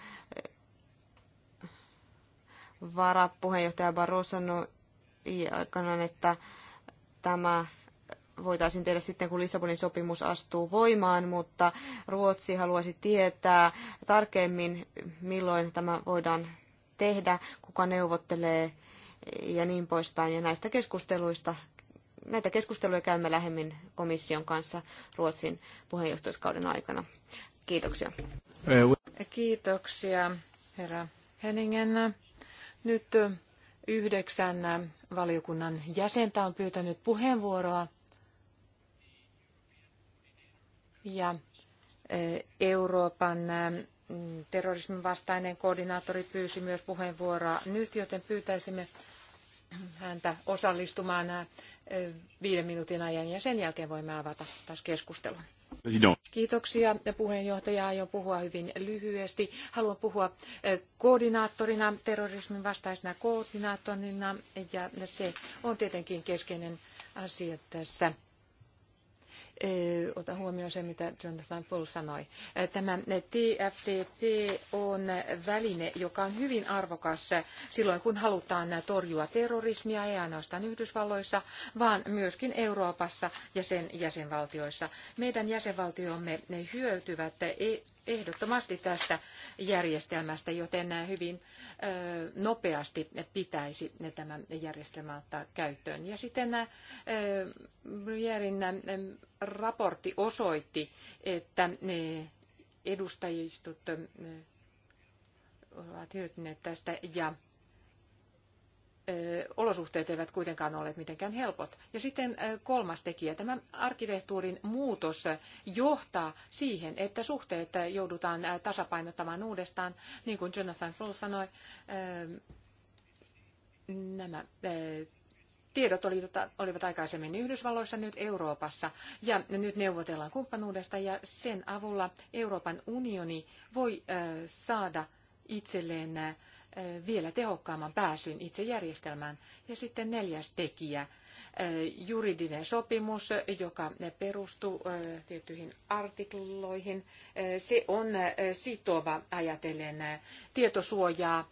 Speaker 3: Varapuheenjohtaja Barroso sanoi aikanaan, että tämä voitaisiin tehdä sitten, kun Lissabonin sopimus astuu voimaan, mutta Ruotsi haluaisi tietää tarkemmin, milloin tämä voidaan tehdä, kuka neuvottelee ja niin poispäin. Ja näistä keskusteluista, näitä keskusteluja käymme lähemmin komission kanssa Ruotsin
Speaker 2: puheenjohtajuuskauden aikana. Kiitoksia. Kiitoksia, herra Henningen. Nyt yhdeksän valiokunnan jäsentä on pyytänyt puheenvuoroa ja e, Euroopan e, terrorismin vastainen koordinaattori pyysi myös puheenvuoroa nyt, joten pyytäisimme häntä osallistumaan e, viiden minuutin ajan ja sen jälkeen voimme avata taas keskustelun. Kiitoksia puheenjohtaja. Aion puhua hyvin lyhyesti. Haluan puhua koordinaattorina, terrorismin vastaisena koordinaattorina ja se on tietenkin keskeinen asia tässä Eh, otan huomioon se, mitä Jonathan Full sanoi. Eh, tämä TFTP on väline, joka on hyvin arvokas silloin, kun halutaan torjua terrorismia, ei ainoastaan Yhdysvalloissa, vaan myöskin Euroopassa ja sen jäsenvaltioissa. Meidän jäsenvaltiomme hyötyvät ehdottomasti tästä järjestelmästä, joten äh, hyvin äh, nopeasti pitäisi tämä järjestelmä ottaa käyttöön. Ja sitten äh, Brierin raportti osoitti, että edustajistot ovat hyötyneet tästä ja olosuhteet eivät kuitenkaan olleet mitenkään helpot. Ja sitten kolmas tekijä, tämä arkkitehtuurin muutos johtaa siihen, että suhteet joudutaan tasapainottamaan uudestaan, niin kuin Jonathan Full sanoi, nämä tiedot olivat aikaisemmin Yhdysvalloissa, nyt Euroopassa. Ja nyt neuvotellaan kumppanuudesta ja sen avulla Euroopan unioni voi saada itselleen vielä tehokkaamman pääsyn itse järjestelmään. Ja sitten neljäs tekijä, juridinen sopimus, joka perustuu tiettyihin artikloihin. Se on sitova ajatellen tietosuojaa.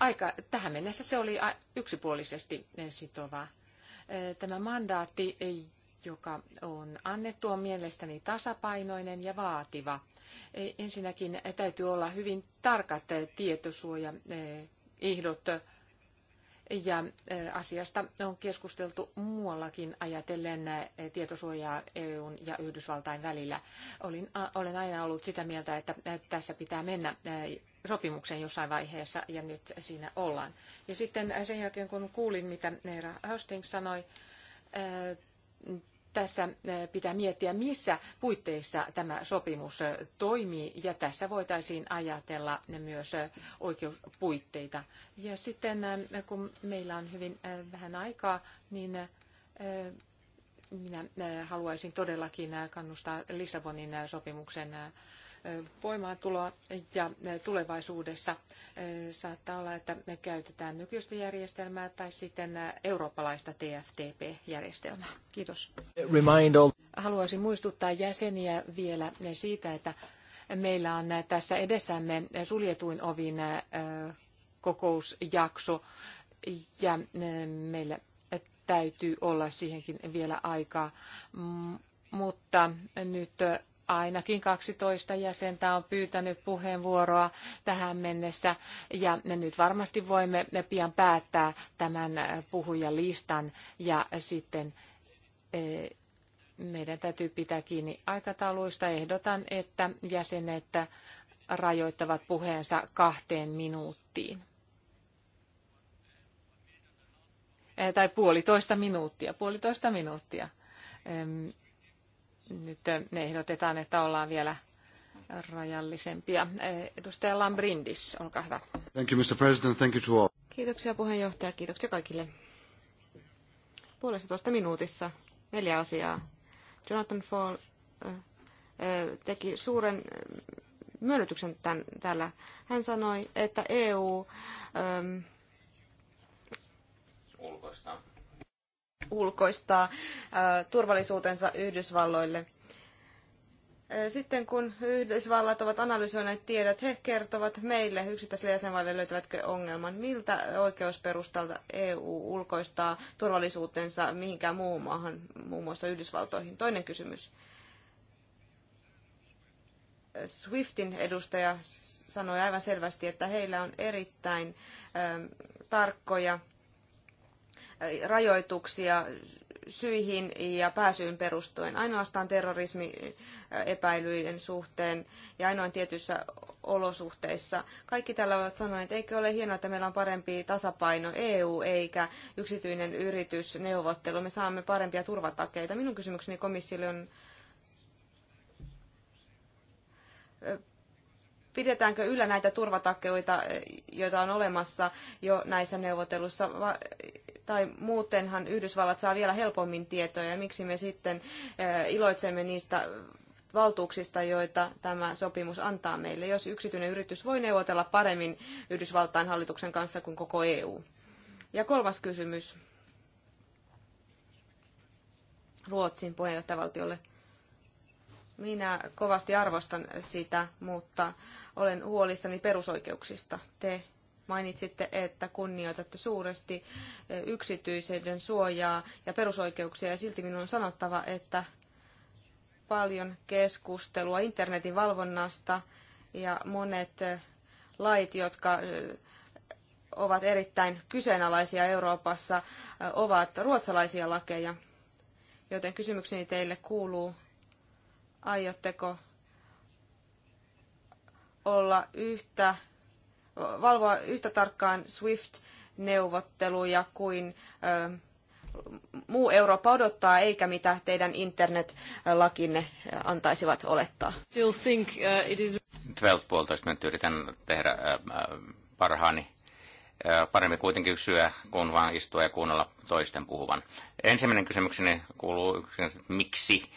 Speaker 2: Aika, tähän mennessä se oli yksipuolisesti sitova. Tämä mandaatti, joka on annettu, on mielestäni tasapainoinen ja vaativa – Ensinnäkin täytyy olla hyvin tarkat tietosuojaehdot eh, ja eh, asiasta on keskusteltu muuallakin ajatellen eh, tietosuojaa EUn ja Yhdysvaltain välillä. Olin, olen aina ollut sitä mieltä, että tässä pitää mennä sopimukseen jossain vaiheessa ja nyt siinä ollaan. Ja sitten sen jälkeen kun kuulin, mitä Neera hosting sanoi, tässä pitää miettiä, missä puitteissa tämä sopimus toimii, ja tässä voitaisiin ajatella myös oikeuspuitteita. Ja sitten, kun meillä on hyvin vähän aikaa, niin minä haluaisin todellakin kannustaa Lissabonin sopimuksen voimaantuloa ja tulevaisuudessa saattaa olla, että me käytetään nykyistä järjestelmää tai sitten eurooppalaista TFTP-järjestelmää. Kiitos. Haluaisin muistuttaa jäseniä vielä siitä, että meillä on tässä edessämme suljetuin ovin kokousjakso ja meillä täytyy olla siihenkin vielä aikaa. Mutta nyt ainakin 12 jäsentä on pyytänyt puheenvuoroa tähän mennessä ja nyt varmasti voimme pian päättää tämän puhujalistan ja sitten e, meidän täytyy pitää kiinni aikatauluista. Ehdotan, että jäsenet rajoittavat puheensa kahteen minuuttiin. E, tai puolitoista minuuttia, puolitoista minuuttia nyt äh, ehdotetaan, että ollaan vielä rajallisempia. Äh, edustaja Lambrindis, olkaa hyvä.
Speaker 1: Thank you, Mr. President. Thank you to all.
Speaker 2: Kiitoksia puheenjohtaja, kiitoksia kaikille.
Speaker 3: Puolestatoista minuutissa neljä asiaa. Jonathan Fall äh, äh teki suuren myönnytyksen tämän, täällä. Hän sanoi, että EU... Ähm, ulkoistaa turvallisuutensa Yhdysvalloille. Sitten kun Yhdysvallat ovat analysoineet tiedot, he kertovat meille yksittäisille jäsenmaille löytävätkö ongelman, miltä oikeusperustalta EU ulkoistaa turvallisuutensa mihinkään muuhun maahan, muun muassa Yhdysvaltoihin. Toinen kysymys. Swiftin edustaja sanoi aivan selvästi, että heillä on erittäin tarkkoja rajoituksia syihin ja pääsyyn perustuen ainoastaan terrorismiepäilyiden äh, suhteen ja ainoin tietyissä olosuhteissa. Kaikki tällä ovat sanoneet, että eikö ole hienoa, että meillä on parempi tasapaino EU eikä yksityinen yritys neuvottelu. Me saamme parempia turvatakeita. Minun kysymykseni komissiolle on, pidetäänkö yllä näitä turvatakeita, joita on olemassa jo näissä neuvotteluissa, tai muutenhan Yhdysvallat saa vielä helpommin tietoja ja miksi me sitten eh, iloitsemme niistä valtuuksista, joita tämä sopimus antaa meille, jos yksityinen yritys voi neuvotella paremmin Yhdysvaltain hallituksen kanssa kuin koko EU. Ja kolmas kysymys Ruotsin puheenjohtajavaltiolle. Minä kovasti arvostan sitä, mutta olen huolissani perusoikeuksista. Te Mainitsitte, että kunnioitatte suuresti eh, yksityisyyden suojaa ja perusoikeuksia, ja silti minun on sanottava, että paljon keskustelua internetin valvonnasta ja monet eh, lait, jotka eh, ovat erittäin kyseenalaisia Euroopassa, ovat ruotsalaisia lakeja. Joten kysymykseni teille kuuluu, aiotteko olla yhtä valvoa yhtä tarkkaan SWIFT-neuvotteluja kuin muu Eurooppa odottaa, eikä mitä teidän internet-lakinne antaisivat olettaa.
Speaker 2: think, uh, it is...
Speaker 1: 12 minuuttia yritän tehdä uh, parhaani. paremmin kuitenkin kysyä, kun vaan istua ja kuunnella toisten puhuvan. Ensimmäinen kysymykseni kuuluu, miksi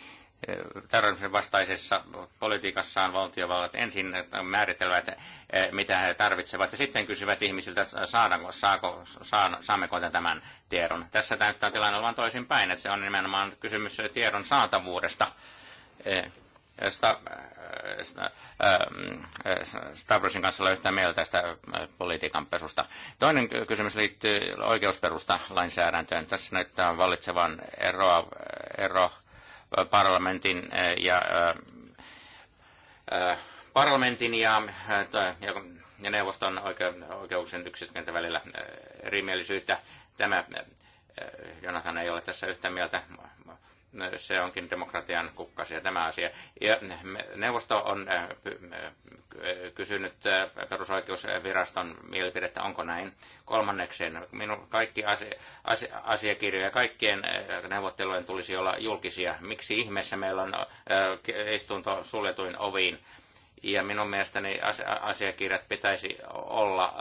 Speaker 1: terrorismin vastaisessa politiikassaan valtiovallat ensin määrittelevät, eh, mitä he tarvitsevat, ja sitten kysyvät ihmisiltä, saadaanko, saako, saan, saammeko tämän tiedon. Tässä täyttää tilanne olevan toisinpäin, että se on nimenomaan kysymys tiedon saatavuudesta. Eh, eh, Stavrosin kanssa olla yhtä mieltä tästä politiikan pesusta. Toinen kysymys liittyy oikeusperusta lainsäädäntöön. Tässä näyttää vallitsevan eroa, ero Eh, eh, eh, parlamentin ja parlamentin ja, ja neuvoston oikeuksien yksikön välillä erimielisyyttä. Tämä Jonathan ei ole tässä yhtä mieltä, se onkin demokratian kukkasi ja tämä asia. Ja neuvosto on äh, äh, kysynyt äh, perusoikeusviraston mielipidettä, onko näin. Kolmannekseen minun kaikki asiakirjoja, kaikkien neuvottelujen tulisi olla julkisia. Miksi ihmeessä meillä on istunto suljetuin oviin? Ja minun mielestäni asiakirjat pitäisi olla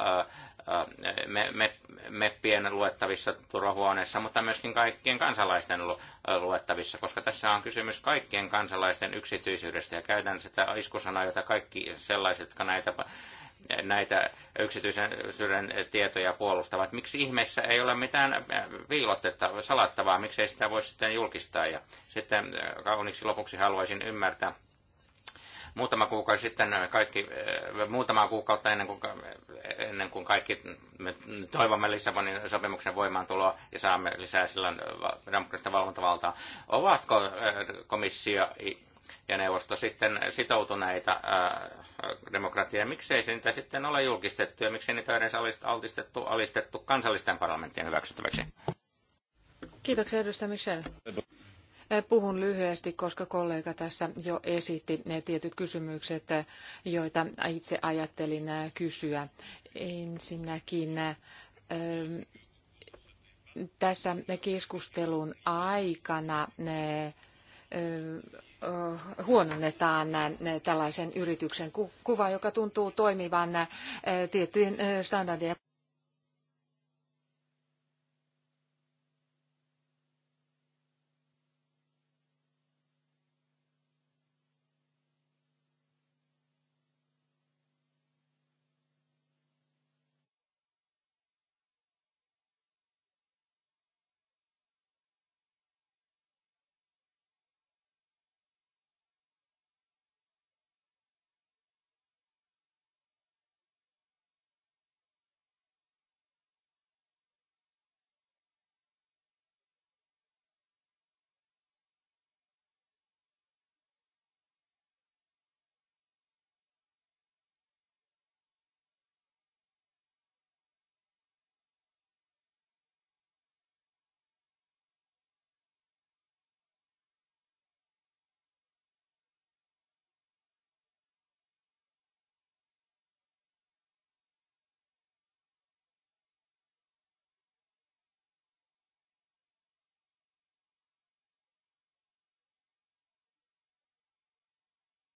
Speaker 1: me, me, meppien luettavissa turvahuoneessa, mutta myöskin kaikkien kansalaisten luettavissa, koska tässä on kysymys kaikkien kansalaisten yksityisyydestä ja käytän sitä iskusanaa, jota kaikki sellaiset, jotka näitä näitä yksityisyyden tietoja puolustavat. Miksi ihmeessä ei ole mitään viilotetta, salattavaa, miksei sitä voisi sitten julkistaa. Ja sitten kauniksi lopuksi haluaisin ymmärtää, Muutama kuukausi sitten äh, kaikki, äh, muutama kuukautta ennen kuin, ennen kuin kaikki me toivomme Lissabonin sopimuksen voimaantuloa ja saamme lisää silloin äh, demokraattista valvontavaltaa. Ovatko komissio ja neuvosto sitten sitoutuneita demokratiaa, Miksei se niitä sitten ole julkistettu ja miksei niitä edes altistettu, alistettu kansallisten parlamenttien hyväksyttäväksi?
Speaker 2: Kiitoksia edustaja Michel. Äh, puhun lyhyesti, koska kollega tässä jo esitti ne tietyt kysymykset, äh, joita itse ajattelin äh, kysyä. Ensinnäkin tässä keskustelun aikana huononnetaan tällaisen yrityksen kuva, joka tuntuu toimivan tiettyjen standardien